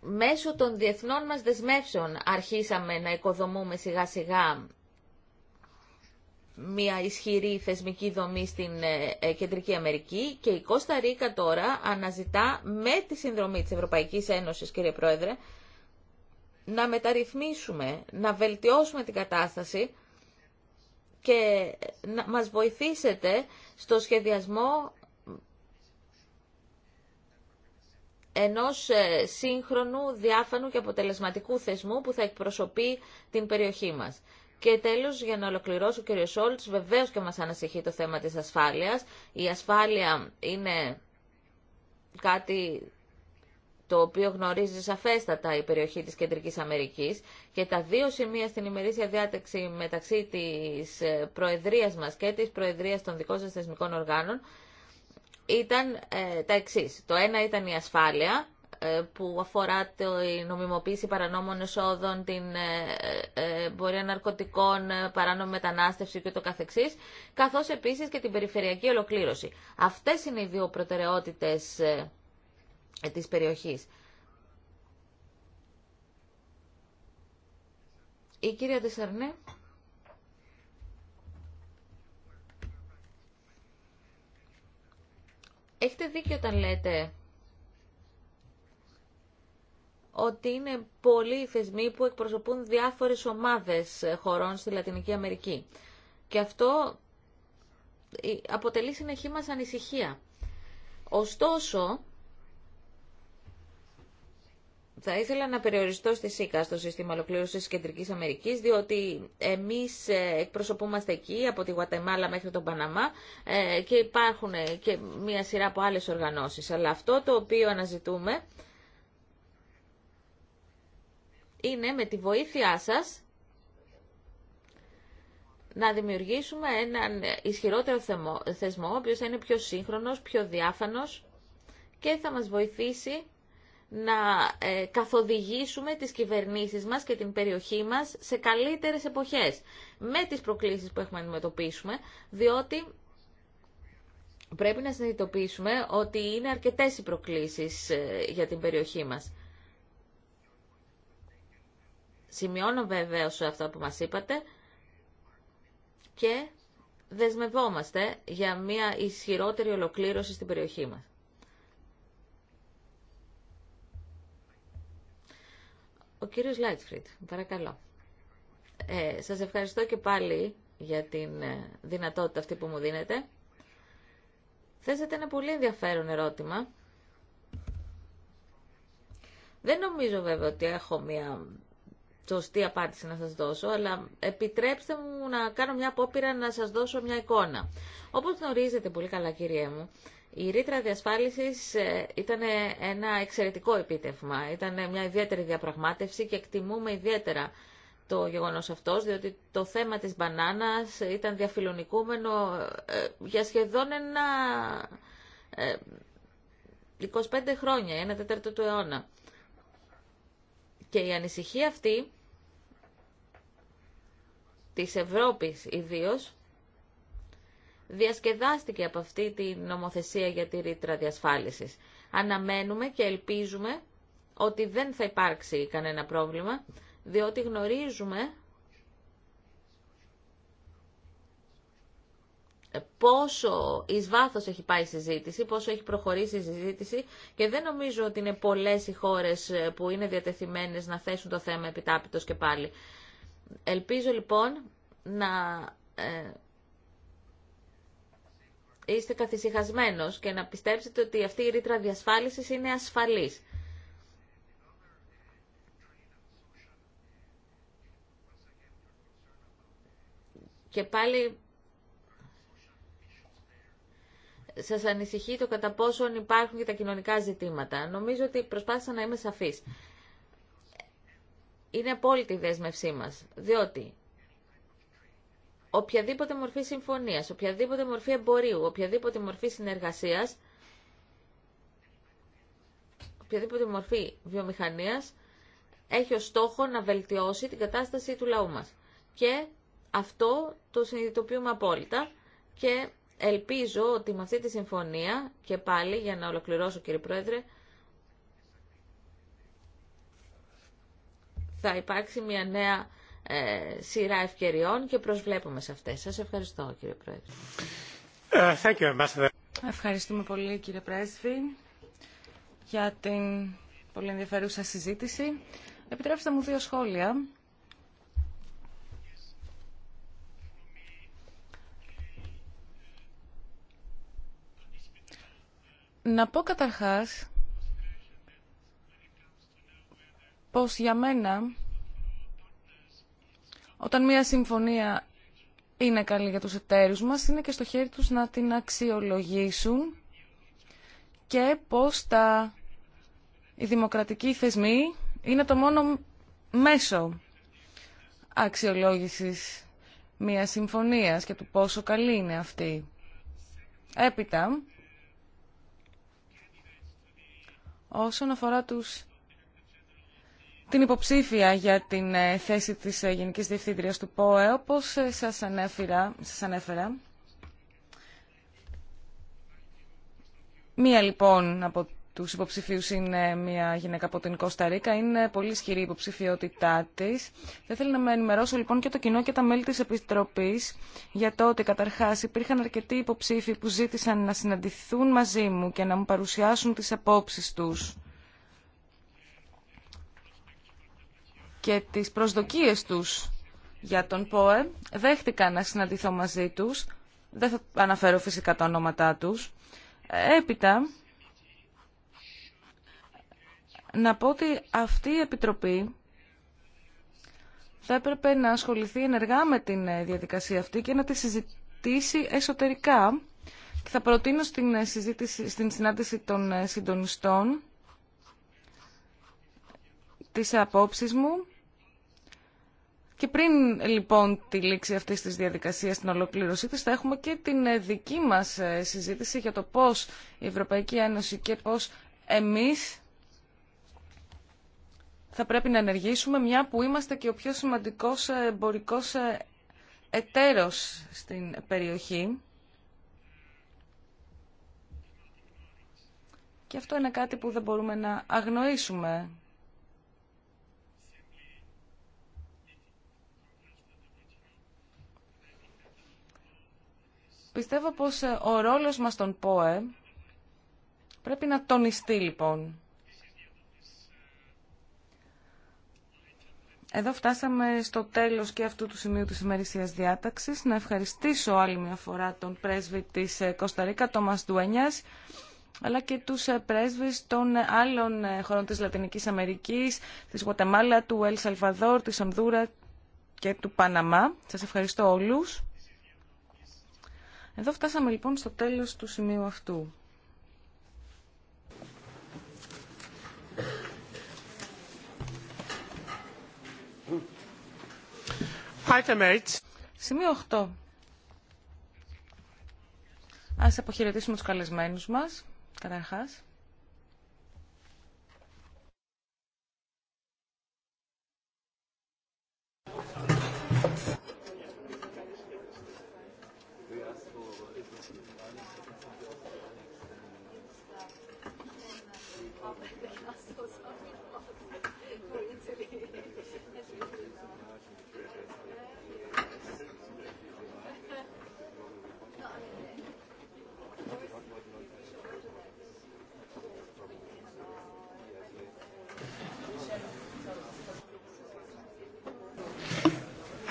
μέσω των διεθνών μας δεσμεύσεων αρχίσαμε να οικοδομούμε σιγά σιγά μια ισχυρή θεσμική δομή στην ε, ε, Κεντρική Αμερική και η Κώστα Ρίκα τώρα αναζητά με τη συνδρομή της Ευρωπαϊκής Ένωσης, κύριε Πρόεδρε, να μεταρρυθμίσουμε, να βελτιώσουμε την κατάσταση και να μας βοηθήσετε στο σχεδιασμό ενός ε, σύγχρονου, διάφανου και αποτελεσματικού θεσμού που θα εκπροσωπεί την περιοχή μας. Και τέλο, για να ολοκληρώσω, ο κύριο Σόλτ, βεβαίως και μας ανασυχεί το θέμα της ασφάλειας. Η ασφάλεια είναι κάτι το οποίο γνωρίζει σαφέστατα η περιοχή της Κεντρικής Αμερικής και τα δύο σημεία στην ημερήσια διάταξη μεταξύ της ε, Προεδρίας μας και της Προεδρίας των δικών σας θεσμικών οργάνων ήταν ε, τα εξής. Το ένα ήταν η ασφάλεια ε, που αφορά τη νομιμοποίηση παρανόμων εσόδων, την ε, ε, πορεία ναρκωτικών, παράνομη μετανάστευση και το καθεξής, καθώς επίσης και την περιφερειακή ολοκλήρωση. Αυτές είναι οι δύο προτεραιότητες της περιοχής. Η κυρία Τεσσαρνέ. Έχετε δίκιο όταν λέτε ότι είναι πολλοί οι θεσμοί που εκπροσωπούν διάφορες ομάδες χωρών στη Λατινική Αμερική. Και αυτό ε, αποτελεί συνεχή μας ανησυχία. Ωστόσο, θα ήθελα να περιοριστώ στη ΣΥΚΑ, στο Σύστημα Ολοκλήρωση τη Κεντρική Αμερική, διότι εμεί ε, εκπροσωπούμαστε εκεί, από τη Γουατεμάλα μέχρι τον Παναμά, ε, και υπάρχουν και μία σειρά από άλλε οργανώσει. Αλλά αυτό το οποίο αναζητούμε είναι με τη βοήθειά σας να δημιουργήσουμε έναν ισχυρότερο θεσμό, ο οποίος θα είναι πιο σύγχρονος, πιο διάφανος και θα μας βοηθήσει να ε, καθοδηγήσουμε τις κυβερνήσεις μας και την περιοχή μας σε καλύτερες εποχές, με τις προκλήσεις που έχουμε να αντιμετωπίσουμε, διότι πρέπει να συνειδητοποιήσουμε ότι είναι αρκετές οι προκλήσεις ε, για την περιοχή μας. Σημειώνω βεβαίω αυτά που μας είπατε και δεσμευόμαστε για μια ισχυρότερη ολοκλήρωση στην περιοχή μας. Ο κύριος Λάιτφριτ, παρακαλώ. Ε, σας ευχαριστώ και πάλι για την ε, δυνατότητα αυτή που μου δίνετε. Θέσατε ένα πολύ ενδιαφέρον ερώτημα. Δεν νομίζω βέβαια ότι έχω μια σωστή απάντηση να σας δώσω, αλλά επιτρέψτε μου να κάνω μια απόπειρα να σας δώσω μια εικόνα. Όπως γνωρίζετε πολύ καλά κύριέ μου, η ρήτρα διασφάλισης ε, ήταν ένα εξαιρετικό επίτευγμα. Ήταν μια ιδιαίτερη διαπραγμάτευση και εκτιμούμε ιδιαίτερα το γεγονός αυτός, διότι το θέμα της μπανάνας ήταν διαφιλονικούμενο ε, για σχεδόν ένα 25 ε, χρόνια, ένα τέταρτο του αιώνα. Και η ανησυχία αυτή της Ευρώπης ιδίω διασκεδάστηκε από αυτή τη νομοθεσία για τη ρήτρα διασφάλισης. Αναμένουμε και ελπίζουμε ότι δεν θα υπάρξει κανένα πρόβλημα, διότι γνωρίζουμε πόσο εις βάθος έχει πάει η συζήτηση, πόσο έχει προχωρήσει η συζήτηση και δεν νομίζω ότι είναι πολλές οι χώρες που είναι διατεθειμένες να θέσουν το θέμα επιτάπητος και πάλι. Ελπίζω λοιπόν να ε, είστε καθησυχασμένος και να πιστέψετε ότι αυτή η ρήτρα διασφάλισης είναι ασφαλής. Και πάλι σας ανησυχεί το κατά πόσον υπάρχουν και τα κοινωνικά ζητήματα. Νομίζω ότι προσπάθησα να είμαι σαφής. Είναι απόλυτη η δέσμευσή μας, διότι οποιαδήποτε μορφή συμφωνίας, οποιαδήποτε μορφή εμπορίου, οποιαδήποτε μορφή συνεργασίας, οποιαδήποτε μορφή βιομηχανίας, έχει ως στόχο να βελτιώσει την κατάσταση του λαού μας. Και αυτό το συνειδητοποιούμε απόλυτα και ελπίζω ότι με αυτή τη συμφωνία, και πάλι για να ολοκληρώσω κύριε Πρόεδρε, θα υπάρξει μια νέα ε, σειρά ευκαιριών και προσβλέπουμε σε αυτές. Σας ευχαριστώ κύριε Πρόεδρε. Ε, thank you, Ευχαριστούμε πολύ κύριε Πρέσβη για την πολύ ενδιαφέρουσα συζήτηση. Επιτρέψτε μου δύο σχόλια. Να πω καταρχάς πως για μένα όταν μια συμφωνία είναι καλή για τους εταίρους μας, είναι και στο χέρι τους να την αξιολογήσουν και πως τα... οι δημοκρατικοί θεσμοί είναι το μόνο μέσο αξιολόγησης μιας συμφωνίας και του πόσο καλή είναι αυτή. Έπειτα, Όσον αφορά τους... την υποψήφια για την ε, θέση της ε, Γενικής Διευθύντριας του ΠΟΕ, όπως ε, σας ανέφερα, σας ανέφερα μία λοιπόν από του υποψηφίου είναι μια γυναίκα από την Κωνσταντίνα. Είναι πολύ ισχυρή η υποψηφιότητά τη. Θα ήθελα να με ενημερώσω λοιπόν και το κοινό και τα μέλη τη Επιτροπή για το ότι καταρχά υπήρχαν αρκετοί υποψήφοι που ζήτησαν να συναντηθούν μαζί μου και να μου παρουσιάσουν τι απόψει του και τις προσδοκίες τους για τον ΠΟΕ. Δέχτηκα να συναντηθώ μαζί του. Δεν θα αναφέρω φυσικά τα ονόματά του, Έπειτα, να πω ότι αυτή η Επιτροπή θα έπρεπε να ασχοληθεί ενεργά με την ε, διαδικασία αυτή και να τη συζητήσει εσωτερικά. Και θα προτείνω στην, ε, συζήτηση, στην συνάντηση των ε, συντονιστών τις απόψεις μου και πριν λοιπόν τη λήξη αυτής της διαδικασίας, την ολοκλήρωσή της, θα έχουμε και την δική μας συζήτηση για το πώς η Ευρωπαϊκή Ένωση και πώς εμείς θα πρέπει να ενεργήσουμε, μια που είμαστε και ο πιο σημαντικός εμπορικός ε, εταίρος στην περιοχή. Και αυτό είναι κάτι που δεν μπορούμε να αγνοήσουμε. Πιστεύω πως ε, ο ρόλος μας τον ΠΟΕ πρέπει να τονιστεί λοιπόν. Εδώ φτάσαμε στο τέλος και αυτού του σημείου της ημερησίας διάταξης. Να ευχαριστήσω άλλη μια φορά τον πρέσβη της ε, Κωνσταντίνα, τον Μασδουένιας, αλλά και τους ε, πρέσβεις των ε, άλλων χωρών της Λατινικής Αμερικής, της Γουατεμάλα, του Ελ Σαλβαδόρ, της Ονδούρα και του Παναμά. Σας ευχαριστώ όλους. Εδώ φτάσαμε λοιπόν στο τέλος του σημείου αυτού. Σημείο 8. Ας αποχαιρετήσουμε τους καλεσμένους μας, καταρχάς.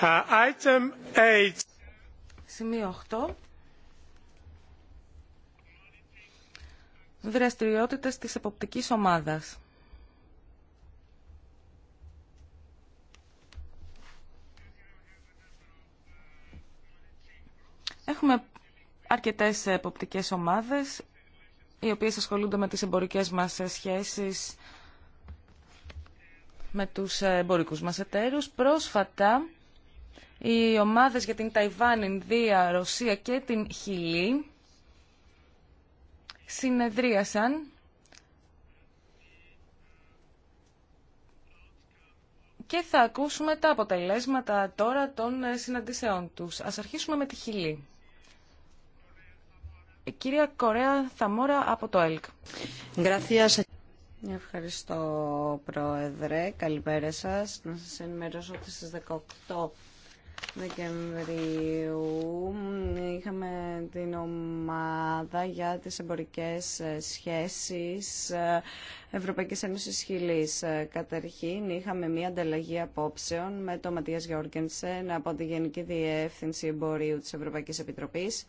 Uh, Σημείο 8. Δραστηριότητες της εποπτικής ομάδας. Έχουμε αρκετές εποπτικές ομάδες, οι οποίες ασχολούνται με τις εμπορικές μας σχέσεις με τους εμπορικούς μας εταίρους. Πρόσφατα οι ομάδες για την Ταϊβάν, Ινδία, Ρωσία και την Χιλή συνεδρίασαν και θα ακούσουμε τα αποτελέσματα τώρα των ε, συναντήσεών τους. Ας αρχίσουμε με τη Χιλή. Η ε, κυρία Κορέα Θαμόρα από το ΕΛΚ. Ευχαριστώ, Πρόεδρε. Καλημέρα σας. Να σας ενημερώσω ότι στις 18 Δεκεμβρίου είχαμε την ομάδα για τις εμπορικές σχέσεις Ευρωπαϊκής Ένωσης Χιλής. Καταρχήν είχαμε μία ανταλλαγή απόψεων με τον Ματίας Γιώργενσεν από τη Γενική Διεύθυνση Εμπορίου της Ευρωπαϊκής Επιτροπής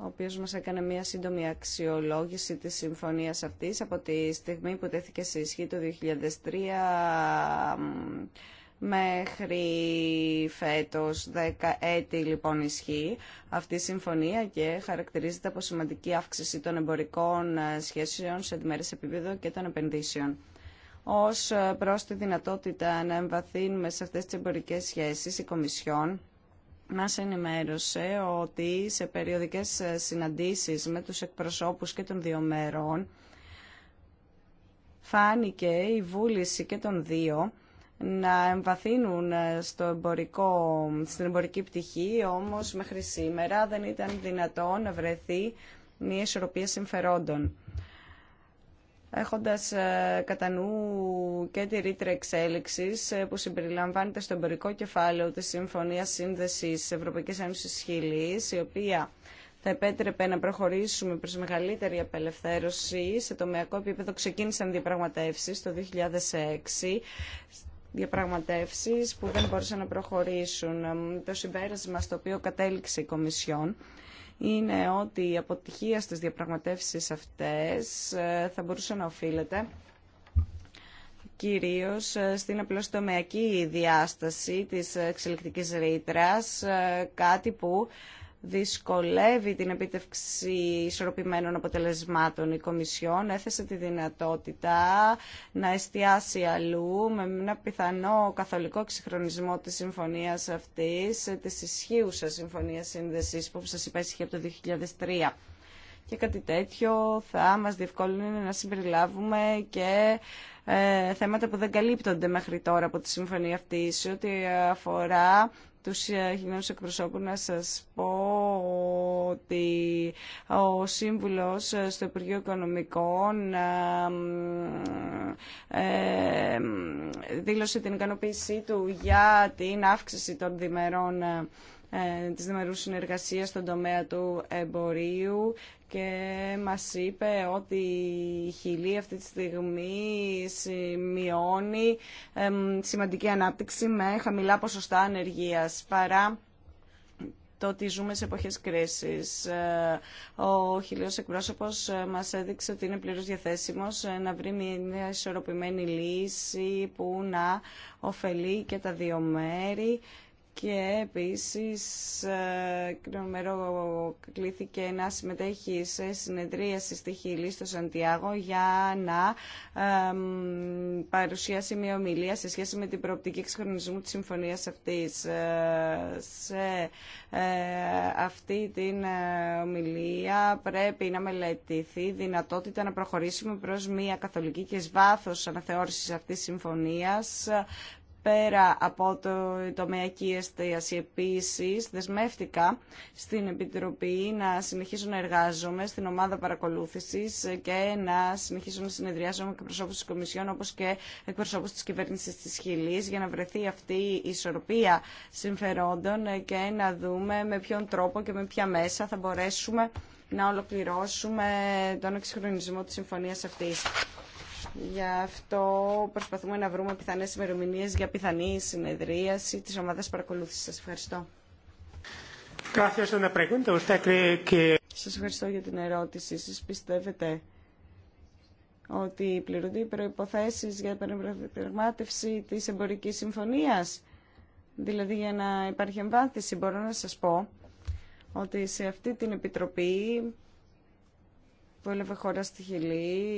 ο οποίος μας έκανε μια σύντομη αξιολόγηση της συμφωνίας αυτής από τη στιγμή που τέθηκε σε ισχύ το 2003 Μέχρι φέτος 10 έτη λοιπόν ισχύει αυτή η συμφωνία και χαρακτηρίζεται από σημαντική αύξηση των εμπορικών ε, σχέσεων σε διμερές επίπεδο και των επενδύσεων. Ως ε, προς τη δυνατότητα να εμβαθύνουμε σε αυτές τις εμπορικές σχέσεις, η Κομισιόν μας ενημέρωσε ότι σε περιοδικές ε, συναντήσεις με τους εκπροσώπους και των δύο μέρων φάνηκε η βούληση και των δύο να εμβαθύνουν ε, στο εμπορικό, στην εμπορική πτυχή, όμως μέχρι σήμερα δεν ήταν δυνατόν να βρεθεί μια ισορροπία συμφερόντων. Έχοντας ε, κατά νου και τη ρήτρα εξέλιξη, ε, που συμπεριλαμβάνεται στο εμπορικό κεφάλαιο της Συμφωνίας Σύνδεσης Ευρωπαϊκής Ένωσης Χιλής, η οποία θα επέτρεπε να προχωρήσουμε προς μεγαλύτερη απελευθέρωση. Σε τομεακό επίπεδο ξεκίνησαν διαπραγματεύσεις το 2006 διαπραγματεύσεις που δεν μπορούσαν να προχωρήσουν. Το συμπέρασμα στο οποίο κατέληξε η Κομισιόν είναι ότι η αποτυχία στις διαπραγματεύσεις αυτές ε, θα μπορούσε να οφείλεται κυρίως ε, στην απλωστομιακή διάσταση της εξελικτικής ρήτρα, ε, κάτι που δυσκολεύει την επίτευξη ισορροπημένων αποτελεσμάτων. Η Κομισιόν έθεσε τη δυνατότητα να εστιάσει αλλού με ένα πιθανό καθολικό εξυγχρονισμό της συμφωνίας αυτής, τη ισχύουσα συμφωνίας σύνδεση που σας υπέσχε από το 2003 και κάτι τέτοιο θα μας διευκολύνει να συμπεριλάβουμε και ε, θέματα που δεν καλύπτονται μέχρι τώρα από τη συμφωνία αυτή σε ό,τι αφορά τους ε, γυμνούς εκπρόσωπου να σας πω ότι ο σύμβουλος ε, στο Υπουργείο Οικονομικών ε, δήλωσε την ικανοποίησή του για την αύξηση των διμερών της διμερούς συνεργασίας στον τομέα του εμπορίου και μας είπε ότι η Χιλή αυτή τη στιγμή σημειώνει σημαντική ανάπτυξη με χαμηλά ποσοστά ανεργίας παρά το ότι ζούμε σε εποχές κρίσης. Ε, ο χιλίος εκπρόσωπος ε, μας έδειξε ότι είναι πλήρως διαθέσιμος ε, να βρει μια ισορροπημένη λύση που να ωφελεί και τα δύο μέρη και επίσης ε, κλήθηκε να συμμετέχει σε συνεδρίαση στη Χιλή στο Σαντιάγο για να παρουσιάσει μια ομιλία σε σχέση με την προοπτική εξυγχρονισμού της συμφωνίας αυτής. Ε, σε ε, αυτή την ομιλία πρέπει να μελετηθεί η δυνατότητα να προχωρήσουμε προς μια καθολική και βάθος αναθεώρησης αυτής της συμφωνίας πέρα από το τομεακή εστίαση επίσης δεσμεύτηκα στην Επιτροπή να συνεχίσω να εργάζομαι στην ομάδα παρακολούθησης και να συνεχίσω να συνεδριάζομαι με εκπροσώπους της Κομισιόν όπως και εκπροσώπους της κυβέρνησης της Χιλής για να βρεθεί αυτή η ισορροπία συμφερόντων και να δούμε με ποιον τρόπο και με ποια μέσα θα μπορέσουμε να ολοκληρώσουμε τον εξυγχρονισμό της συμφωνίας αυτής. Γι' αυτό προσπαθούμε να βρούμε πιθανέ ημερομηνίε για πιθανή συνεδρίαση της ομάδας παρακολούθησης. Σας ευχαριστώ. Σας ευχαριστώ για την ερώτηση. Σας πιστεύετε ότι πληρούνται οι προϋποθέσεις για την της εμπορικής συμφωνίας. Δηλαδή για να υπάρχει εμβάθυνση μπορώ να σας πω ότι σε αυτή την επιτροπή που έλαβε χώρα στη Χιλή.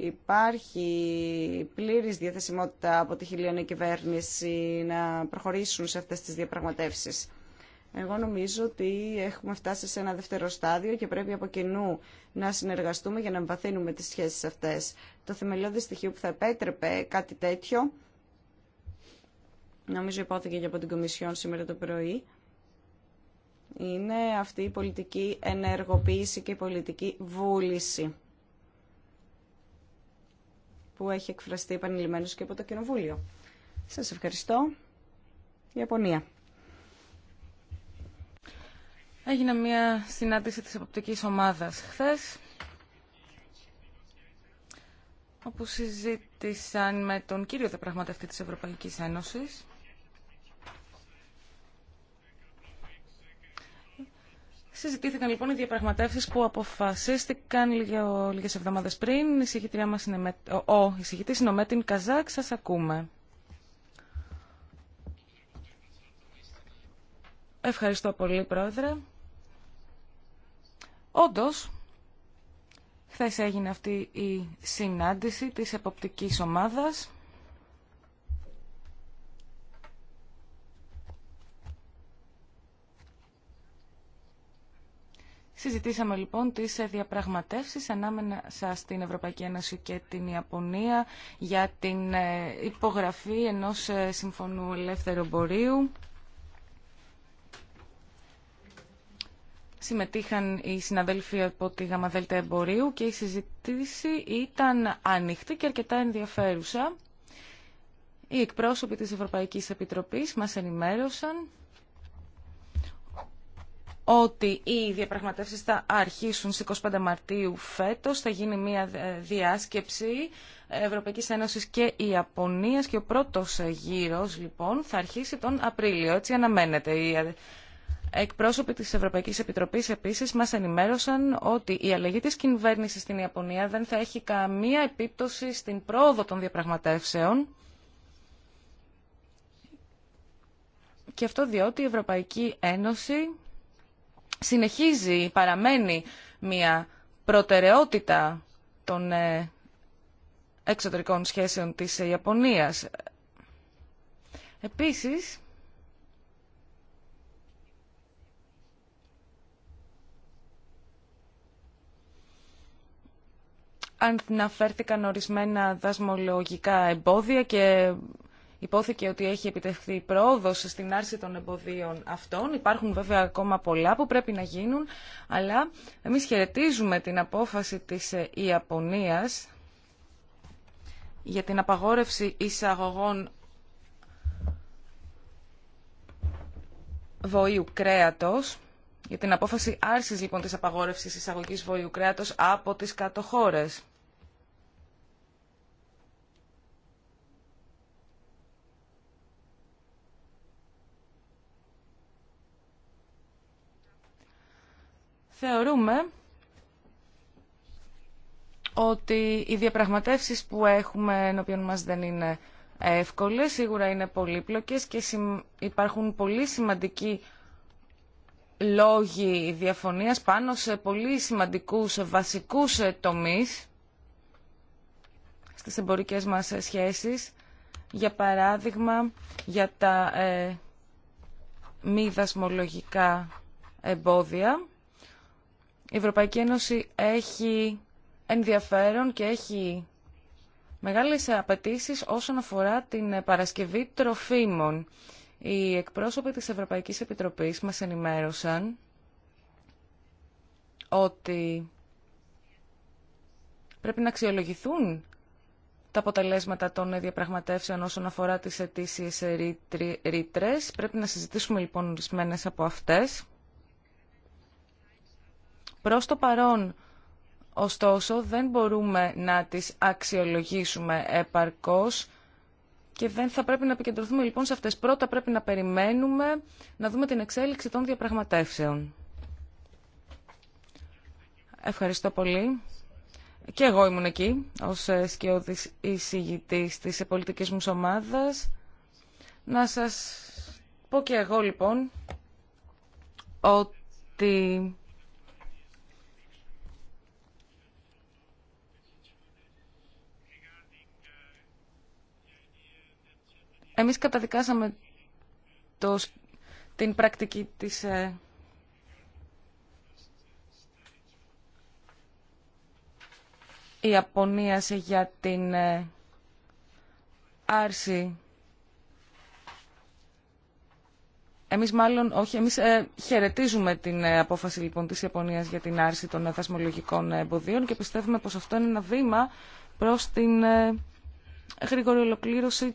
Υπάρχει πλήρης διαθεσιμότητα από τη χιλιανή κυβέρνηση να προχωρήσουν σε αυτές τις διαπραγματεύσεις. Εγώ νομίζω ότι έχουμε φτάσει σε ένα δεύτερο στάδιο και πρέπει από κοινού να συνεργαστούμε για να εμβαθύνουμε τις σχέσεις αυτές. Το θεμελιώδη στοιχείο που θα επέτρεπε κάτι τέτοιο, νομίζω υπόθηκε και από την Κομισιόν σήμερα το πρωί, είναι αυτή η πολιτική ενεργοποίηση και η πολιτική βούληση που έχει εκφραστεί επανειλημμένως και από το Κοινοβούλιο. Σας ευχαριστώ. Ιαπωνία. Έγινε μια συνάντηση της αποπτικής ομάδας χθες, όπου συζήτησαν με τον κύριο διαπραγματευτή της Ευρωπαϊκής Ένωσης, Συζητήθηκαν λοιπόν οι διαπραγματεύσει που αποφασίστηκαν λίγε εβδομάδε εβδομάδες πριν. Η ο εισηγητής είναι ο Μέτιν Καζάκ. Σα ακούμε. Ευχαριστώ πολύ, Πρόεδρε. Όντω, χθε έγινε αυτή η συνάντηση τη εποπτική ομάδα. Συζητήσαμε λοιπόν τις διαπραγματεύσεις ανάμεσα στην Ευρωπαϊκή Ένωση και την Ιαπωνία για την ε, υπογραφή ενός ε, συμφωνού ελεύθερου εμπορίου. Συμμετείχαν οι συναδέλφοι από τη ΓΑΜΑΔΕΛΤΑ Εμπορίου και η συζήτηση ήταν άνοιχτη και αρκετά ενδιαφέρουσα. Οι εκπρόσωποι της Ευρωπαϊκής Επιτροπής μας ενημέρωσαν ότι οι διαπραγματεύσεις θα αρχίσουν στις 25 Μαρτίου φέτος. Θα γίνει μια ε, διάσκεψη Ευρωπαϊκής Ένωσης και Ιαπωνίας και ο πρώτος ε, γύρος λοιπόν θα αρχίσει τον Απρίλιο. Έτσι αναμένεται. Ε, εκπρόσωποι της Ευρωπαϊκής Επιτροπής επίσης μας ενημέρωσαν ότι η αλλαγή της κυβέρνησης στην Ιαπωνία δεν θα έχει καμία επίπτωση στην πρόοδο των διαπραγματεύσεων. Και αυτό διότι η Ευρωπαϊκή Ένωση συνεχίζει, παραμένει μια προτεραιότητα των ε, εξωτερικών σχέσεων της Ιαπωνίας. Επίσης, αναφέρθηκαν ορισμένα δασμολογικά εμπόδια και Υπόθηκε ότι έχει επιτευχθεί πρόοδος στην άρση των εμποδίων αυτών. Υπάρχουν βέβαια ακόμα πολλά που πρέπει να γίνουν, αλλά εμείς χαιρετίζουμε την απόφαση της ε, Ιαπωνίας για την απαγόρευση εισαγωγών βοήου κρέατος, για την απόφαση άρσης λοιπόν της απαγόρευσης εισαγωγής βοήου κρέατος από τις κατοχώρες. Θεωρούμε ότι οι διαπραγματεύσεις που έχουμε ενώπιον μας δεν είναι εύκολες, σίγουρα είναι πολύπλοκες και υπάρχουν πολύ σημαντικοί λόγοι διαφωνίας πάνω σε πολύ σημαντικούς βασικούς τομείς στις εμπορικές μας σχέσεις. Για παράδειγμα, για τα ε, μη δασμολογικά εμπόδια η Ευρωπαϊκή Ένωση έχει ενδιαφέρον και έχει μεγάλες απαιτήσει όσον αφορά την παρασκευή τροφίμων. Οι εκπρόσωποι της Ευρωπαϊκής Επιτροπής μας ενημέρωσαν ότι πρέπει να αξιολογηθούν τα αποτελέσματα των διαπραγματεύσεων όσον αφορά τις αιτήσεις ρήτρε. Πρέπει να συζητήσουμε λοιπόν ορισμένε από αυτές. Προς το παρόν, ωστόσο, δεν μπορούμε να τις αξιολογήσουμε επαρκώς και δεν θα πρέπει να επικεντρωθούμε λοιπόν σε αυτές. Πρώτα πρέπει να περιμένουμε να δούμε την εξέλιξη των διαπραγματεύσεων. Ευχαριστώ πολύ. Και εγώ ήμουν εκεί ως ε, σκιώδης εισηγητής της πολιτικής μου ομάδας. Να σας πω και εγώ λοιπόν ότι Εμείς καταδικάσαμε το, την πρακτική της ε, Ιαπωνίας για την ε, άρση. Εμείς μάλλον, όχι, εμείς ε, χαιρετίζουμε την ε, απόφαση λοιπόν της Ιαπωνίας για την άρση των δασμολογικών ε, εμποδίων και πιστεύουμε πως αυτό είναι ένα βήμα προς την γρήγορη ολοκλήρωση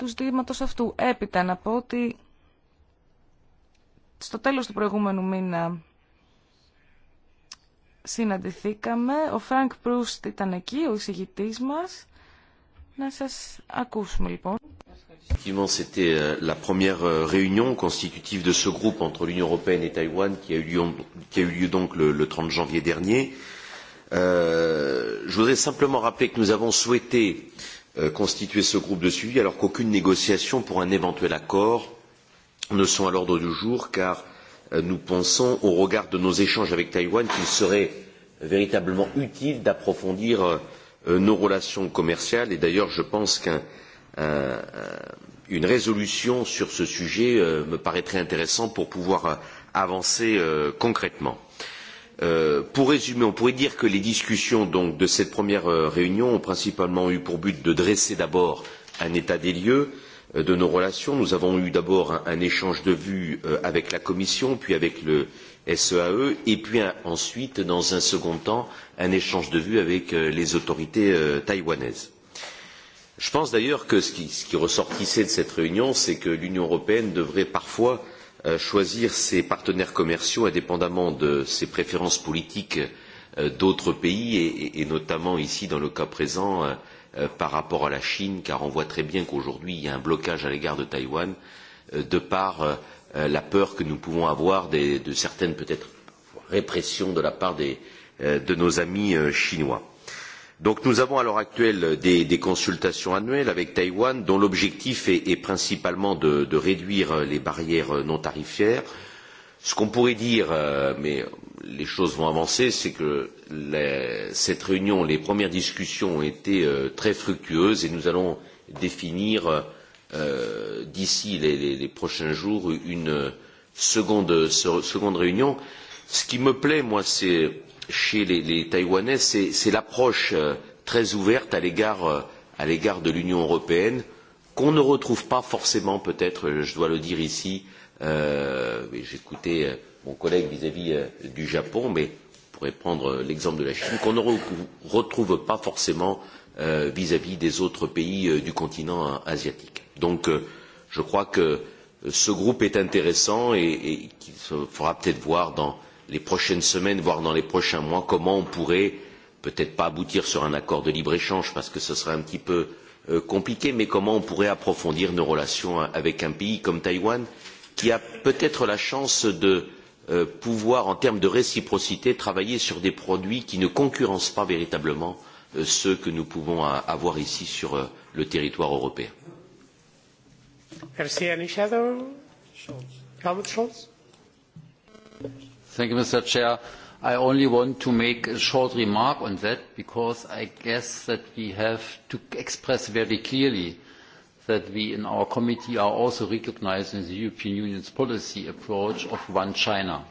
του ζητήματο αυτού. Έπειτα να πω ότι στο τέλος του προηγούμενου μήνα συναντηθήκαμε. Ο Φρανκ Προύστ ήταν εκεί, ο εισηγητής μας. Να σας ακούσουμε λοιπόν. Effectivement, c'était la première réunion constitutive de ce groupe entre l'Union européenne et Taïwan qui a eu lieu, qui a eu lieu donc le, le 30 janvier dernier. Euh, je voudrais simplement rappeler que nous avons souhaité euh, constituer ce groupe de suivi alors qu'aucune négociation pour un éventuel accord ne sont à l'ordre du jour car nous pensons au regard de nos échanges avec Taïwan qu'il serait véritablement utile d'approfondir nos relations commerciales et d'ailleurs je pense qu'une résolution sur ce sujet me paraîtrait intéressante pour pouvoir avancer concrètement. Pour résumer, on pourrait dire que les discussions de cette première réunion ont principalement eu pour but de dresser d'abord un état des lieux de nos relations. Nous avons eu d'abord un échange de vues avec la Commission, puis avec le SEAE, et puis ensuite, dans un second temps, un échange de vues avec les autorités taïwanaises. Je pense d'ailleurs que ce qui ressortissait de cette réunion, c'est que l'Union européenne devrait parfois choisir ses partenaires commerciaux indépendamment de ses préférences politiques d'autres pays et notamment ici dans le cas présent par rapport à la Chine car on voit très bien qu'aujourd'hui il y a un blocage à l'égard de Taïwan de par la peur que nous pouvons avoir de certaines peut-être répressions de la part de nos amis chinois. Donc nous avons à l'heure actuelle des consultations annuelles avec Taïwan dont l'objectif est principalement de réduire les barrières non tarifaires. Ce qu'on pourrait dire, mais les choses vont avancer, c'est que cette réunion, les premières discussions ont été très fructueuses et nous allons définir d'ici les prochains jours une seconde réunion. Ce qui me plaît, moi, c'est chez les Taïwanais, c'est l'approche très ouverte à l'égard de l'Union européenne, qu'on ne retrouve pas forcément, peut-être, je dois le dire ici, j'ai écouté mon collègue vis-à-vis du Japon, mais on pourrait prendre l'exemple de la Chine, qu'on ne retrouve pas forcément vis-à-vis des autres pays du continent asiatique. Donc, je crois que ce groupe est intéressant et qu'il faudra peut-être voir dans les prochaines semaines, voire dans les prochains mois, comment on pourrait peut-être pas aboutir sur un accord de libre-échange parce que ce serait un petit peu compliqué, mais comment on pourrait approfondir nos relations avec un pays comme Taïwan qui a peut-être la chance de pouvoir, en termes de réciprocité, travailler sur des produits qui ne concurrencent pas véritablement ceux que nous pouvons avoir ici sur le territoire européen. Mr. President, I only want to make a short remark on that because I guess that we have to express very clearly that we in our committee are also recognising the European Union's policy approach of one China.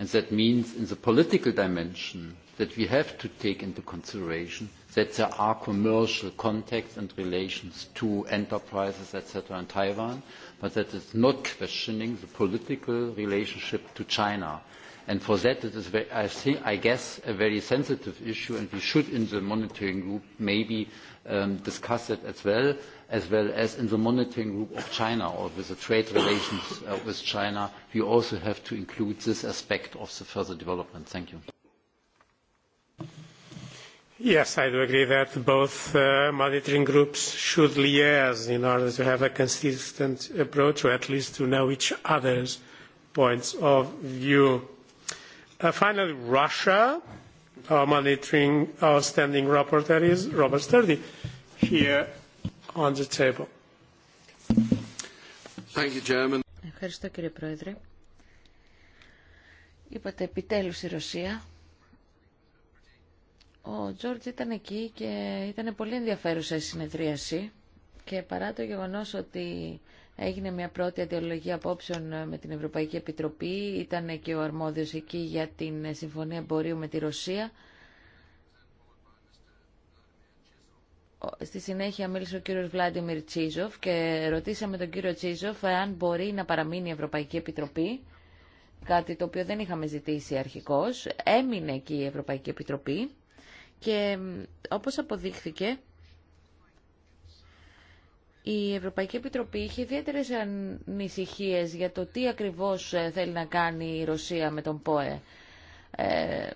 And that means in the political dimension that we have to take into consideration that there are commercial contacts and relations to enterprises, etc., in Taiwan, but that is not questioning the political relationship to China. And for that, it is, I think, I guess, a very sensitive issue, and we should, in the monitoring group, maybe discuss it as well, as well as in the monitoring group of China or with the trade relations with China. We also have to include this aspect of the further development. Thank you. Yes, I do agree that both monitoring groups should liaise in order to have a consistent approach, or at least to know each other's points of view Uh, finally, Russia. Our monitoring, our standing rapporteur is Robert Sturdy, here on the table. Thank you, Chairman. Ευχαριστώ κύριε Πρόεδρε. Είπατε επιτέλους η Ρωσία. Ο Τζόρτζ ήταν εκεί και ήταν πολύ ενδιαφέρουσα η συνεδρίαση και παρά το γεγονός ότι Έγινε μια πρώτη αδειολογία απόψεων ε, με την Ευρωπαϊκή Επιτροπή. Ήταν και ο αρμόδιος εκεί για την ε, Συμφωνία Εμπορίου με τη Ρωσία. Στη συνέχεια μίλησε ο κύριος Βλάντιμιρ Τσίζοφ και ρωτήσαμε τον κύριο Τσίζοφ αν μπορεί να παραμείνει η Ευρωπαϊκή Επιτροπή, κάτι το οποίο δεν είχαμε ζητήσει αρχικώς. Έμεινε εκεί η Ευρωπαϊκή Επιτροπή και όπως αποδείχθηκε η Ευρωπαϊκή Επιτροπή είχε ιδιαίτερε ανησυχίε για το τι ακριβώς ε, θέλει να κάνει η Ρωσία με τον ΠΟΕ. Ε,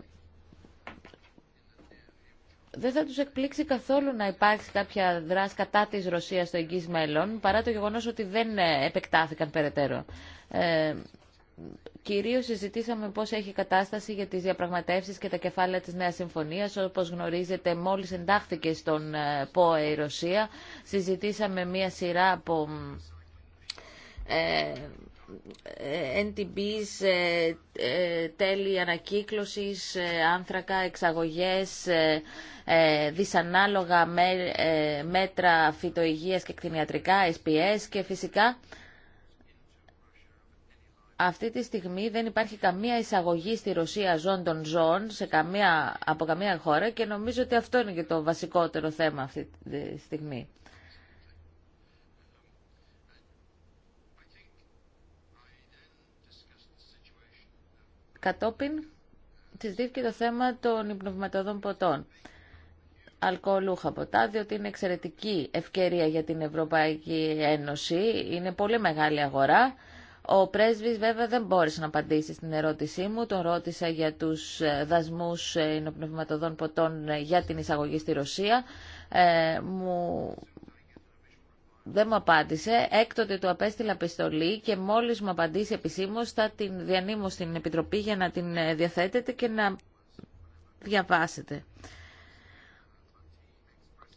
δεν θα τους εκπλήξει καθόλου να υπάρξει κάποια δράση κατά της Ρωσίας στο εγγύς μέλλον, παρά το γεγονός ότι δεν ε, επεκτάθηκαν περαιτέρω κυρίως συζητήσαμε πώς έχει κατάσταση για τις διαπραγματεύσεις και τα κεφάλαια της Νέας Συμφωνίας. Όπως γνωρίζετε, μόλις εντάχθηκε στον ε, ΠΟΕ η Ρωσία. Συζητήσαμε μία σειρά από ε, NTBs, ε, ε, τέλη ανακύκλωσης, άνθρακα, εξαγωγές, δυσανάλογα μέτρα φυτοϊγεία και κτηνιατρικά, SPS και φυσικά αυτή τη στιγμή δεν υπάρχει καμία εισαγωγή στη Ρωσία ζών των ζώων σε καμία, από καμία χώρα και νομίζω ότι αυτό είναι και το βασικότερο θέμα αυτή τη στιγμή. Κατόπιν συζητήθηκε το θέμα των υπνοβηματοδών ποτών αλκοολούχα ποτά, διότι είναι εξαιρετική ευκαιρία για την Ευρωπαϊκή Ένωση. Είναι πολύ μεγάλη αγορά. Ο πρέσβης βέβαια δεν μπόρεσε να απαντήσει στην ερώτησή μου. Τον ρώτησα για τους ε, δασμούς εινοπνευματοδών ποτών ε, για την εισαγωγή στη Ρωσία. Ε, μου... Δεν μου απάντησε. Έκτοτε του απέστειλα επιστολή και μόλις μου απαντήσει επισήμως θα την διανύμω στην Επιτροπή για να την διαθέτετε και να διαβάσετε.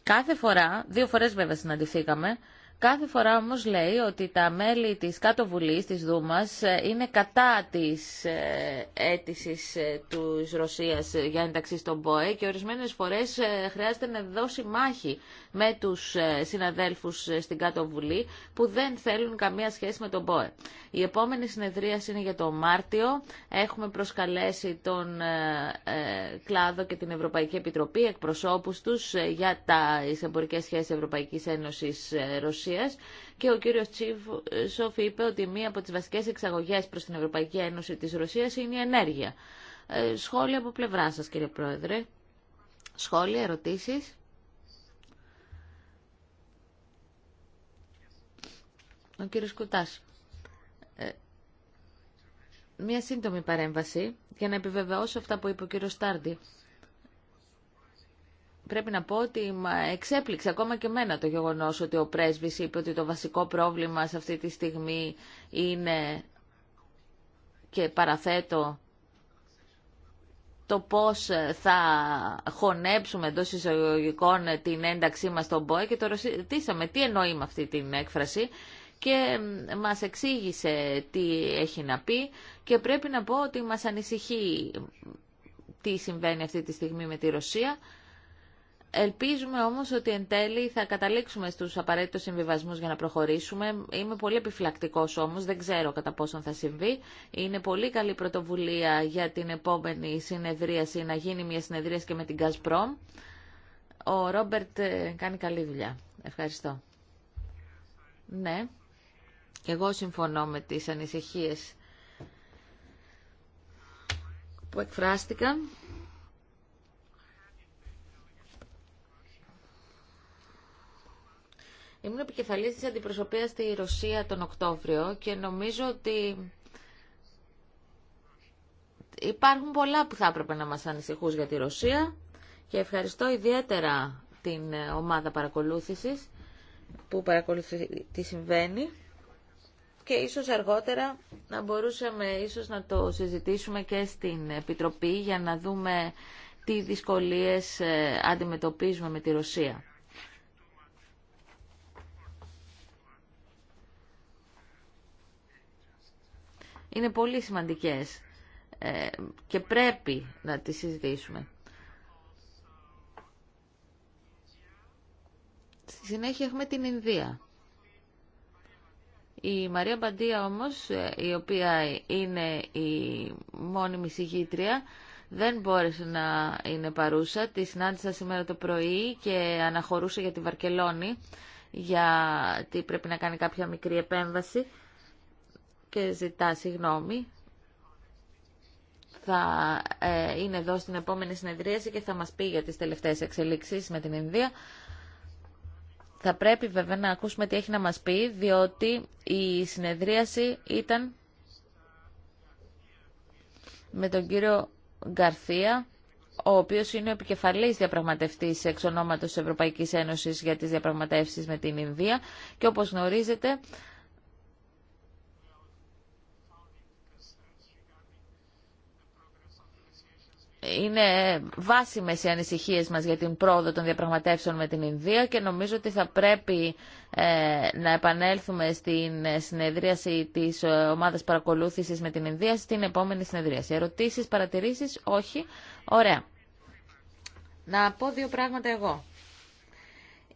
Κάθε φορά, δύο φορές βέβαια συναντηθήκαμε, Κάθε φορά όμως λέει ότι τα μέλη της κάτω βουλής, της Δούμας, ε, είναι κατά της ε, αίτησης ε, της Ρωσίας για ένταξη στον ΠΟΕ και ορισμένες φορές χρειάζεται να δώσει μάχη με τους συναδέλφους στην κάτω βουλή που δεν θέλουν καμία σχέση με τον ΠΟΕ. Η επόμενη συνεδρία είναι για το Μάρτιο. Έχουμε προσκαλέσει τον κλάδο και την Ευρωπαϊκή Επιτροπή, εκπροσώπους τους για τις εμπορικές σχέσεις Ευρωπαϊκής Ένωσης Ρωσίας και ο κύριο Τσίφ είπε ότι μία από τι βασικέ εξαγωγέ προ την Ευρωπαϊκή Ένωση τη Ρωσία είναι η ενέργεια. Ε, σχόλια από πλευρά σα, κύριε Πρόεδρε. Σχόλια, ερωτήσει. Ο κύριος Κουτάς. Ε, μία σύντομη παρέμβαση για να επιβεβαιώσω αυτά που είπε ο κύριος Στάρντι πρέπει να πω ότι εξέπληξε ακόμα και μένα το γεγονός ότι ο πρέσβης είπε ότι το βασικό πρόβλημα σε αυτή τη στιγμή είναι και παραθέτω το πώς θα χωνέψουμε εντό εισαγωγικών την ένταξή μας στον ΠΟΕ και το ρωτήσαμε τι εννοεί με αυτή την έκφραση και μας εξήγησε τι έχει να πει και πρέπει να πω ότι μας ανησυχεί τι συμβαίνει αυτή τη στιγμή με τη Ρωσία Ελπίζουμε όμως ότι εν τέλει θα καταλήξουμε στους απαραίτητους συμβιβασμούς για να προχωρήσουμε. Είμαι πολύ επιφυλακτικός όμως, δεν ξέρω κατά πόσον θα συμβεί. Είναι πολύ καλή πρωτοβουλία για την επόμενη συνεδρίαση, να γίνει μια συνεδρίαση και με την Gazprom. Ο Ρόμπερτ ε, κάνει καλή δουλειά. Ευχαριστώ. Ναι, και εγώ συμφωνώ με τις ανησυχίες που εκφράστηκαν. Ήμουν επικεφαλής της αντιπροσωπείας στη Ρωσία τον Οκτώβριο και νομίζω ότι υπάρχουν πολλά που θα έπρεπε να μας ανησυχούν για τη Ρωσία και ευχαριστώ ιδιαίτερα την ομάδα παρακολούθησης που παρακολουθεί τι συμβαίνει και ίσως αργότερα να μπορούσαμε ίσως να το συζητήσουμε και στην Επιτροπή για να δούμε τι δυσκολίες ε, αντιμετωπίζουμε με τη Ρωσία. είναι πολύ σημαντικές ε, και πρέπει να τις συζητήσουμε. Στη συνέχεια έχουμε την Ινδία. Η Μαρία Μπαντία όμως, ε, η οποία είναι η μόνιμη συγγήτρια, δεν μπόρεσε να είναι παρούσα. Τη συνάντησα σήμερα το πρωί και αναχωρούσε για τη Βαρκελόνη, γιατί πρέπει να κάνει κάποια μικρή επέμβαση και ζητά συγγνώμη. Θα ε, είναι εδώ στην επόμενη συνεδρίαση και θα μας πει για τις τελευταίες εξελίξεις με την Ινδία. Θα πρέπει βέβαια να ακούσουμε τι έχει να μας πει, διότι η συνεδρίαση ήταν με τον κύριο Γκαρθία, ο οποίος είναι ο επικεφαλής διαπραγματευτής εξ ονόματος Ευρωπαϊκής Ένωσης για τις διαπραγματεύσεις με την Ινδία και όπως γνωρίζετε είναι βάσιμες οι ανησυχίες μας για την πρόοδο των διαπραγματεύσεων με την Ινδία και νομίζω ότι θα πρέπει ε, να επανέλθουμε στην συνεδρίαση της ε, ομάδας παρακολούθησης με την Ινδία στην επόμενη συνεδρίαση. Ερωτήσεις, παρατηρήσεις, όχι. Ωραία. Να πω δύο πράγματα εγώ.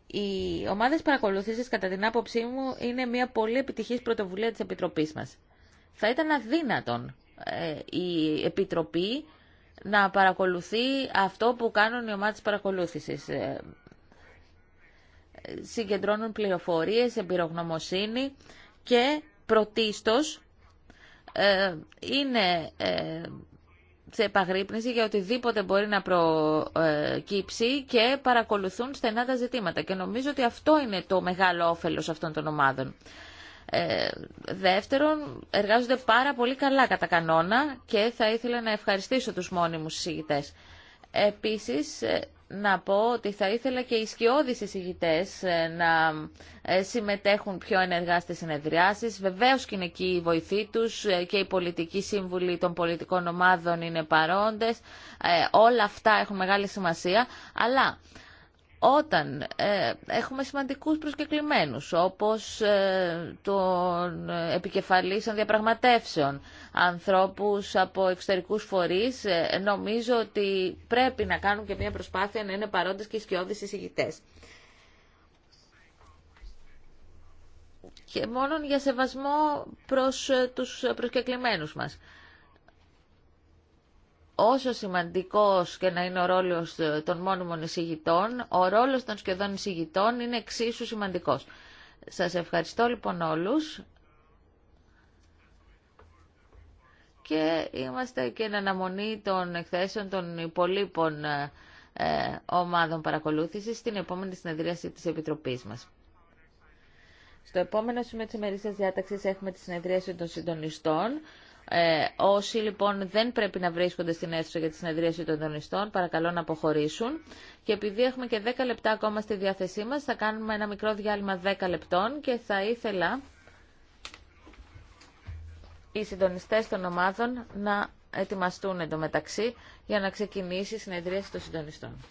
Οι ομάδες παρακολούθησης, κατά την άποψή μου, είναι μια πολύ επιτυχής πρωτοβουλία της Επιτροπής μας. Θα ήταν αδύνατον ε, η Επιτροπή να παρακολουθεί αυτό που κάνουν οι ομάδες παρακολούθησης. Ε, συγκεντρώνουν πληροφορίες, εμπειρογνωμοσύνη και πρωτίστως ε, είναι ε, σε επαγρύπνηση για οτιδήποτε μπορεί να προκύψει και παρακολουθούν στενά τα ζητήματα. Και νομίζω ότι αυτό είναι το μεγάλο όφελος αυτών των ομάδων. Ε, δεύτερον, εργάζονται πάρα πολύ καλά κατά κανόνα και θα ήθελα να ευχαριστήσω τους μόνιμους συζητητές. Επίσης, ε, να πω ότι θα ήθελα και οι σκιώδεις συζητητές ε, να ε, συμμετέχουν πιο ενεργά στις συνεδριάσεις. Βεβαίως και είναι εκεί η βοηθή τους και οι πολιτικοί σύμβουλοι των πολιτικών ομάδων είναι παρόντες. Όλα αυτά έχουν μεγάλη σημασία. Αλλά όταν ε, έχουμε σημαντικούς προσκεκλημένους όπως ε, τον επικεφαλής των διαπραγματεύσεων, ανθρώπους από εξωτερικούς φορείς, ε, νομίζω ότι πρέπει να κάνουν και μια προσπάθεια να είναι παρόντες και σκιώδεις εισηγητές. Και μόνο για σεβασμό προς ε, τους προσκεκλημένους μας όσο σημαντικός και να είναι ο ρόλος ε, των μόνιμων εισηγητών, ο ρόλος των σχεδόν εισηγητών είναι εξίσου σημαντικός. Σας ευχαριστώ λοιπόν όλους και είμαστε και εν αναμονή των εκθέσεων των υπολείπων ε, ε, ομάδων παρακολούθησης στην επόμενη συνεδρίαση της Επιτροπής μας. Στο επόμενο σημείο της ημερής διάταξης έχουμε τη συνεδρίαση των συντονιστών. Ε, όσοι λοιπόν δεν πρέπει να βρίσκονται στην αίθουσα για τη συνεδρίαση των δονηστών, παρακαλώ να αποχωρήσουν. Και επειδή έχουμε και 10 λεπτά ακόμα στη διάθεσή μας, θα κάνουμε ένα μικρό διάλειμμα 10 λεπτών και θα ήθελα οι συντονιστές των ομάδων να ετοιμαστούν εντωμεταξύ για να ξεκινήσει η συνεδρίαση των συντονιστών.